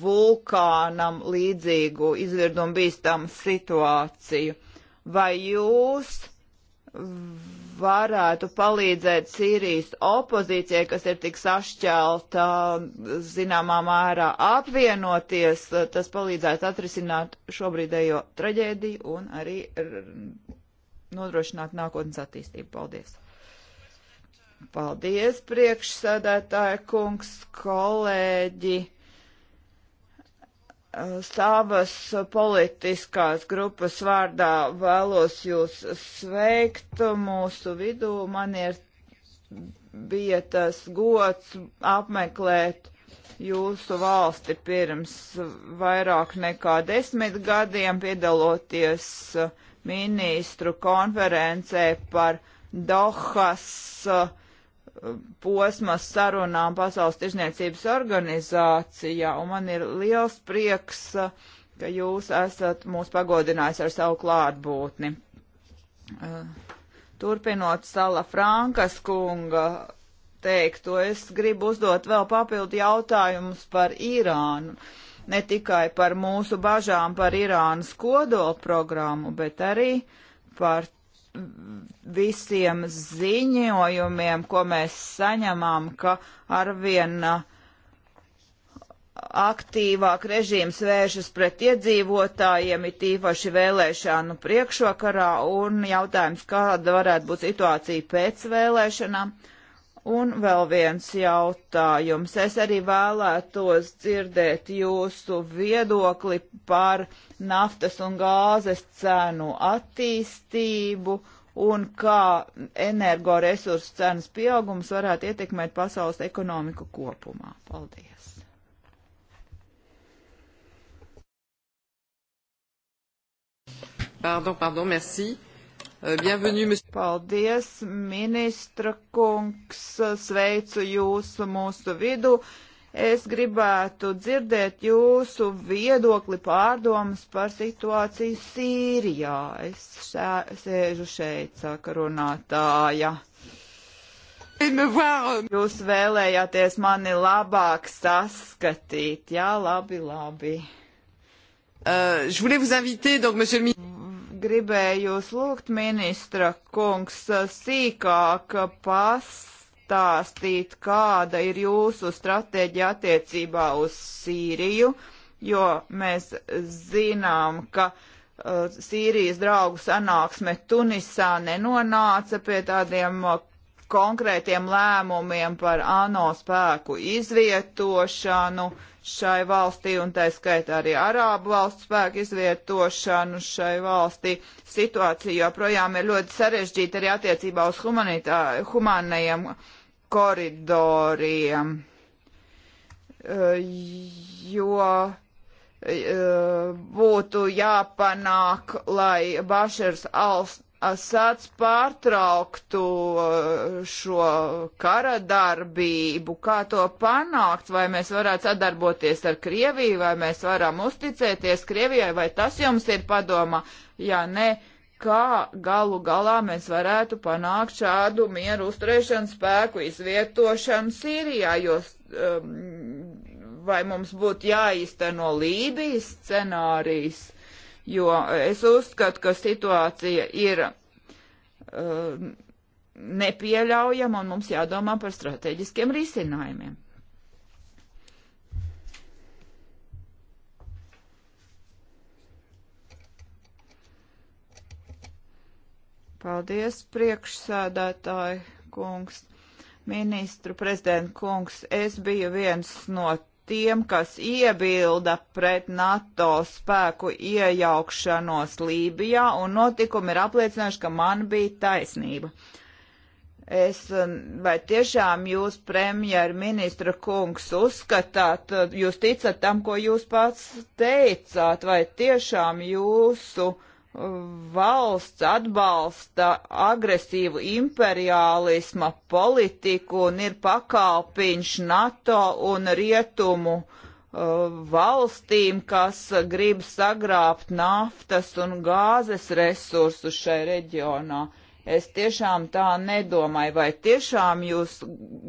vulkānam līdzīgu izvirdumu bīstamu situāciju. Vai jūs varētu palīdzēt Sīrijas opozīcijai, kas ir tik sašķelta, zināmā mērā apvienoties, tas palīdzētu atrisināt šobrīdējo traģēdiju un arī nodrošināt nākotnes attīstību. Paldies! Paldies, priekšsēdētāja kungs, kolēģi! savas politiskās grupas vārdā vēlos jūs sveikt mūsu vidū. Man ir bija tas gods apmeklēt jūsu valsti pirms vairāk nekā desmit gadiem, piedaloties ministru konferencē par Dohas uh, posmas sarunām Pasaules tirzniecības organizācijā, un man ir liels prieks, ka jūs esat mūs pagodinājis ar savu klātbūtni. Eh, turpinot Sala Frankas kunga teikto, es gribu uzdot vēl papildu jautājumus par Irānu. Ne tikai par mūsu bažām par Irānas kodolprogrammu, bet arī par visiem ziņojumiem, ko mēs saņemam, ka arvien uh, aktīvāk režīms vēršas pret iedzīvotājiem, it īpaši vēlēšanu priekšvakarā, un jautājums, kāda varētu būt situācija pēc vēlēšanām. Uh, Un vēl viens jautājums. Es arī vēlētos dzirdēt jūsu viedokli par naftas un gāzes cenu attīstību un kā energoresursu cenas pieaugums varētu ietekmēt pasaules ekonomiku kopumā. Paldies! Pardon, pardon, merci. Bienvenue, monsieur. Paldies, ministra kungs, sveicu jūs mūsu vidu. Es gribētu dzirdēt jūsu viedokli pārdomas par situāciju Sīrijā. Es šā, sēžu šeit, saka runātāja. Jūs vēlējāties mani labāk saskatīt. Jā, labi, labi. Uh, je voulais vous inviter, donc, monsieur le ministre gribēju jūs lūgt, ministra kungs, sīkāk pastāstīt, kāda ir jūsu stratēģija attiecībā uz Sīriju, jo mēs zinām, ka uh, Sīrijas draugu sanāksme Tunisā nenonāca pie tādiem uh, konkrētiem lēmumiem par ANO spēku izvietošanu šai valstī un tā skaitā arī Arābu valstu spēku izvietošanu šai valstī. Situācija joprojām ir ļoti sarežģīta arī attiecībā uz humanajiem koridoriem, eh, jo eh, būtu jāpanāk, lai Bašers Alst Asāds pārtrauktu uh, šo kara darbību, kā to panākt, vai mēs varētu sadarboties ar Krieviju, vai mēs varam uzticēties Krievijai, vai tas jums ir padomā, ja ne, kā galu galā mēs varētu panākt šādu mieru uzturēšanas spēku izvietošanu Sīrijā, jo um, vai mums būtu jāīsteno Lībijas scenārijs jo es uzskatu, ka situācija ir uh, nepieļaujama un mums jādomā par strateģiskiem risinājumiem. Paldies, priekšsēdētāji kungs, ministru prezidentu kungs. Es biju viens no tiem, kas iebilda pret NATO spēku iejaukšanos Lībijā, un notikumi ir apliecinājuši, ka man bija taisnība. Es, vai tiešām jūs, premjerministra kungs, uzskatāt, jūs ticat tam, ko jūs pats teicāt, vai tiešām jūsu uh, valsts atbalsta agresīvu imperiālisma politiku un ir pakalpiņš NATO un rietumu uh, valstīm, kas grib sagrābt naftas un gāzes resursus šai reģionā. Es tiešām tā nedomāju, vai tiešām jūs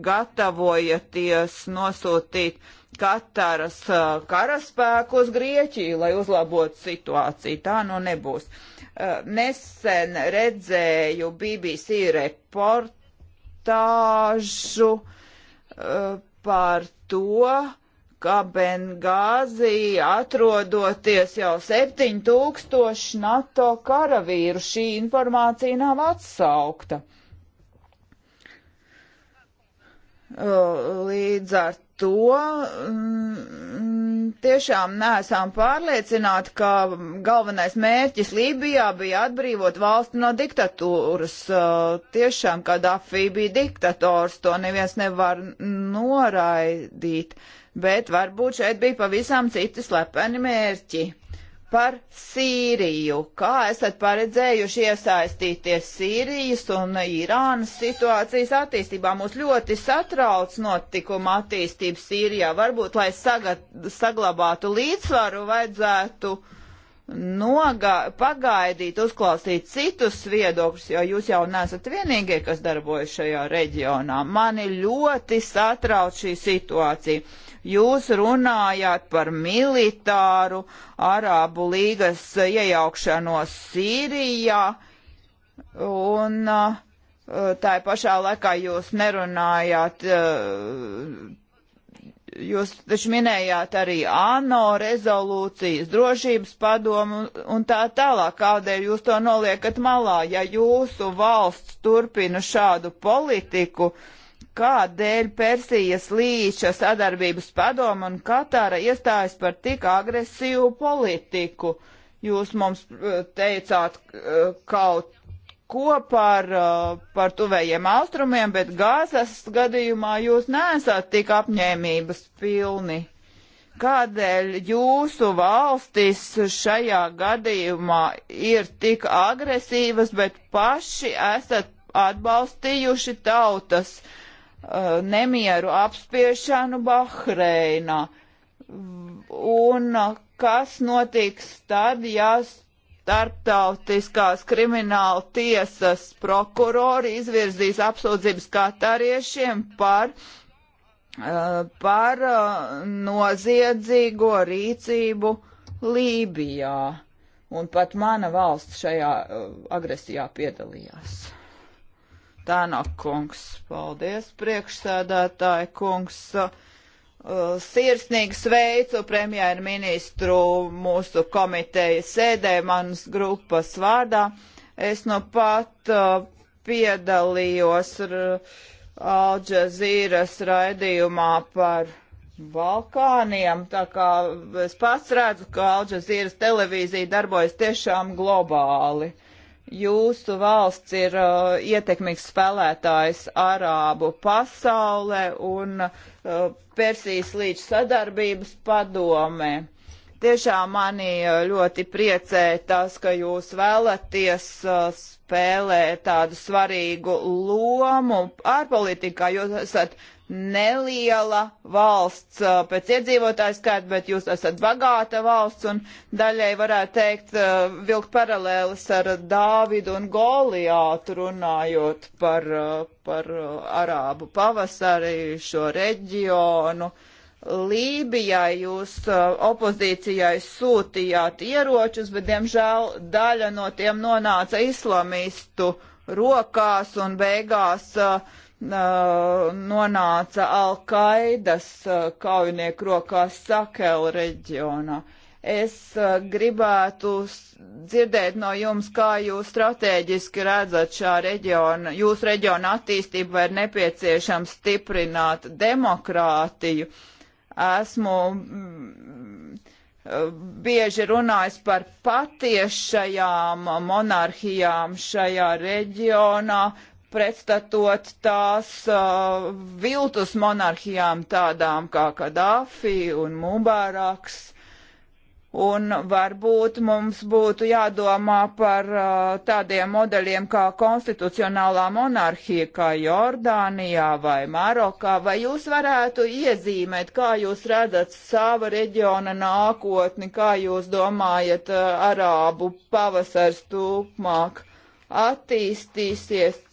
gatavojaties nosūtīt Kataras uh, karaspēkus Grieķiju, lai uzlabotu situāciju. Tā nu nebūs. Uh, nesen redzēju BBC reportāžu uh, par to, ka Bengāzī atrodoties jau 7000 NATO karavīru šī informācija nav atsaukta. Uh, Uh, līdz ar to mm, tiešām neesam pārliecināti, ka galvenais mērķis Lībijā bija atbrīvot valsti no diktatūras. Uh, tiešām, kad Afī bija diktators, to neviens nevar noraidīt, bet varbūt šeit bija pavisam citi slepeni mērķi par Sīriju. Kā esat paredzējuši iesaistīties Sīrijas un Irānas situācijas attīstībā? Mūs ļoti satrauc notikuma attīstība Sīrijā. Varbūt, lai sagat, saglabātu līdzsvaru, vajadzētu uh, nogā, pagaidīt, uzklausīt citus viedokļus, jo jūs jau nesat vienīgie, kas darbojas šajā reģionā. Mani ļoti satrauc šī situācija. Jūs runājāt par militāru Arābu līgas iejaukšanos Sīrijā, un uh, tā pašā laikā jūs nerunājāt uh, Jūs taču minējāt arī ANO rezolūcijas, drošības padomu un tā tālāk. Kādēļ jūs to noliekat malā, ja jūsu valsts turpina šādu politiku? Kādēļ Persijas līča sadarbības padomu un Katāra iestājas par tik agresīvu politiku? Jūs mums eh, teicāt eh, kaut kopā ar, uh, par tuvējiem austrumiem, bet gāzes gadījumā jūs neesat tik apņēmības pilni. Kādēļ jūsu valstis šajā gadījumā ir tik agresīvas, bet paši esat atbalstījuši tautas uh, nemieru apspiešanu Bahreinā? Un uh, kas notiks tad, ja starptautiskās krimināla tiesas prokurori izvirzīs apsūdzības katāriešiem par, eh, par eh, noziedzīgo rīcību Lībijā. Un pat mana valsts šajā eh, agresijā piedalījās. Tāna kungs, paldies priekšsēdētāji kungs. Uh, Uh, sirsnīgi sveicu premjerministru mūsu komitejas sēdē manas grupas vārdā. Es nu pat uh, piedalījos Alžazīras raidījumā par Balkāniem, tā kā es pats redzu, ka Alžazīras televīzija darbojas tiešām globāli. Uh, jūsu valsts ir uh, ietekmīgs spēlētājs Arābu pasaulē un uh, Persijas līdz sadarbības padomē. Tiešām mani uh, ļoti priecē tas, ka jūs vēlaties uh, spēlēt tādu svarīgu lomu ārpolitikā, jūs esat neliela valsts pēc iedzīvotāju skaita, bet jūs esat bagāta valsts un daļai varētu teikt vilkt paralēlis ar Dāvidu un Goliātu runājot par, par Arābu pavasari šo reģionu. Lībijai jūs opozīcijai sūtījāt ieročus, bet diemžēl daļa no tiem nonāca islamistu rokās un beigās uh, Uh, nonāca Alkaidas uh, kaujinieku rokās Sakela reģionā. Es uh, gribētu dzirdēt no jums, kā jūs strateģiski redzat šā reģiona, jūsu reģiona attīstību, vai ir nepieciešams stiprināt demokrātiju. Esmu mm, bieži runājis par patiešajām monarhijām šajā reģionā, pretstatot tās uh, viltus monarhijām tādām kā Kadāfi un Mubāraks. Un varbūt mums būtu jādomā par uh, tādiem modeļiem kā konstitucionālā monarhija, kā Jordānijā vai Marokā, vai jūs varētu iezīmēt, kā jūs redzat sava reģiona nākotni, kā jūs domājat, uh, arābu pavasars tūpmāk attīstīsies,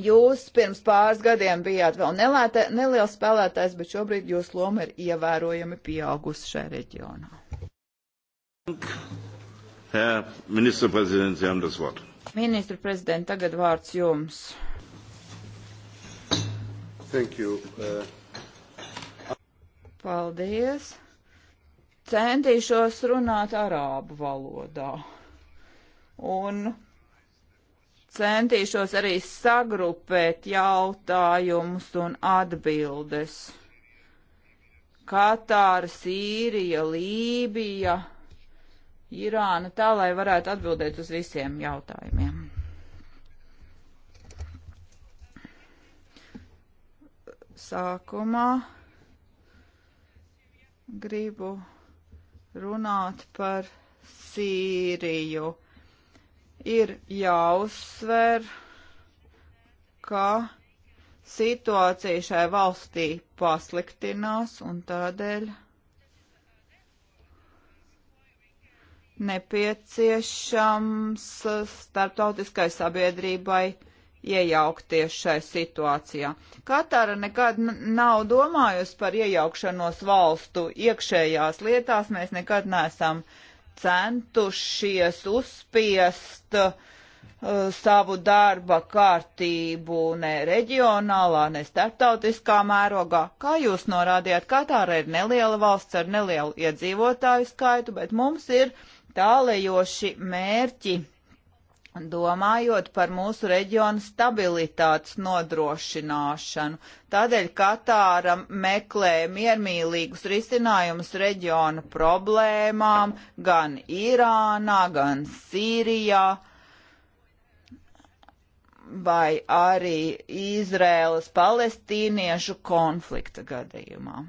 Jūs pirms pāris gadiem bijāt vēl nelētē, neliels spēlētājs, bet šobrīd jūsu loma ir ievērojami pieaugusi šajā reģionā. Ministra prezidents, jām tas vārds. Ministra prezidenta, tagad vārds jums. Thank you. Uh... Paldies. Centīšos runāt arābu valodā. Un centīšos arī sagrupēt jautājumus un atbildes. Katāra, Sīrija, Lībija, Irāna, tā lai varētu atbildēt uz visiem jautājumiem. Sākumā gribu runāt par Sīriju ir jāuzsver, ka situācija šai valstī pasliktinās un tādēļ nepieciešams starptautiskai sabiedrībai iejaukties šai situācijā. Katara nekad nav domājusi par iejaukšanos valstu iekšējās lietās, mēs nekad neesam uh, centušies uzspiest uh, savu darba kārtību ne reģionālā, ne starptautiskā mērogā. Kā jūs norādījāt, Katāra ir neliela valsts ar nelielu iedzīvotāju skaitu, bet mums ir tālējoši mērķi domājot par mūsu reģionu stabilitātes nodrošināšanu. Tādēļ Katāra meklē miermīlīgus risinājumus reģiona problēmām gan Irānā, gan Sīrijā, vai arī Izrēlas palestīniešu konflikta gadījumā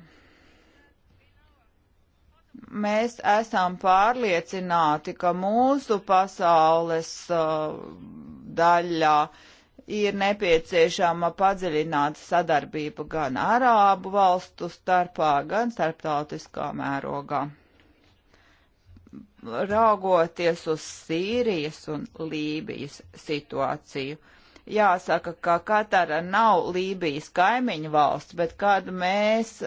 mēs esam pārliecināti, ka mūsu pasaules uh, daļā ir nepieciešama padziļināta sadarbība gan arābu valstu starpā, gan starptautiskā mērogā. Raugoties uz Sīrijas un Lībijas situāciju, jāsaka, ka Katara nav Lībijas kaimiņu valsts, bet kad mēs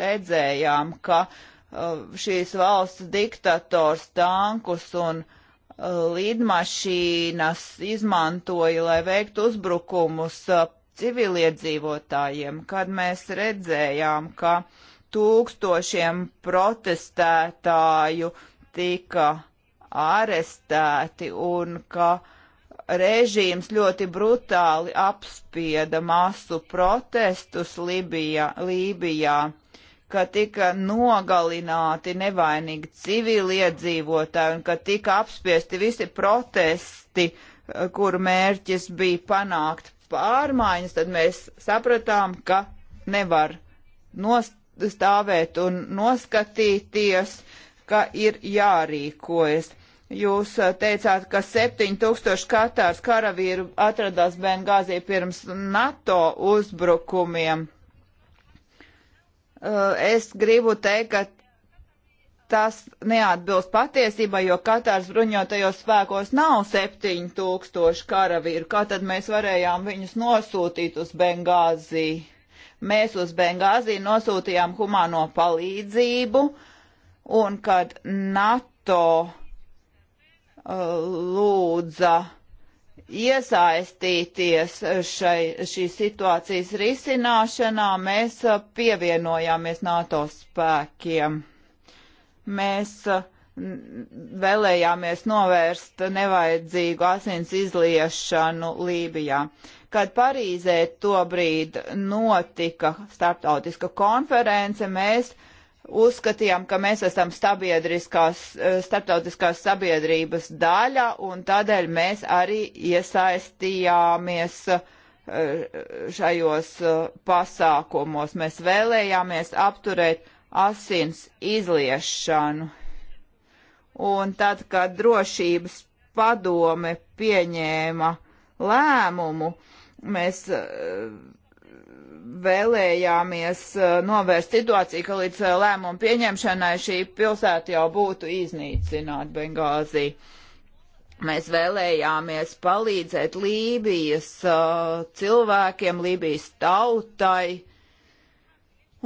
redzējām, ka uh, Uh, šīs valsts diktators tankus un uh, lidmašīnas izmantoja, lai veiktu uzbrukumus uh, civiliedzīvotājiem, kad mēs redzējām, ka tūkstošiem protestētāju tika arestēti un ka režīms ļoti brutāli apspieda masu protestus Libijā, Lībijā. Lībijā ka tika nogalināti nevainīgi civiliedzīvotāji un ka tika apspiesti visi protesti, eh, kuru mērķis bija panākt pārmaiņas, tad mēs sapratām, ka nevar stāvēt un noskatīties, ka ir jārīkojas. Jūs eh, teicāt, ka 7000 katārs karavīru atradās Bengāzī pirms NATO uzbrukumiem. Eh, es gribu teikt, ka tas neatbilst patiesībai, jo Katārs bruņotajos spēkos nav 7000 karavīru. Kā tad mēs varējām viņus nosūtīt uz Bengāziju? Mēs uz Bengāziju nosūtījām humāno palīdzību, un kad NATO uh, lūdza iesaistīties šai, šīs situācijas risināšanā, mēs uh, pievienojāmies NATO spēkiem. Mēs uh, vēlējāmies novērst nevajadzīgu asins izliešanu Lībijā. Kad Parīzē tobrīd notika starptautiska konference, mēs uh, uzskatījām, ka mēs esam eh, starptautiskās sabiedrības daļa, un tādēļ mēs arī iesaistījāmies eh, šajos eh, pasākumos. Mēs vēlējāmies apturēt asins izliešanu. Un tad, kad drošības padome pieņēma lēmumu, mēs vēlējāmies eh, novērst situāciju, ka līdz eh, lēmumu pieņemšanai šī pilsēta jau būtu iznīcināta Bengāzī. Mēs vēlējāmies palīdzēt Lībijas eh, cilvēkiem, Lībijas tautai,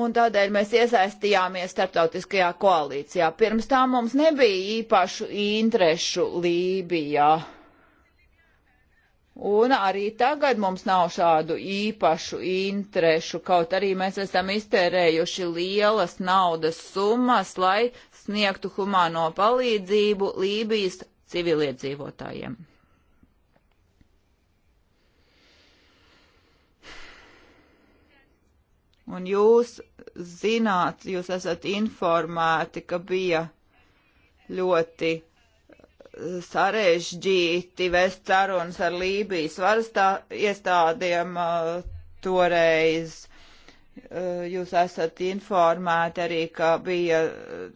un tādēļ mēs iesaistījāmies starptautiskajā koalīcijā. Pirms tam mums nebija īpašu interešu Lībijā. Uh, Un arī tagad mums nav šādu īpašu interešu, kaut arī mēs esam iztērējuši lielas naudas summas, lai sniegtu humāno palīdzību Lībijas civiliedzīvotājiem. Un jūs zināt, jūs esat informēti, ka bija ļoti sarežģīti vest sarunas ar Lībijas varas iestādēm toreiz. Jūs esat informēti arī, ka bija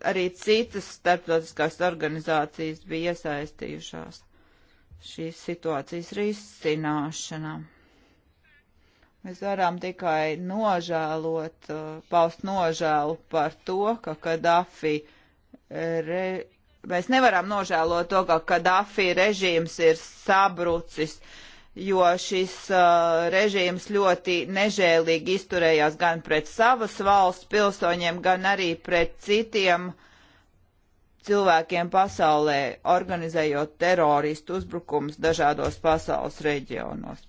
arī citas starptautiskās organizācijas bija iesaistījušās šīs situācijas risināšanā. Mēs varam tikai nožēlot, paust nožēlu par to, ka Kadafi re, Mēs nevaram nožēlot to, ka Kadafi režīms ir sabrucis, jo šis uh, režīms ļoti nežēlīgi izturējās gan pret savas valsts pilsoņiem, gan arī pret citiem cilvēkiem pasaulē, organizējot teroristu uzbrukums dažādos pasaules reģionos.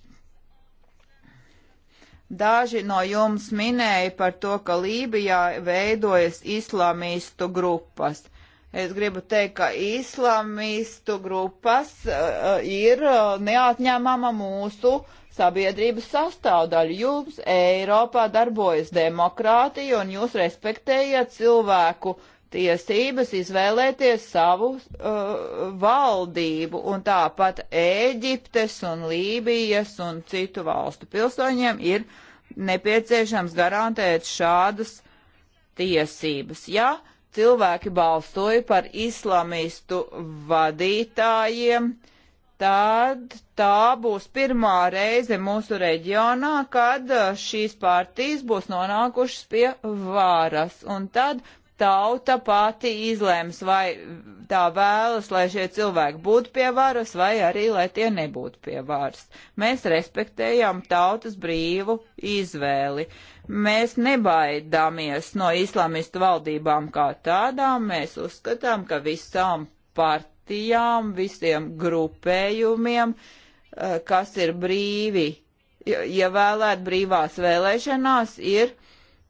Daži no jums minēja par to, ka Lībijā veidojas islamistu grupas. Es gribu teikt, ka islamistu grupas uh, uh ir uh, neatņemama mūsu sabiedrības sastāvdaļa. Jums Eiropā darbojas demokrātija un jūs respektējat cilvēku tiesības izvēlēties savu uh, valdību, un tāpat Ēģiptes un Lībijas un citu valstu pilsoņiem ir nepieciešams garantēt šādas tiesības. Ja cilvēki balsoja par islamistu vadītājiem, tad tā būs pirmā reize mūsu reģionā, kad šīs partijas būs nonākušas pie vāras. Un tad tauta pati izlēms, vai tā vēlas, lai šie cilvēki būtu pie varas, vai arī, lai tie nebūtu pie varas. Mēs respektējam tautas brīvu izvēli. Mēs nebaidāmies no islamistu valdībām kā tādām, mēs uzskatām, ka visām partijām, visiem grupējumiem, eh, kas ir brīvi, ievēlēt ja brīvās vēlēšanās, ir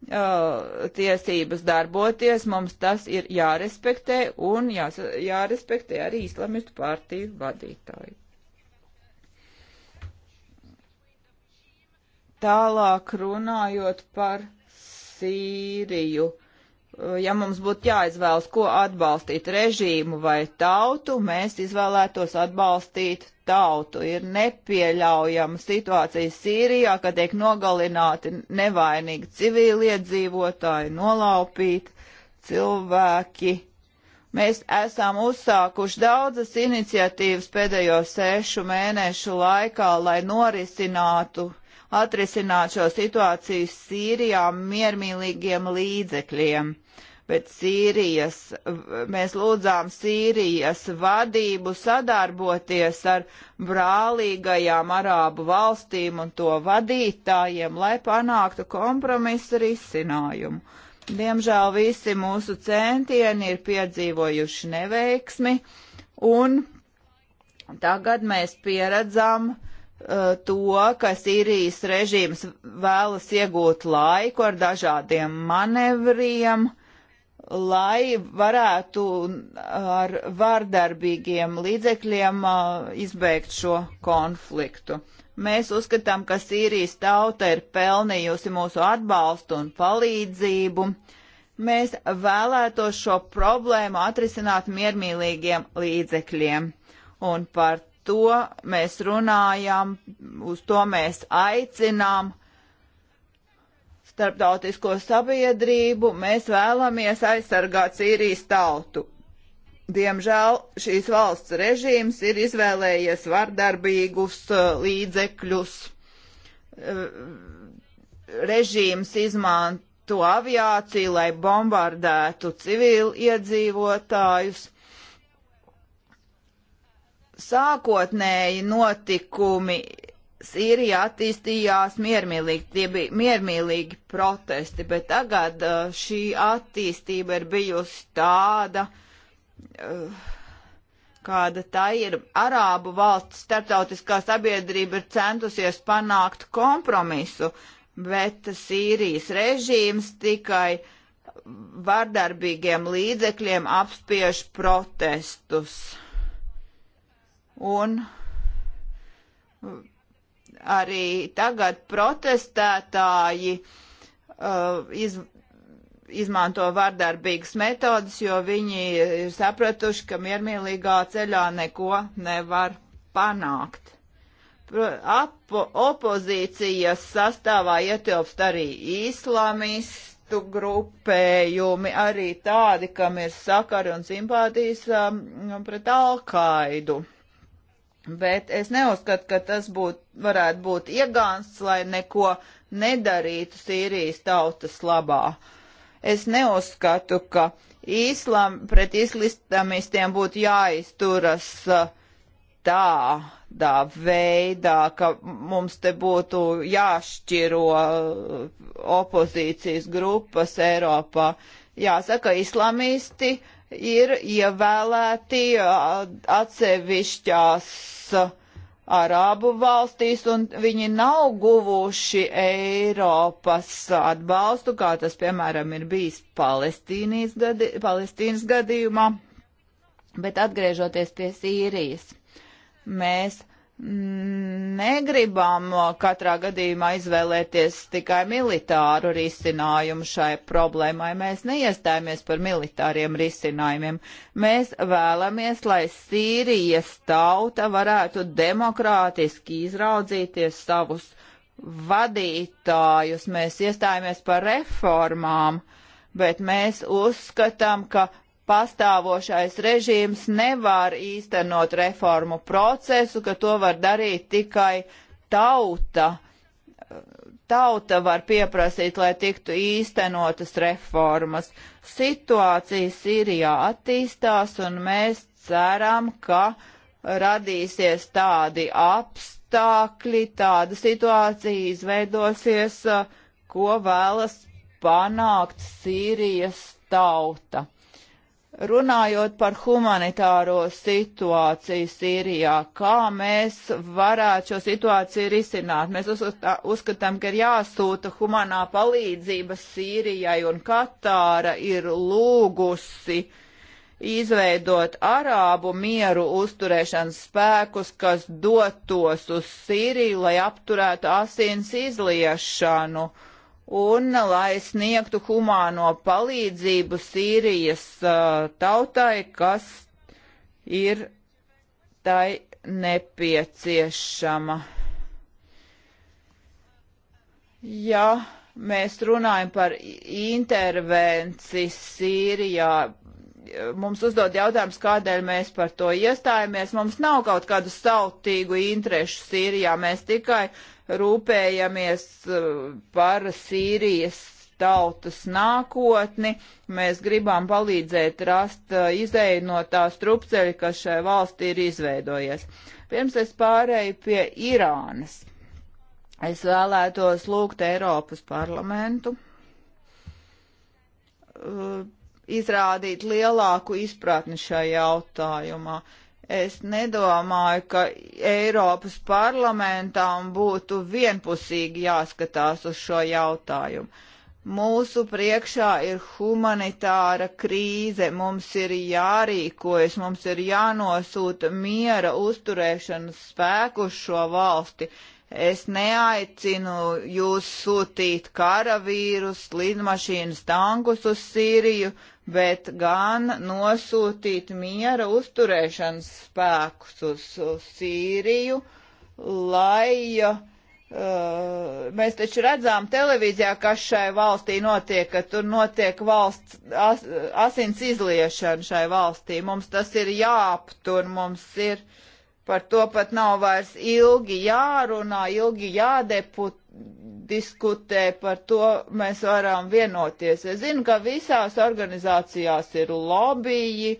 tiesības darboties, mums tas ir jārespektē un jās, jārespektē arī islamistu partiju vadītāji. Tālāk runājot par Sīriju. Uh, Eh, ja mums būtu jāizvēlas, ko atbalstīt režīmu vai tautu, mēs izvēlētos atbalstīt tautu. Ir nepieļaujama situācija Sīrijā, kad tiek nogalināti nevainīgi civiliedzīvotāji, nolaupīti cilvēki. Mēs esam uzsākuši daudzas iniciatīvas pēdējo sešu mēnešu laikā, lai norisinātu uh, atrisināt šo situāciju Sīrijā miermīlīgiem līdzekļiem. Bet Sīrijas, mēs lūdzām Sīrijas vadību sadarboties ar brālīgajām arābu valstīm un to vadītājiem, lai panāktu kompromisu risinājumu. Diemžēl visi mūsu centieni ir piedzīvojuši neveiksmi, un tagad mēs pieredzam Eh, to, ka Sīrijas režīms vēlas iegūt laiku ar dažādiem manevriem, lai varētu ar vārdarbīgiem līdzekļiem eh, izbeigt šo konfliktu. Mēs uzskatām, ka Sīrijas tauta ir pelnījusi mūsu atbalstu un palīdzību. Mēs vēlētos šo problēmu atrisināt miermīlīgiem līdzekļiem. Un par to mēs runājam, uz to mēs aicinām starptautisko sabiedrību, mēs vēlamies aizsargāt Sīrijas tautu. Diemžēl šīs valsts režīms ir izvēlējies vardarbīgus uh, līdzekļus. Uh, režīms izmanto aviāciju, lai bombardētu civili iedzīvotājus sākotnēji notikumi Sīrijā attīstījās miermīlīgi, tie bija miermīlīgi protesti, bet tagad uh, šī attīstība ir bijusi tāda, uh, kāda tā ir. Arābu valsts starptautiskā sabiedrība ir centusies panākt kompromisu, bet Sīrijas režīms tikai vardarbīgiem līdzekļiem apspiež protestus un uh, arī tagad protestētāji uh, iz, izmanto vardarbīgas metodas, jo viņi ir sapratuši, ka miermīlīgā ceļā neko nevar panākt. Apo, opozīcijas sastāvā ietilpst arī islamistu grupējumi, arī tādi, kam ir sakari un simpātijas um, pret Alkaidu. Bet es neuzskatu, ka tas būt, varētu būt iegāns, lai neko nedarītu Sīrijas tautas labā. Es neuzskatu, ka īslam, pret islamistiem būtu jāizturas uh, tādā veidā, ka mums te būtu jāšķiro uh, opozīcijas grupas Eiropā. Jāsaka, islamisti uh, ir ievēlēti atsevišķās Arābu valstīs, un viņi nav guvuši Eiropas atbalstu, kā tas, piemēram, ir bijis Palestīnas, gadi, Palestīnas gadījumā. Bet atgriežoties pie Sīrijas, mēs negribam uh, katrā gadījumā izvēlēties tikai militāru risinājumu šai problēmai. Mēs neiestājamies par militāriem risinājumiem. Mēs vēlamies, lai Sīrijas tauta varētu demokrātiski izraudzīties savus vadītājus. Mēs iestājamies par reformām, bet mēs uzskatām, ka pastāvošais režīms nevar īstenot reformu procesu, ka to var darīt tikai tauta. Tauta var pieprasīt, lai tiktu īstenotas reformas. Situācija Sīrijā attīstās, un mēs ceram, ka radīsies tādi apstākļi, tāda situācija izveidosies, ko vēlas panākt Sīrijas tauta Runājot par humanitāro situāciju Sīrijā, kā mēs varētu šo situāciju risināt? Mēs uzskatām, ka ir jāsūta humanā palīdzība Sīrijai, un Katāra ir lūgusi izveidot arābu mieru uzturēšanas spēkus, kas dotos uz Sīriju, lai apturētu asins izliešanu. Uh, un lai sniegtu humāno palīdzību Sīrijas uh, tautai, kas ir tai nepieciešama. Ja mēs runājam par intervenciju Sīrijā mums uzdod jautājums, kādēļ mēs par to iestājamies. Mums nav kaut kādu sautīgu interešu Sīrijā, mēs tikai rūpējamies uh, par Sīrijas tautas nākotni. Mēs gribam palīdzēt rast uh, izēju no tā strupceļa, kas šai valstī ir izveidojies. Pirms es pārēju pie Irānas, es vēlētos lūgt Eiropas parlamentu uh, izrādīt lielāku izpratni šajā jautājumā. Es nedomāju, ka Eiropas parlamentām būtu vienpusīgi jāskatās uz šo jautājumu. Mūsu priekšā ir humanitāra krīze, mums ir jārīkojas, mums ir jānosūta miera uzturēšanas spēku uz šo valsti. Es neaicinu jūs sūtīt karavīrus, lidmašīnas tankus uz Sīriju, uh, bet gan nosūtīt miera uzturēšanas spēkus uz, uz Sīriju, lai uh, mēs taču redzām televīzijā, kas šai valstī notiek, ka tur notiek valsts as, asins izliešana šai valstī. Mums tas ir jāaptur, mums ir par to pat nav vairs ilgi jārunā, ilgi jādeput jādiskutē par to, mēs varam vienoties. Es zinu, ka visās organizācijās ir lobbyji,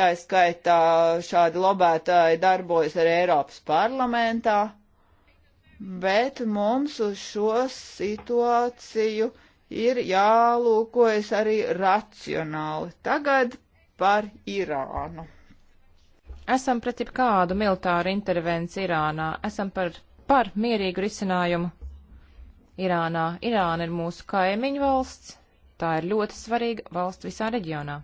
tā skaitā šādi lobētāji darbojas arī Eiropas parlamentā, bet mums uz šo situāciju ir jālūkojas arī racionāli. Tagad par Irānu. Esam pret jebkādu militāru intervenciju Irānā, esam par, par mierīgu risinājumu Irānā. Irāna ir mūsu kaimiņu valsts, tā ir ļoti svarīga valsts visā reģionā.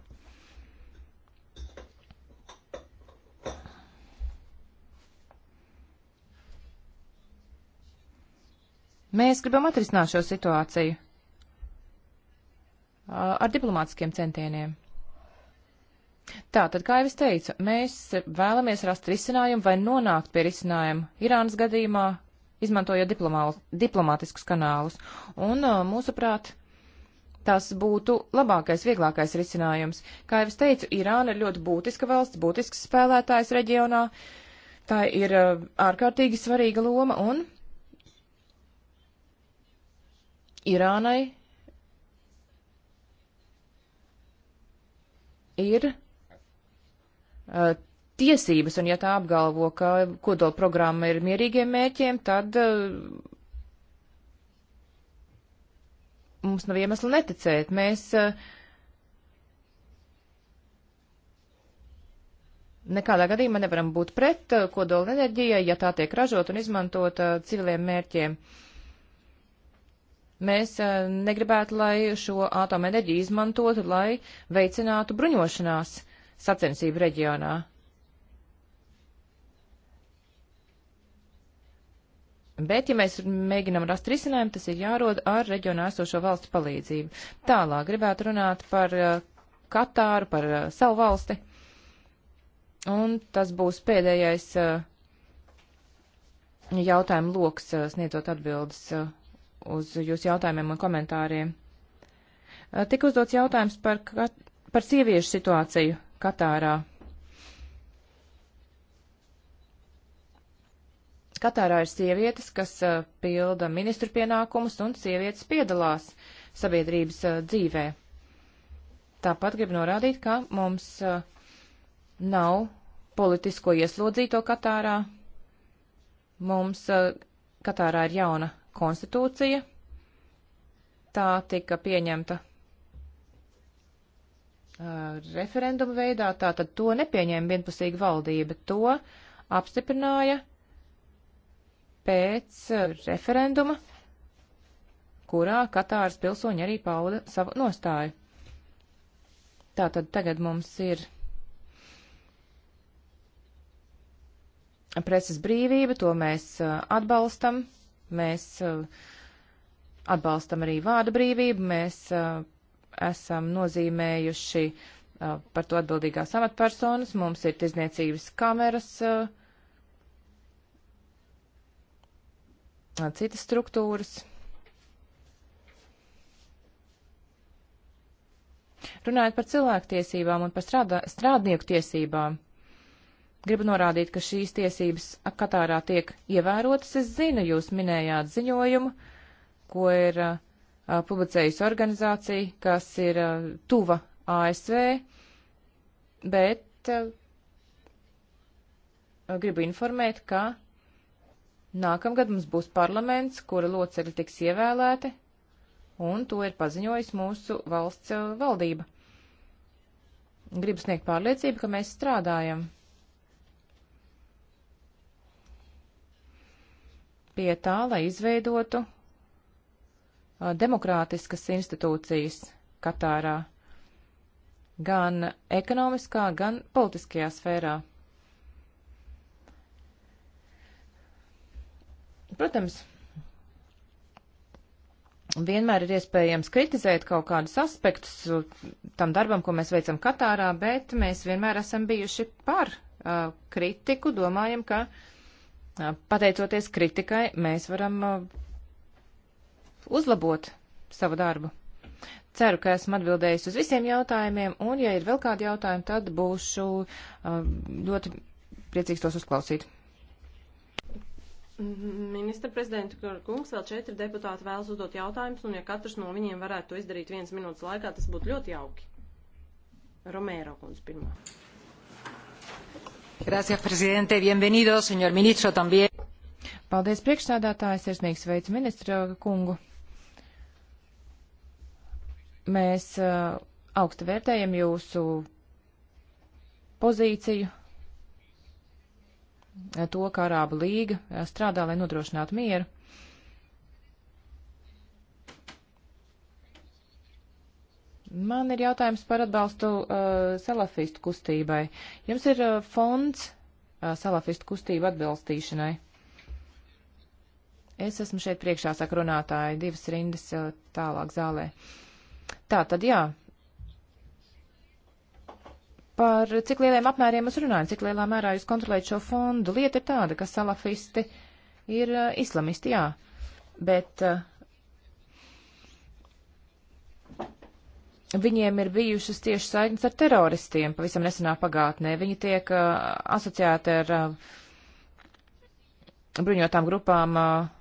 Mēs gribam atrisināt šo situāciju ar diplomātiskiem centieniem. Tātad, kā jau es teicu, mēs vēlamies rast risinājumu vai nonākt pie risinājuma Irānas gadījumā, izmantojot diplomātiskus kanālus. Un, uh, mūsuprāt, tas būtu labākais, vieglākais risinājums. Kā jau es teicu, Irāna ir ļoti būtiska valsts, būtisks spēlētājs reģionā. Tā ir uh, ārkārtīgi svarīga loma un Irānai ir uh, tiesības, un ja tā apgalvo, ka kodola programma ir mierīgiem mērķiem, tad eh, mums nav iemesla neticēt. Mēs eh, nekādā gadījumā nevaram būt pret eh, kodola enerģijai, ja tā tiek ražot un izmantot civiliem mērķiem. Mēs negribētu, lai šo atomenerģiju izmantotu, lai veicinātu bruņošanās sacensību reģionā. Bet, ja mēs mēģinam rast risinājumu, tas ir jāroda ar reģionā esošo valstu palīdzību. Tālāk gribētu runāt par uh, Katāru, par uh, savu valsti. Un tas būs pēdējais uh, jautājumu loks, sniedzot atbildes uz jūsu jautājumiem un komentāriem. Tik uzdots jautājums par, par sieviešu situāciju Katārā. Katārā ir sievietes, kas pilda ministru pienākumus, un sievietes piedalās sabiedrības dzīvē. Tāpat grib norādīt, ka mums nav politisko ieslodzīto Katārā. Mums Katārā ir jauna konstitūcija. Tā tika pieņemta referendumu veidā, tātad to nepieņēma vienpusīga valdība, to apstiprināja pēc eh, referenduma, kurā Katāras pilsoņi arī pauda savu nostāju. Tātad tagad mums ir preses brīvība, to mēs eh, atbalstam, mēs eh, atbalstam arī vārda brīvību, mēs esam nozīmējuši par to atbildīgās amatpersonas, mums ir tirzniecības kameras, uh, citas struktūras. Runājot par cilvēktiesībām un par strādā, strādnieku tiesībām, gribu norādīt, ka šīs tiesības Katārā tiek ievērotas. Es zinu, jūs minējāt ziņojumu, ko ir uh, publicējusi organizācija, kas ir uh, tuva ASV, bet uh, gribu informēt, ka Nākamgad mums būs parlaments, kura locekļi tiks ievēlēti, un to ir paziņojis mūsu valsts eh, valdība. Gribu sniegt pārliecību, ka mēs strādājam pie tā, lai izveidotu eh, demokrātiskas institūcijas Katārā, gan ekonomiskā, gan politiskajā sfērā. Protams, vienmēr ir iespējams kritizēt kaut kādus aspektus tam darbam, ko mēs veicam Katārā, bet mēs vienmēr esam bijuši par uh, kritiku, domājam, ka uh, pateicoties kritikai mēs varam uh, uzlabot savu darbu. Ceru, ka esmu atbildējis uz visiem jautājumiem, un ja ir vēl kādi jautājumi, tad būšu uh, ļoti priecīgs tos uzklausīt. Ministra prezidenta kungs vēl četri deputāti vēlas uzdot jautājumus, un ja katrs no viņiem varētu to izdarīt viens minūtes laikā, tas būtu ļoti jauki. Romēro kungs pirmā. Gracias, presidente. Bienvenido, señor ministro, también. Paldies, priekšsādātājs. Sirsnīgs veids ministra kungu. Mēs uh, augstu vērtējam jūsu pozīciju to, kā Arāba līga eh, strādā, lai nodrošinātu mieru. Man ir jautājums par atbalstu uh, salafistu kustībai. Jums ir uh, fonds uh, salafistu kustību atbalstīšanai. Es esmu šeit priekšā sakrunātāji divas rindas uh, tālāk zālē. Tā tad jā, par cik lieliem apmēriem jūs runājat, cik lielā mērā jūs kontrolējat šo fondu. Lieta ir tāda, ka salafisti ir uh, islamisti, jā, bet uh, viņiem ir bijušas tieši saiknes ar teroristiem pavisam nesenā pagātnē. Viņi tiek uh, asociēti ar uh, bruņotām grupām uh,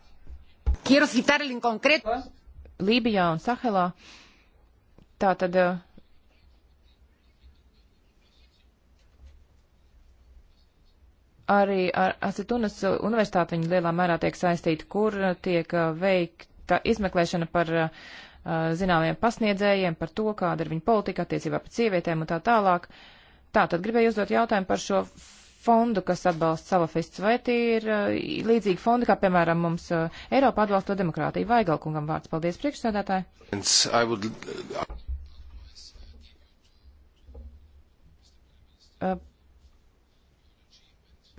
Lībijā un Sahelā. Tātad. Uh, arī ar Asitunas universitāti viņi lielā mērā tiek saistīti, kur tiek uh, veikta izmeklēšana par uh, zināmiem pasniedzējiem, par to, kāda ir viņa politika attiecībā pret sievietēm un tā tālāk. Tā, tad gribēju uzdot jautājumu par šo fondu, kas atbalsta salafistus, vai tie ir uh, līdzīgi fondi, kā, piemēram, mums Eiropa atbalsta demokrātiju. Vaigalkungam vārds. Paldies, priekšsēdētāji. Would...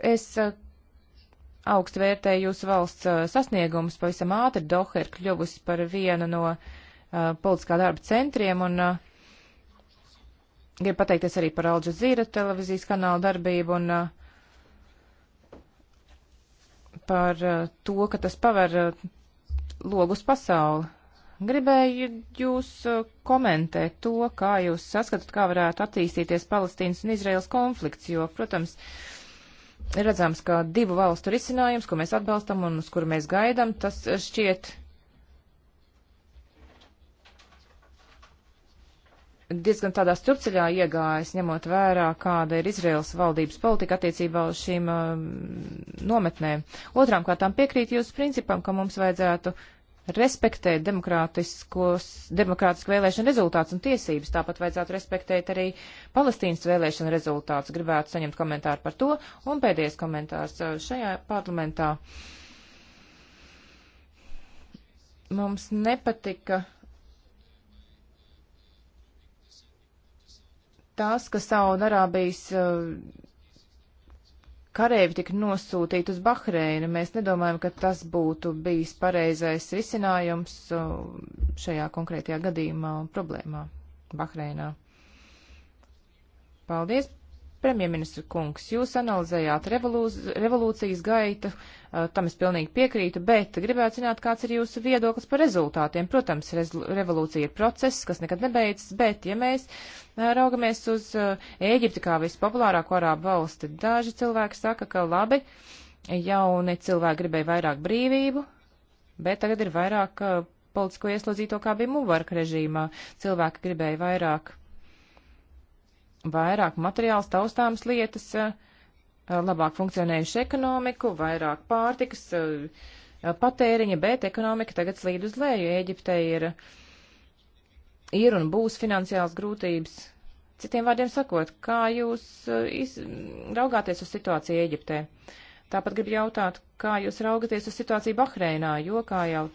Es eh, augstu vērtēju jūsu valsts eh, sasniegumus. Pavisam ātri Doha ir kļuvusi par vienu no uh, politiskā darba centriem un uh, gribu pateikties arī par Alģa Zīra televīzijas kanālu darbību un uh, par to, ka tas paver logus pasauli. Gribēju jūs komentēt to, kā jūs saskatāt, kā varētu attīstīties Palestīnas un Izraels konflikts, jo, protams, uh, redzams, ka divu valstu risinājums, ko mēs atbalstam un uz kuru mēs gaidam, tas šķiet diezgan tādā strupceļā iegājas, ņemot vērā, kāda ir Izraels valdības politika attiecībā uz šīm um, nometnēm. Otrām kārtām piekrīt jūsu principam, ka mums vajadzētu respektēt demokrātisku vēlēšanu rezultātus un tiesības. Tāpat vajadzētu respektēt arī Palestīnas vēlēšanu rezultātus. Gribētu saņemt komentāru par to. Un pēdējais komentārs uh, šajā parlamentā. Mums nepatika tās, ka Saudarābijas uh, karēvi tika nosūtīti uz Bahreinu. Mēs nedomājam, ka tas būtu bijis pareizais risinājums šajā konkrētajā gadījumā un problēmā Bahreinā. Paldies! Premjerministra kungs, jūs analizējāt revolūz, revolūcijas gaitu, tam es pilnīgi piekrītu, bet gribētu zināt, kāds ir jūsu viedoklis par rezultātiem. Protams, rez, revolūcija ir process, kas nekad nebeidzas, bet ja mēs raugamies uz Ēģipti kā vispopulārāko arābu valsti, daži cilvēki saka, ka labi, jauni cilvēki gribēja vairāk brīvību, bet tagad ir vairāk politisko ieslodzīto, kā bija Mubarka režīmā. Cilvēki gribēja vairāk vairāk materiāls taustāmas lietas, eh, labāk funkcionējušu ekonomiku, vairāk pārtikas eh, patēriņa, bet ekonomika tagad slīd uz leju. Ēģiptei ir, ir un būs finansiāls grūtības. Citiem vārdiem sakot, kā jūs eh, iz, raugāties uz situāciju Ēģiptē? Tāpat gribu jautāt, kā jūs raugaties uz situāciju Bahreinā, jo, kā jau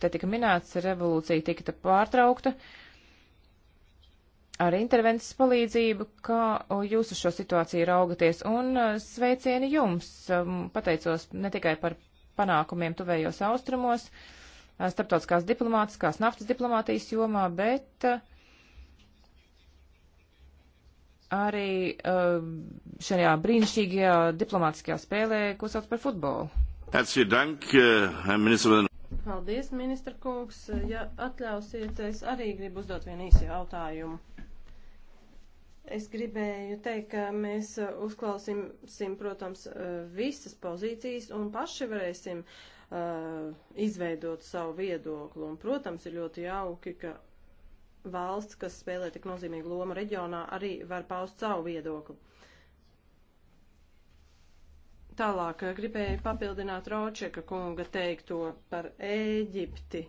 te tika minēts, revolūcija tika pārtraukta. Uh, ar intervences palīdzību, kā jūs uz šo situāciju raugaties. Un e, sveicieni jums! E, pateicos ne tikai par panākumiem tuvējos austrumos, e, starptautiskās diplomātiskās naftas diplomātijas jomā, bet arī šajā brīnišķīgajā diplomātiskajā spēlē, ko sauc par futbolu. Paldies, ministra kungs. Ja atļausieties, arī gribu uzdot vienu īsi jautājumu. Es gribēju teikt, ka mēs uh, uzklausīsim, protams, uh, visas pozīcijas un paši varēsim uh, izveidot savu viedokli. Un, protams, ir ļoti jauki, ka valsts, kas spēlē tik nozīmīgu lomu reģionā, arī var paust savu viedokli. Tālāk uh, gribēju papildināt Ročeka kunga teikto par Ēģipti.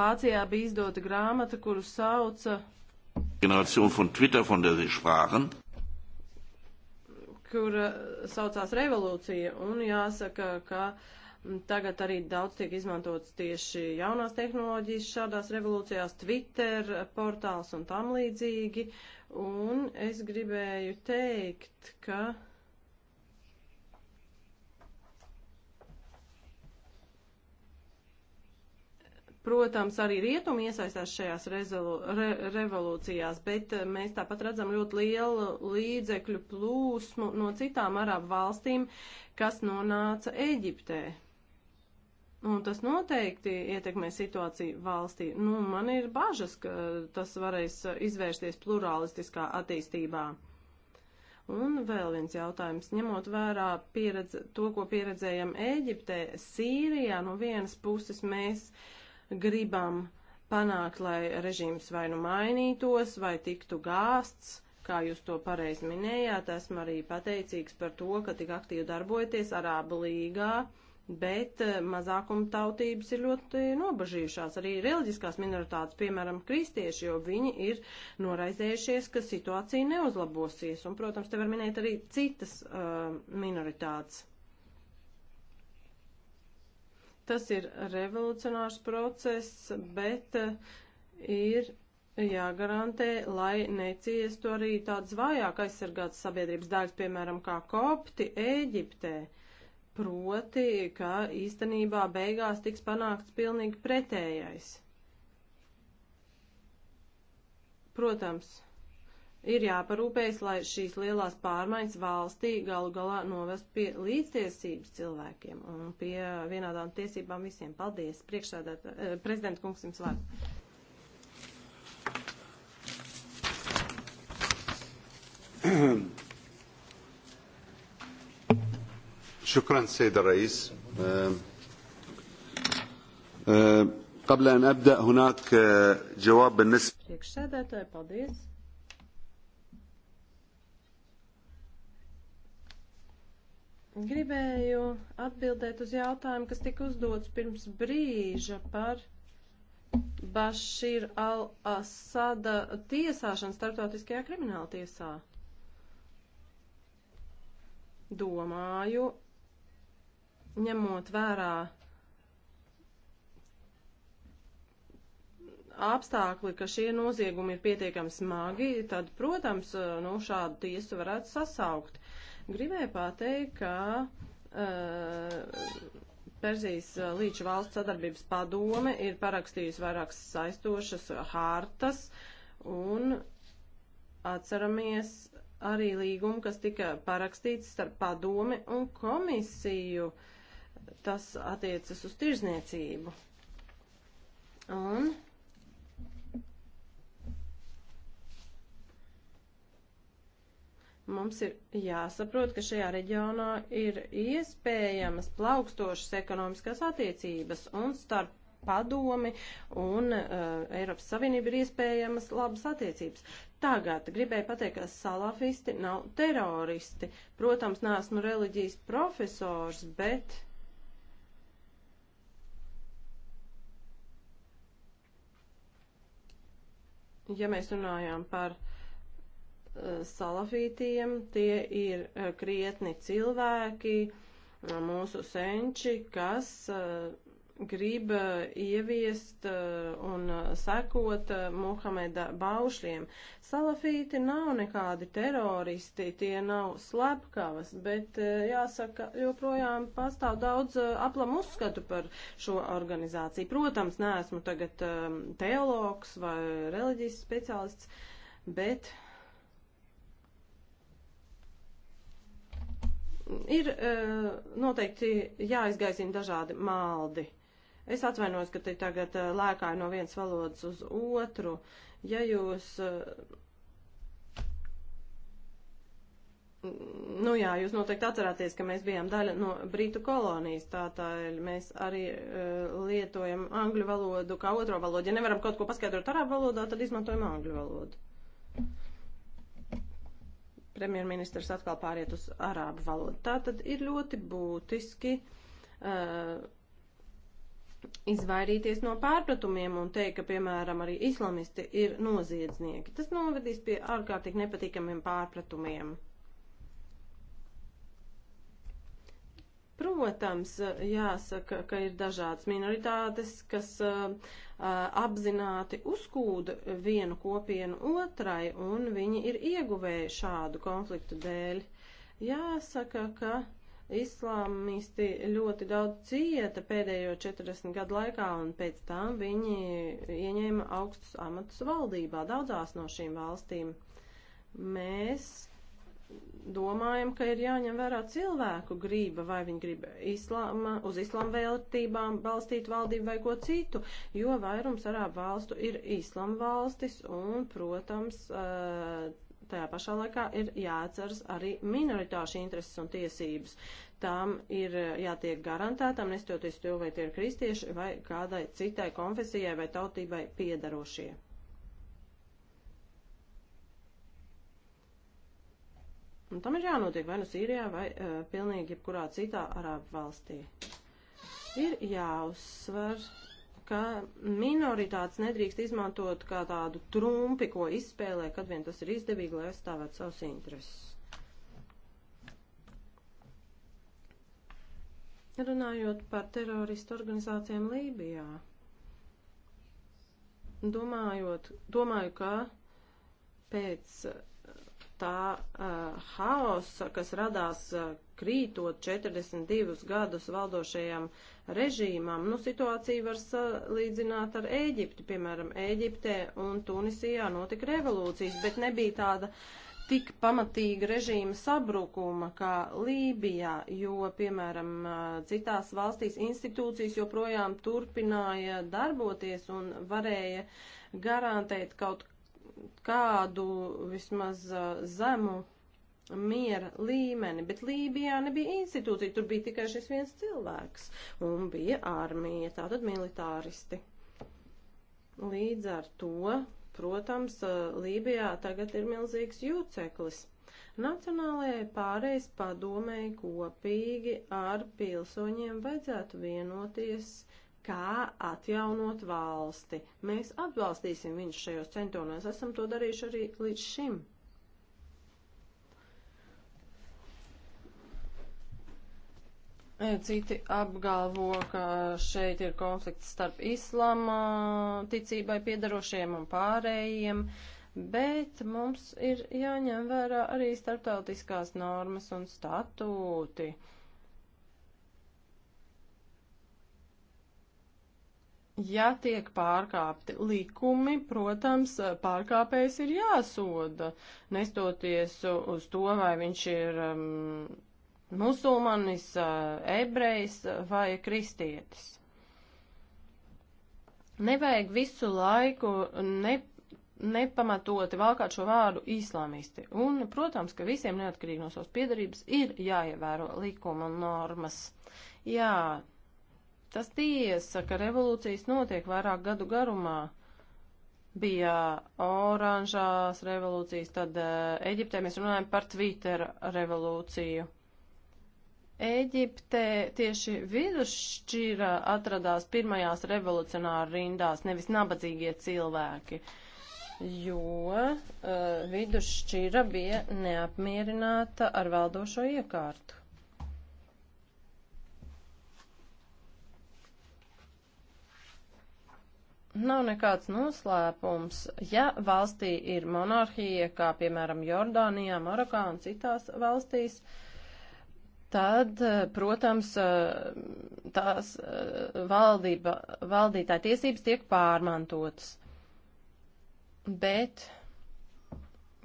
Vācijā bija izdota grāmata, kuru sauca Generation von Twitter, von der Sie sprachen. Kur eh, saucās revolūcija, un jāsaka, ka mm, tagad arī daudz tiek izmantots tieši jaunās tehnoloģijas šādās revolūcijās, Twitter eh, portāls un tam līdzīgi. Un es gribēju teikt, ka. Protams, arī rietumi iesaistās šajās rezolu, re, revolūcijās, bet eh, mēs tāpat redzam ļoti lielu līdzekļu plūsmu no citām arabu valstīm, kas nonāca Eģiptē. Un tas noteikti ietekmē situāciju valstī. Nu, man ir bažas, ka eh, tas varēs eh, izvērsties pluralistiskā attīstībā. Un vēl viens jautājums, ņemot vērā pieredze, to, ko pieredzējam Ēģiptē, Sīrijā, no vienas puses mēs uh, gribam panākt, lai režīms vai nu mainītos, vai tiktu gāsts, kā jūs to pareizi minējāt, esmu arī pateicīgs par to, ka tik aktīvi darbojaties Arābu līgā, bet eh, mazākuma tautības ir ļoti nobažījušās, arī reliģiskās minoritātes, piemēram, kristieši, jo viņi ir noraizējušies, ka situācija neuzlabosies, un, protams, te var minēt arī citas uh, minoritātes. Tas ir revolucionārs process, bet eh, ir jāgarantē, lai neciestu arī tāds vājāk aizsargāts sabiedrības daļas, piemēram, kā kopti Ēģiptē. Proti, ka īstenībā beigās tiks panākts pilnīgi pretējais. Protams, ir jāparūpējas, lai šīs lielās pārmaiņas valstī galu galā novest pie līdztiesības cilvēkiem un pie vienādām tiesībām visiem. Paldies, priekšsēdēt, eh, prezidenta kungs jums vārds. شكرا سيد الرئيس قبل أن أبدأ هناك eh, جواب بالنسبة Gribēju atbildēt uz jautājumu, kas tika uzdots pirms brīža par Bašīra al-Asada tiesāšanu starptautiskajā krimināla tiesā. Domāju, ņemot vērā apstākļi, ka šie noziegumi ir pietiekami smagi, tad, protams, nu, šādu tiesu varētu sasaukt. Gribēju pateikt, ka uh, Persijas eh, līča valsts sadarbības padome ir parakstījusi vairākas saistošas hārtas un atceramies arī līgumu, kas tika parakstīts starp padome un komisiju. Tas attiecas uz tirzniecību. Un Mums ir jāsaprot, ka šajā reģionā ir iespējamas plaukstošas ekonomiskās attiecības un starp padomi un uh, Eiropas Savienība ir iespējamas labas attiecības. Tagad gribēju pateikt, ka salafisti nav teroristi. Protams, neesmu reliģijas profesors, bet ja mēs runājām par uh, salafītiem, tie ir eh, krietni cilvēki, eh, mūsu senči, kas eh, grib ieviest un sekot Muhameda baušļiem. Salafīti nav nekādi teroristi, tie nav slepkavas, bet jāsaka, joprojām pastāv daudz aplam uzskatu par šo organizāciju. Protams, neesmu tagad teologs vai reliģijas speciālists, bet Ir e, noteikti jāizgaisina dažādi maldi. Es atvainojos, ka te tagad e, lēkāju no vienas valodas uz otru. Ja jūs. E, nu jā, jūs noteikti atcerāties, ka mēs bijām daļa no Brītu kolonijas, tātad mēs arī uh, lietojam angļu valodu kā otro valodu. Ja nevaram kaut ko paskaidrot arābu valodā, tad izmantojam angļu valodu premjerministrs atkal pāriet uz arābu valodu. Tā tad ir ļoti būtiski uh, izvairīties no pārpratumiem un teikt, ka, piemēram, arī islamisti ir noziedznieki. Tas novedīs pie ārkārtīgi nepatīkamiem pārpratumiem. Protams, jāsaka, ka ir dažādas minoritātes, kas uh, apzināti uzkūda vienu kopienu otrai, un viņi ir ieguvēji šādu konfliktu dēļ. Jāsaka, ka islāmisti ļoti daudz cieta pēdējo 40 gadu laikā, un pēc tam viņi ieņēma augstus amatus valdībā daudzās no šīm valstīm. Mēs domājam, ka ir jāņem vērā cilvēku grība, vai viņi grib islāma, uz islāma vērtībām balstīt valdību vai ko citu, jo vairums arābu valstu ir islāma valstis un, protams, tajā pašā laikā ir jāatceras arī minoritāšu intereses un tiesības. Tām ir jātiek garantētām, nestoties to, vai tie ir kristieši vai kādai citai konfesijai vai tautībai piedarošie. Un tam ir jānotiek vai nu Sīrijā, vai uh, pilnīgi jebkurā citā arābu valstī. Ir jāuzsver, ka minoritātes nedrīkst izmantot kā tādu trumpi, ko izspēlē, kad vien tas ir izdevīgi, lai aizstāvētu savus intereses. Runājot par teroristu organizācijām Lībijā, domājot, domāju, ka pēc tā uh, haosa, kas radās uh, krītot 42 gadus valdošajam režīmam, nu situāciju var salīdzināt ar Ēģipti, piemēram, Ēģiptē un Tunisijā notika revolūcijas, bet nebija tāda tik pamatīga režīma sabrukuma kā Lībijā, jo, piemēram, citās valstīs institūcijas joprojām turpināja darboties un varēja garantēt kaut kādu vismaz zemu miera līmeni, bet Lībijā nebija institūcija, tur bija tikai šis viens cilvēks un bija armija, tātad militāristi. Līdz ar to, protams, Lībijā tagad ir milzīgs jūceklis. Nacionālajai pārējais padomēji kopīgi ar pilsoņiem vajadzētu vienoties uh, kā atjaunot valsti. Mēs atbalstīsim viņus šajos centienos, esam to darījuši arī līdz šim. E, citi apgalvo, ka šeit ir konflikts starp islāma ticībai piedarošiem un pārējiem, bet mums ir jāņem vērā arī starptautiskās normas un statūti. Uh, ja tiek pārkāpti likumi, protams, pārkāpējs ir jāsoda, nestoties uz to, vai viņš ir um, musulmanis, uh, ebrejs vai kristietis. Nevajag visu laiku ne, nepamatoti valkāt šo vārdu islamisti. Un, protams, ka visiem neatkarīgi no savas piedarības ir jāievēro likuma normas. Jā, Tas tiesa, ka revolūcijas notiek vairāk gadu garumā. Bija oranžās revolūcijas, tad eh, Eģiptē mēs runājam par Twitter revolūciju. Eģiptē tieši vidusšķira atradās pirmajās revolucionāru rindās, nevis nabadzīgie cilvēki, jo uh, vidusšķira bija neapmierināta ar valdošo iekārtu. Nav nekāds noslēpums, ja valstī ir monarhija, kā piemēram Jordānijā, Marokā un citās valstīs, tad, eh, protams, eh, tās eh, valdība, valdītāja tiesības tiek pārmantotas. Bet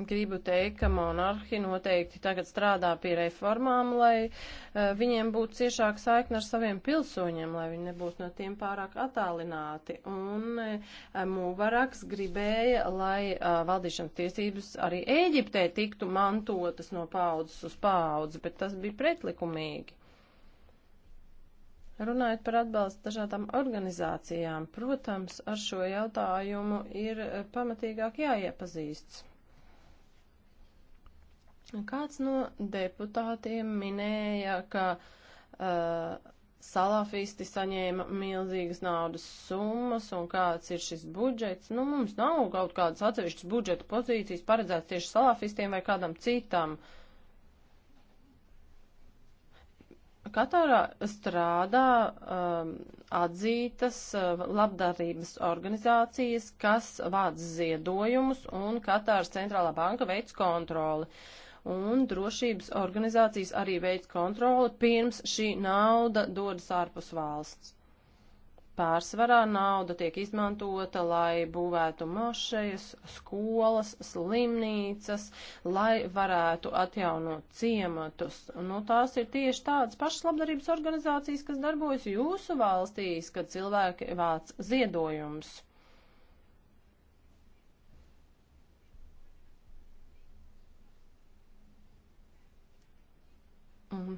gribu teikt, ka monarhi noteikti tagad strādā pie reformām, lai uh, viņiem būtu ciešāka saikne ar saviem pilsoņiem, lai viņi nebūtu no tiem pārāk attālināti. Un uh, eh, Mūvaraks gribēja, lai uh, valdīšanas tiesības arī Ēģiptē tiktu mantotas no paudzes uz paudzi, bet tas bija pretlikumīgi. Runājot par atbalstu dažādām organizācijām, protams, ar šo jautājumu ir pamatīgāk jāiepazīsts. Kāds no deputātiem minēja, ka uh, salafisti saņēma milzīgas naudas summas un kāds ir šis budžets. Nu, mums nav kaut kādas atsevišķas budžeta pozīcijas paredzētas tieši salafistiem vai kādam citam. Katarā strādā um, atzītas uh, labdarības organizācijas, kas vāc ziedojumus, un Katāras centrālā banka veids kontroli. Uh, un drošības organizācijas arī veids kontroli pirms šī nauda dodas ārpus valsts. Pārsvarā nauda tiek izmantota, lai būvētu mašejas, skolas, slimnīcas, lai varētu atjaunot ciematus. Nu, tās ir tieši tādas pašas labdarības organizācijas, kas darbojas jūsu valstīs, kad cilvēki vāc ziedojumus. Un mhm.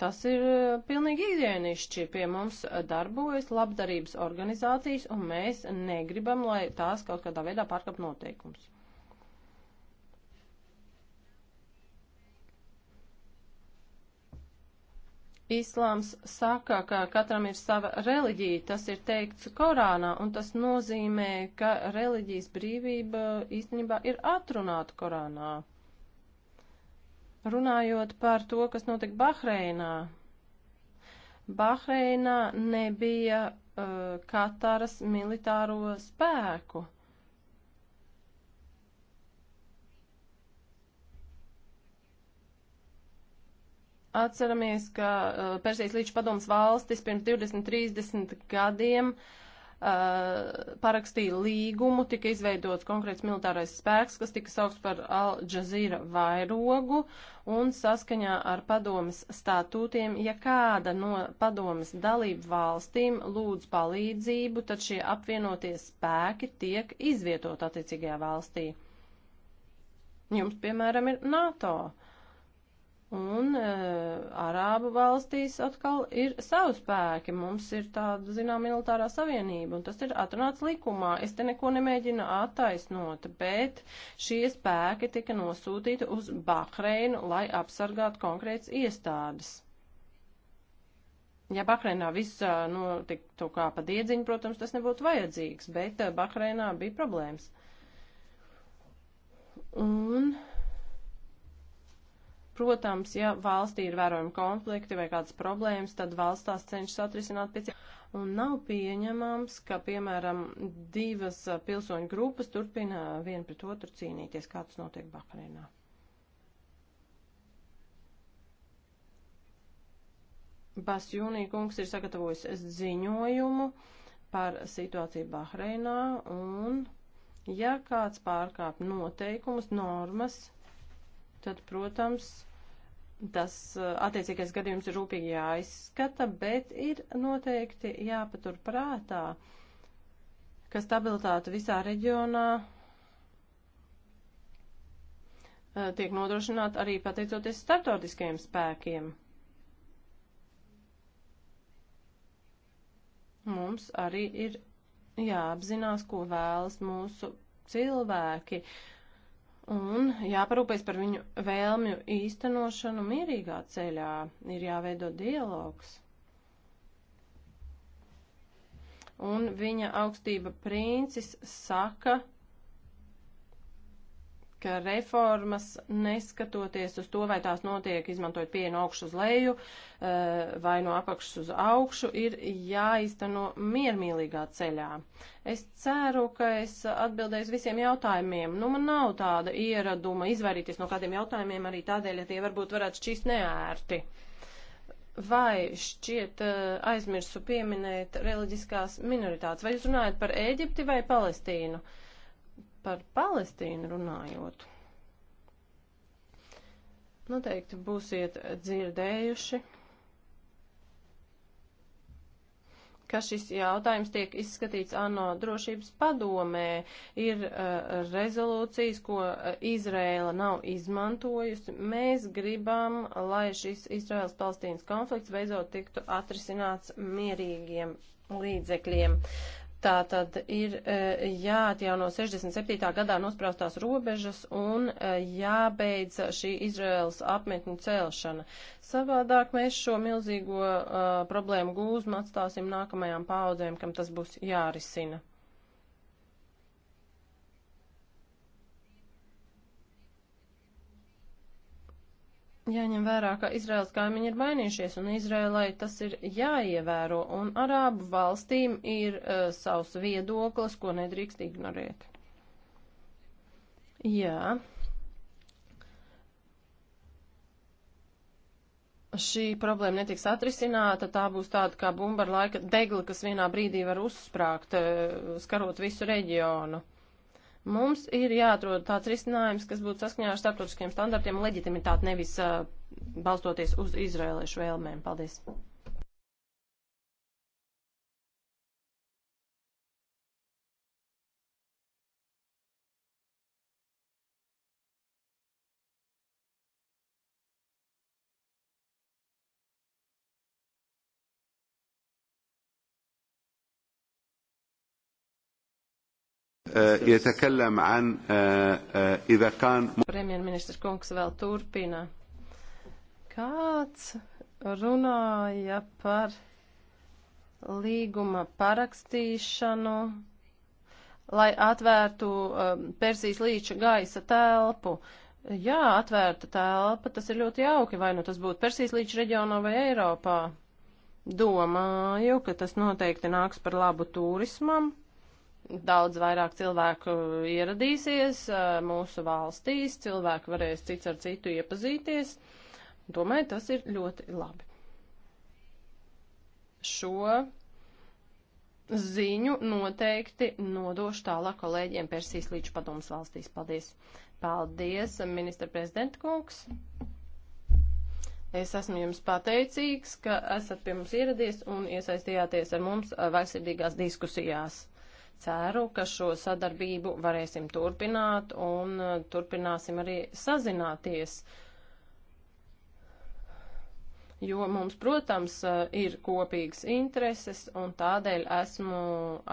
tas ir e, pilnīgi ikdienišķi. Pie mums darbojas labdarības organizācijas, un mēs negribam, lai tās kaut kādā veidā pārkap noteikums. Islāms saka, ka katram ir sava reliģija, tas ir teikts Korānā, un tas nozīmē, ka reliģijas brīvība īstenībā ir atrunāta Korānā. Runājot par to, kas notika Bahreinā. Bahreinā nebija uh, Kataras militāro spēku. Atceramies, ka uh, Persijas līča padomas valstis pirms 20-30 gadiem uh, Uh, parakstīja līgumu, tika izveidots konkrēts militārais spēks, kas tika saukts par Al Jazeera vairogu, un saskaņā ar padomas statūtiem, ja kāda no padomas dalību valstīm lūdz palīdzību, tad šie apvienotie spēki tiek izvietot attiecīgajā valstī. Jums, piemēram, ir NATO. Uh, Un e, Arābu valstīs atkal ir savi spēki. Mums ir tāda, zinām, militārā savienība, un tas ir atrunāts likumā. Es te neko nemēģinu attaisnot, bet šie spēki tika nosūtīti uz Bahreinu, lai apsargātu konkrēts iestādes. Ja Bahreinā viss e, notiktu nu, kā pa diedziņu, protams, tas nebūtu vajadzīgs, bet e, Bahreinā bija problēmas. Un Protams, ja valstī ir vērojami konflikti vai kādas problēmas, tad valsts tās cenšas atrisināt pēc. Un nav pieņemams, ka, piemēram, divas pilsoņu grupas turpina viena pret otru cīnīties, kā tas notiek Bahreinā. Basjūnī kungs ir sagatavojis ziņojumu par situāciju Bahreinā un, ja kāds pārkāp noteikumus, normas, tad, protams, tas eh, attiecīgais gadījums ir rūpīgi jāizskata, bet ir noteikti jāpatur prātā, ka stabilitāte visā reģionā eh, tiek nodrošināta arī pateicoties startautiskajiem spēkiem. Mums arī ir jāapzinās, ko vēlas mūsu cilvēki. Uh, un jāparūpēs par viņu vēlmju īstenošanu mierīgā ceļā. Ir jāveido dialogs. Un viņa augstība princis saka, ka reformas, neskatoties uz to, vai tās notiek izmantojot pieeju no augšas uz leju eh, vai no apakšas uz augšu, ir jāizteno miermīlīgā ceļā. Es ceru, ka es atbildēju visiem jautājumiem. Nu, man nav tāda ieraduma izvairīties no kādiem jautājumiem arī tādēļ, ja tie varbūt varētu šķist neērti. Vai šķiet eh, aizmirsu pieminēt reliģiskās minoritātes? Vai jūs runājat par Ēģipti vai Palestīnu? Uh, Par Palestīnu runājot, noteikti būsiet dzirdējuši, ka šis jautājums tiek izskatīts ANO drošības padomē. Ir uh, rezolūcijas, ko uh, Izrēla nav izmantojusi. Mēs gribam, lai šis Izraels-Palestīnas konflikts beidzot tiktu atrisināts mierīgiem līdzekļiem. Tā tad ir e, jāatjauno 67. gadā nospraustās robežas un e, jābeidz šī Izraels apmetņu celšana. Savādāk mēs šo milzīgo uh, problēmu gūzmu atstāsim nākamajām paudzēm, kam tas būs jārisina. jāņem vērā, ka Izraels kaimiņi ir mainījušies, un Izraēlai tas ir jāievēro, un Arābu valstīm ir uh, savs viedoklis, ko nedrīkst ignorēt. Jā. Šī problēma netiks atrisināta, tā būs tāda kā bumba ar laika degli, kas vienā brīdī var uzsprāgt, uh, skarot visu reģionu. Uh, Mums ir jāatrod tāds risinājums, kas būtu saskaņā ar starptautiskiem standartiem un leģitimitāti, nevis uh, balstoties uz izrēliešu vēlmēm. Paldies! Uh, يتكلم عن uh, uh, إذا كان Premjerministrs kungs vēl turpina. Kāds runāja par līguma parakstīšanu, lai atvērtu um, Persijas līča gaisa telpu. Jā, atvērta telpa, tas ir ļoti jauki, vai nu tas būtu Persijas līča reģionā vai Eiropā. Domāju, ka tas noteikti nāks par labu turismam daudz vairāk cilvēku ieradīsies mūsu valstīs, cilvēki varēs cits ar citu iepazīties. Domāju, tas ir ļoti labi. Šo ziņu noteikti nodošu tālāk kolēģiem Persijas līdz padomus valstīs. Paldies! Paldies, ministra prezidenta kungs! Es esmu jums pateicīgs, ka esat pie mums ieradies un iesaistījāties ar mums vaisirdīgās diskusijās. Ceru, ka šo sadarbību varēsim turpināt un uh, turpināsim arī sazināties. Jo mums, protams, uh, ir kopīgas intereses, un tādēļ esmu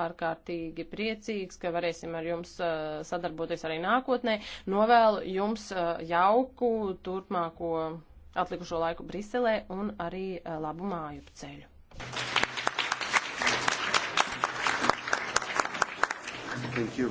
ārkārtīgi priecīgs, ka varēsim ar jums uh, sadarboties arī nākotnē. Novēlu jums jauku turpmāko atlikušo laiku Briselē un arī labu māju ceļu. Thank you.